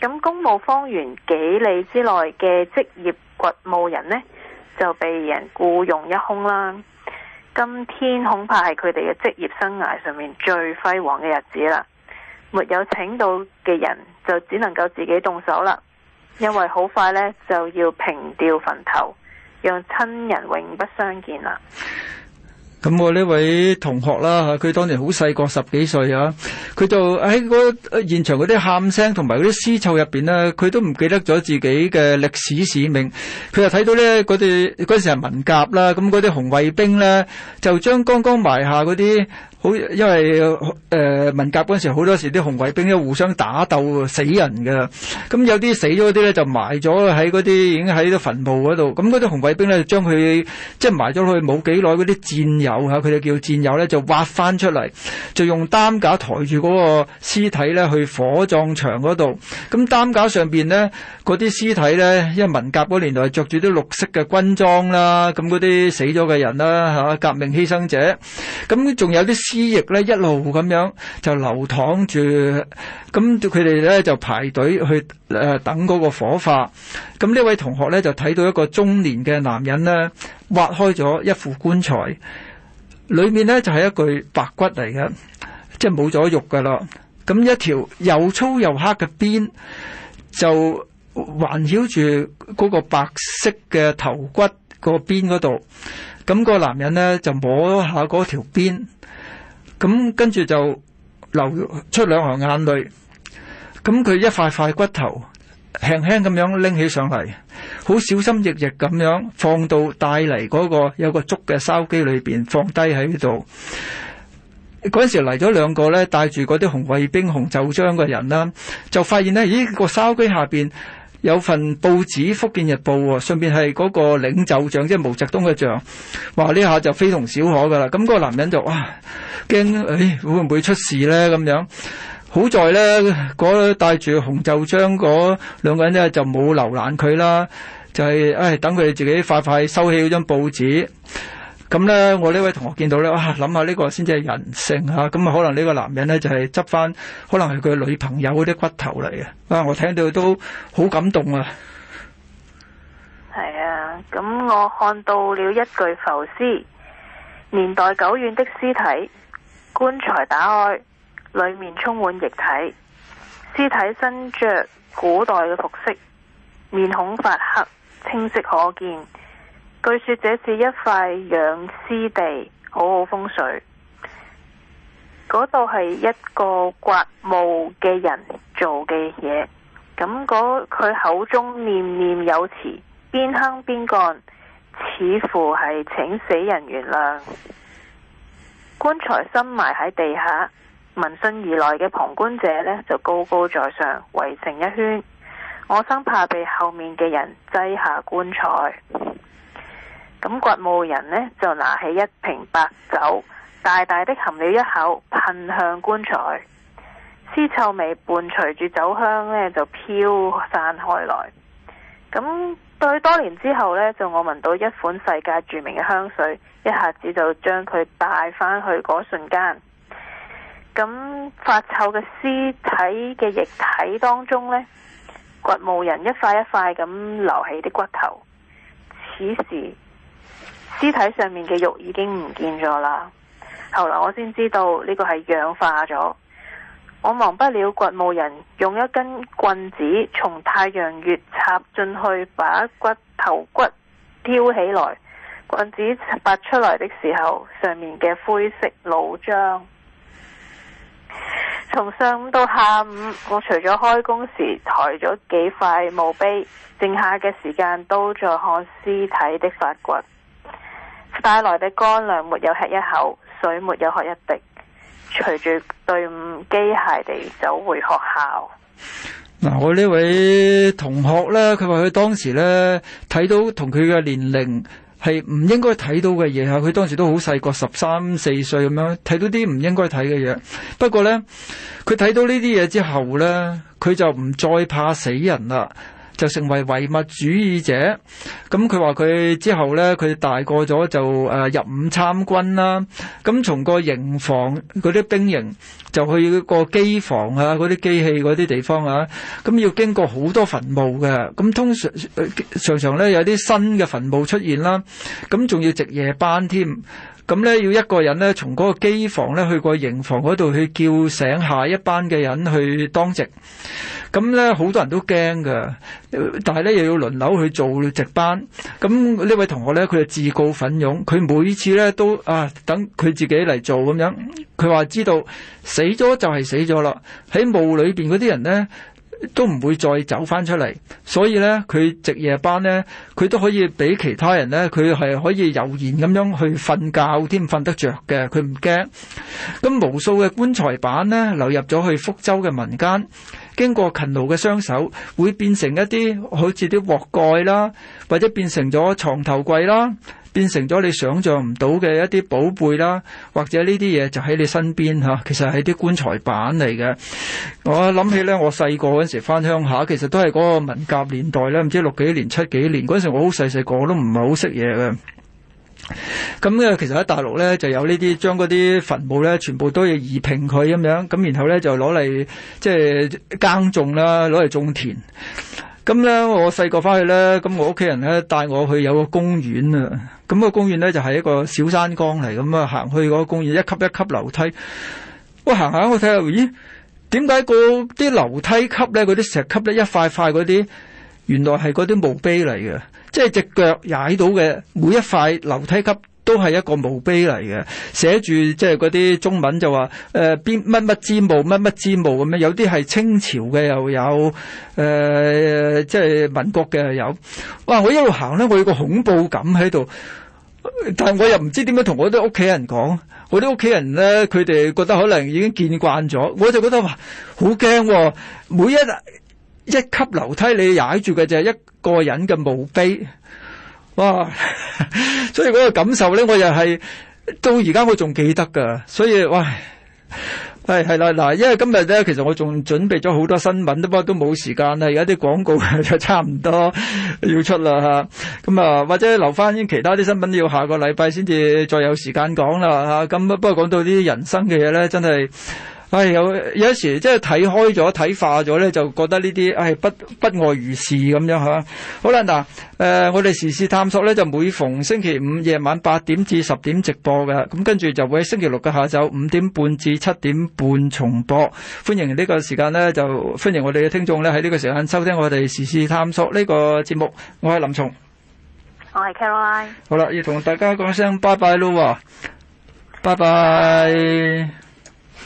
咁公墓方圓幾里之內嘅職業掘墓人呢，就被人僱傭一空啦。今天恐怕係佢哋嘅職業生涯上面最輝煌嘅日子啦。沒有請到嘅人就只能夠自己動手啦，因為好快呢，就要平掉墳頭。讓親人永不相見啦！咁我呢位同學啦，佢當年好細個十幾歲啊，佢就喺嗰現場嗰啲喊聲同埋嗰啲屍臭入邊咧，佢都唔記得咗自己嘅歷史使命。佢又睇到呢嗰啲嗰陣時係文革啦，咁嗰啲紅衛兵呢，就將剛剛埋下嗰啲。好，因為誒文、呃、革陣時好多時啲紅衛兵咧互相打鬥死人㗎。咁、嗯、有啲死咗啲咧就埋咗喺啲已經喺啲墳墓度。咁、嗯、啲紅衛兵咧就將佢即係埋咗去冇幾耐，啲戰友吓佢哋叫戰友咧就挖翻出嚟，就用擔架抬住個屍體咧去火葬場度。咁、嗯、擔架上邊咧啲屍體咧，因為文革嗰年代着住啲綠色嘅軍裝啦，咁、啊、啲、嗯、死咗嘅人啦吓、啊、革命犧牲者，咁、啊、仲有啲。屍液咧一路咁樣就流淌住，咁佢哋咧就排隊去誒、呃、等嗰個火化。咁呢位同學咧就睇到一個中年嘅男人咧挖開咗一副棺材，裏面咧就係、是、一具白骨嚟嘅，即係冇咗肉噶啦。咁一條又粗又黑嘅邊就環繞住嗰個白色嘅頭骨個邊嗰度，咁、那個男人咧就摸下嗰條邊。咁跟住就流出兩行眼淚，咁佢一塊塊骨頭輕輕咁樣拎起上嚟，好小心翼翼咁樣放到帶嚟嗰個有個竹嘅筲箕裏邊放低喺度。嗰陣時嚟咗兩個咧，帶住嗰啲紅衛兵紅袖章嘅人啦，就發現咧，咦、這個筲箕下邊。有份報紙《福建日報》，上邊係嗰個領袖像，即係毛澤東嘅像，話呢下就非同小可㗎啦。咁、那、嗰個男人就哇驚，誒、啊哎、會唔會出事咧？咁樣好在咧，嗰、那、住、個、紅袖章嗰兩個人呢，就冇留難佢啦，就係、是、唉、哎，等佢哋自己快快收起嗰張報紙。咁呢、嗯，我呢位同學見到呢，哇、啊！諗下呢個先至係人性嚇，咁啊、嗯，可能呢個男人呢，就係執翻，可能係佢女朋友啲骨頭嚟嘅。啊，我聽到都好感動啊！係啊，咁我看到了一具浮屍，年代久遠的屍體，棺材打開，裡面充滿液體，屍體身着古代嘅服飾，面孔發黑，清晰可見。據說這是一塊養屍地，好好風水。嗰度係一個刮墓嘅人做嘅嘢，咁佢口中念念有詞，邊哼邊幹，似乎係請死人原諒。棺材深埋喺地下，聞訊而來嘅旁觀者呢，就高高在上，圍成一圈。我生怕被後面嘅人擠下棺材。咁掘墓人呢，就拿起一瓶白酒，大大的含了一口，噴向棺材。屍臭味伴隨住酒香呢，就飄散開來。咁對多年之後呢，就我聞到一款世界著名嘅香水，一下子就將佢帶返去嗰瞬間。咁發臭嘅屍體嘅液體當中呢，掘墓人一塊一塊咁留起啲骨頭，此時。屍體上面嘅肉已經唔見咗啦。後來我先知道呢個係氧化咗。我忘不了掘墓人用一根棍子從太陽穴插進去，把骨頭骨挑起來。棍子拔出來的時候，上面嘅灰色腦漿。從上午到下午，我除咗開工時抬咗幾塊墓碑，剩下嘅時間都在看屍體的發掘。帶來的乾糧沒有吃一口，水沒有喝一滴，隨住隊伍機械地走回學校。嗱、啊，我呢位同學呢，佢話佢當時呢睇到同佢嘅年齡係唔應該睇到嘅嘢，係佢當時都好細個，十三四歲咁樣睇到啲唔應該睇嘅嘢。不過呢，佢睇到呢啲嘢之後呢，佢就唔再怕死人啦。就成為唯物主義者，咁佢話佢之後呢，佢大個咗就誒入伍參軍啦。咁從個營房嗰啲兵營，就去個機房啊，嗰啲機器嗰啲地方啊，咁要經過好多墳墓嘅。咁通常常常咧有啲新嘅墳墓出現啦，咁仲要值夜班添。咁咧要一個人咧從嗰個機房咧去過營房嗰度去叫醒下一班嘅人去當值，咁咧好多人都驚㗎，但係咧又要輪流去做值班，咁呢位同學咧佢就自告奮勇，佢每次咧都啊等佢自己嚟做咁樣，佢話知道死咗就係死咗啦，喺霧裏邊嗰啲人咧，都唔會再走翻出嚟，所以呢，佢值夜班呢，佢都可以俾其他人呢，佢係可以悠然咁樣去瞓覺添，瞓得着嘅，佢唔驚。咁無數嘅棺材板呢，流入咗去福州嘅民間，經過勤勞嘅雙手，會變成一啲好似啲鑊蓋啦，或者變成咗床頭櫃啦。變成咗你想象唔到嘅一啲寶貝啦，或者呢啲嘢就喺你身邊嚇，其實係啲棺材板嚟嘅。我諗起咧，我細個嗰陣時翻鄉下，其實都係嗰個文革年代咧，唔知六幾年七幾年嗰陣時，我好細細個，我都唔係好識嘢嘅。咁咧，其實喺大陸咧就有呢啲將嗰啲墳墓咧，全部都要移平佢咁樣，咁然後咧就攞嚟即係耕種啦，攞嚟種田。咁咧，我細個翻去咧，咁我屋企人咧帶我去有個公園啊，咁個公園咧就係、是、一個小山崗嚟，咁啊行去嗰個公園，一級一級樓梯，我行下，我睇下，咦？點解嗰啲樓梯級咧、嗰啲石級咧，一塊塊嗰啲原來係嗰啲墓碑嚟嘅，即係隻腳踩到嘅每一塊樓梯級都係一個墓碑嚟嘅，寫住即係嗰啲中文就話誒邊乜乜之墓、乜乜之墓咁樣，有啲係清朝嘅又有誒，即、呃、係、就是、民國嘅又有。哇！我一路行咧，我有個恐怖感喺度。但係我又唔知點樣同我啲屋企人講，我啲屋企人咧，佢哋覺得可能已經見慣咗，我就覺得話好驚，每一一級樓梯你踩住嘅就係一個人嘅墓碑，哇！所以嗰個感受咧，我又係到而家我仲記得噶，所以喂。係係啦，嗱，因為今日咧，其實我仲準備咗好多新聞，不過都冇時間啦。而家啲廣告就 差唔多要出啦吓，咁啊，或者留翻其他啲新聞，要下個禮拜先至再有時間講啦吓。咁啊，不過講到啲人生嘅嘢咧，真係。係有有時即係睇開咗睇化咗呢，就覺得呢啲係不不外如是咁樣吓、嗯。好啦，嗱，誒，我哋時事探索呢，就每逢星期五夜晚八點至十點直播嘅，咁、嗯、跟住就會喺星期六嘅下晝五點半至七點半重播。歡迎呢個時間呢，就歡迎我哋嘅聽眾呢。喺呢個時間收聽我哋時事探索呢個節目。我係林松，我係 Caroline。好啦，要同大家講聲拜拜咯，拜拜。拜拜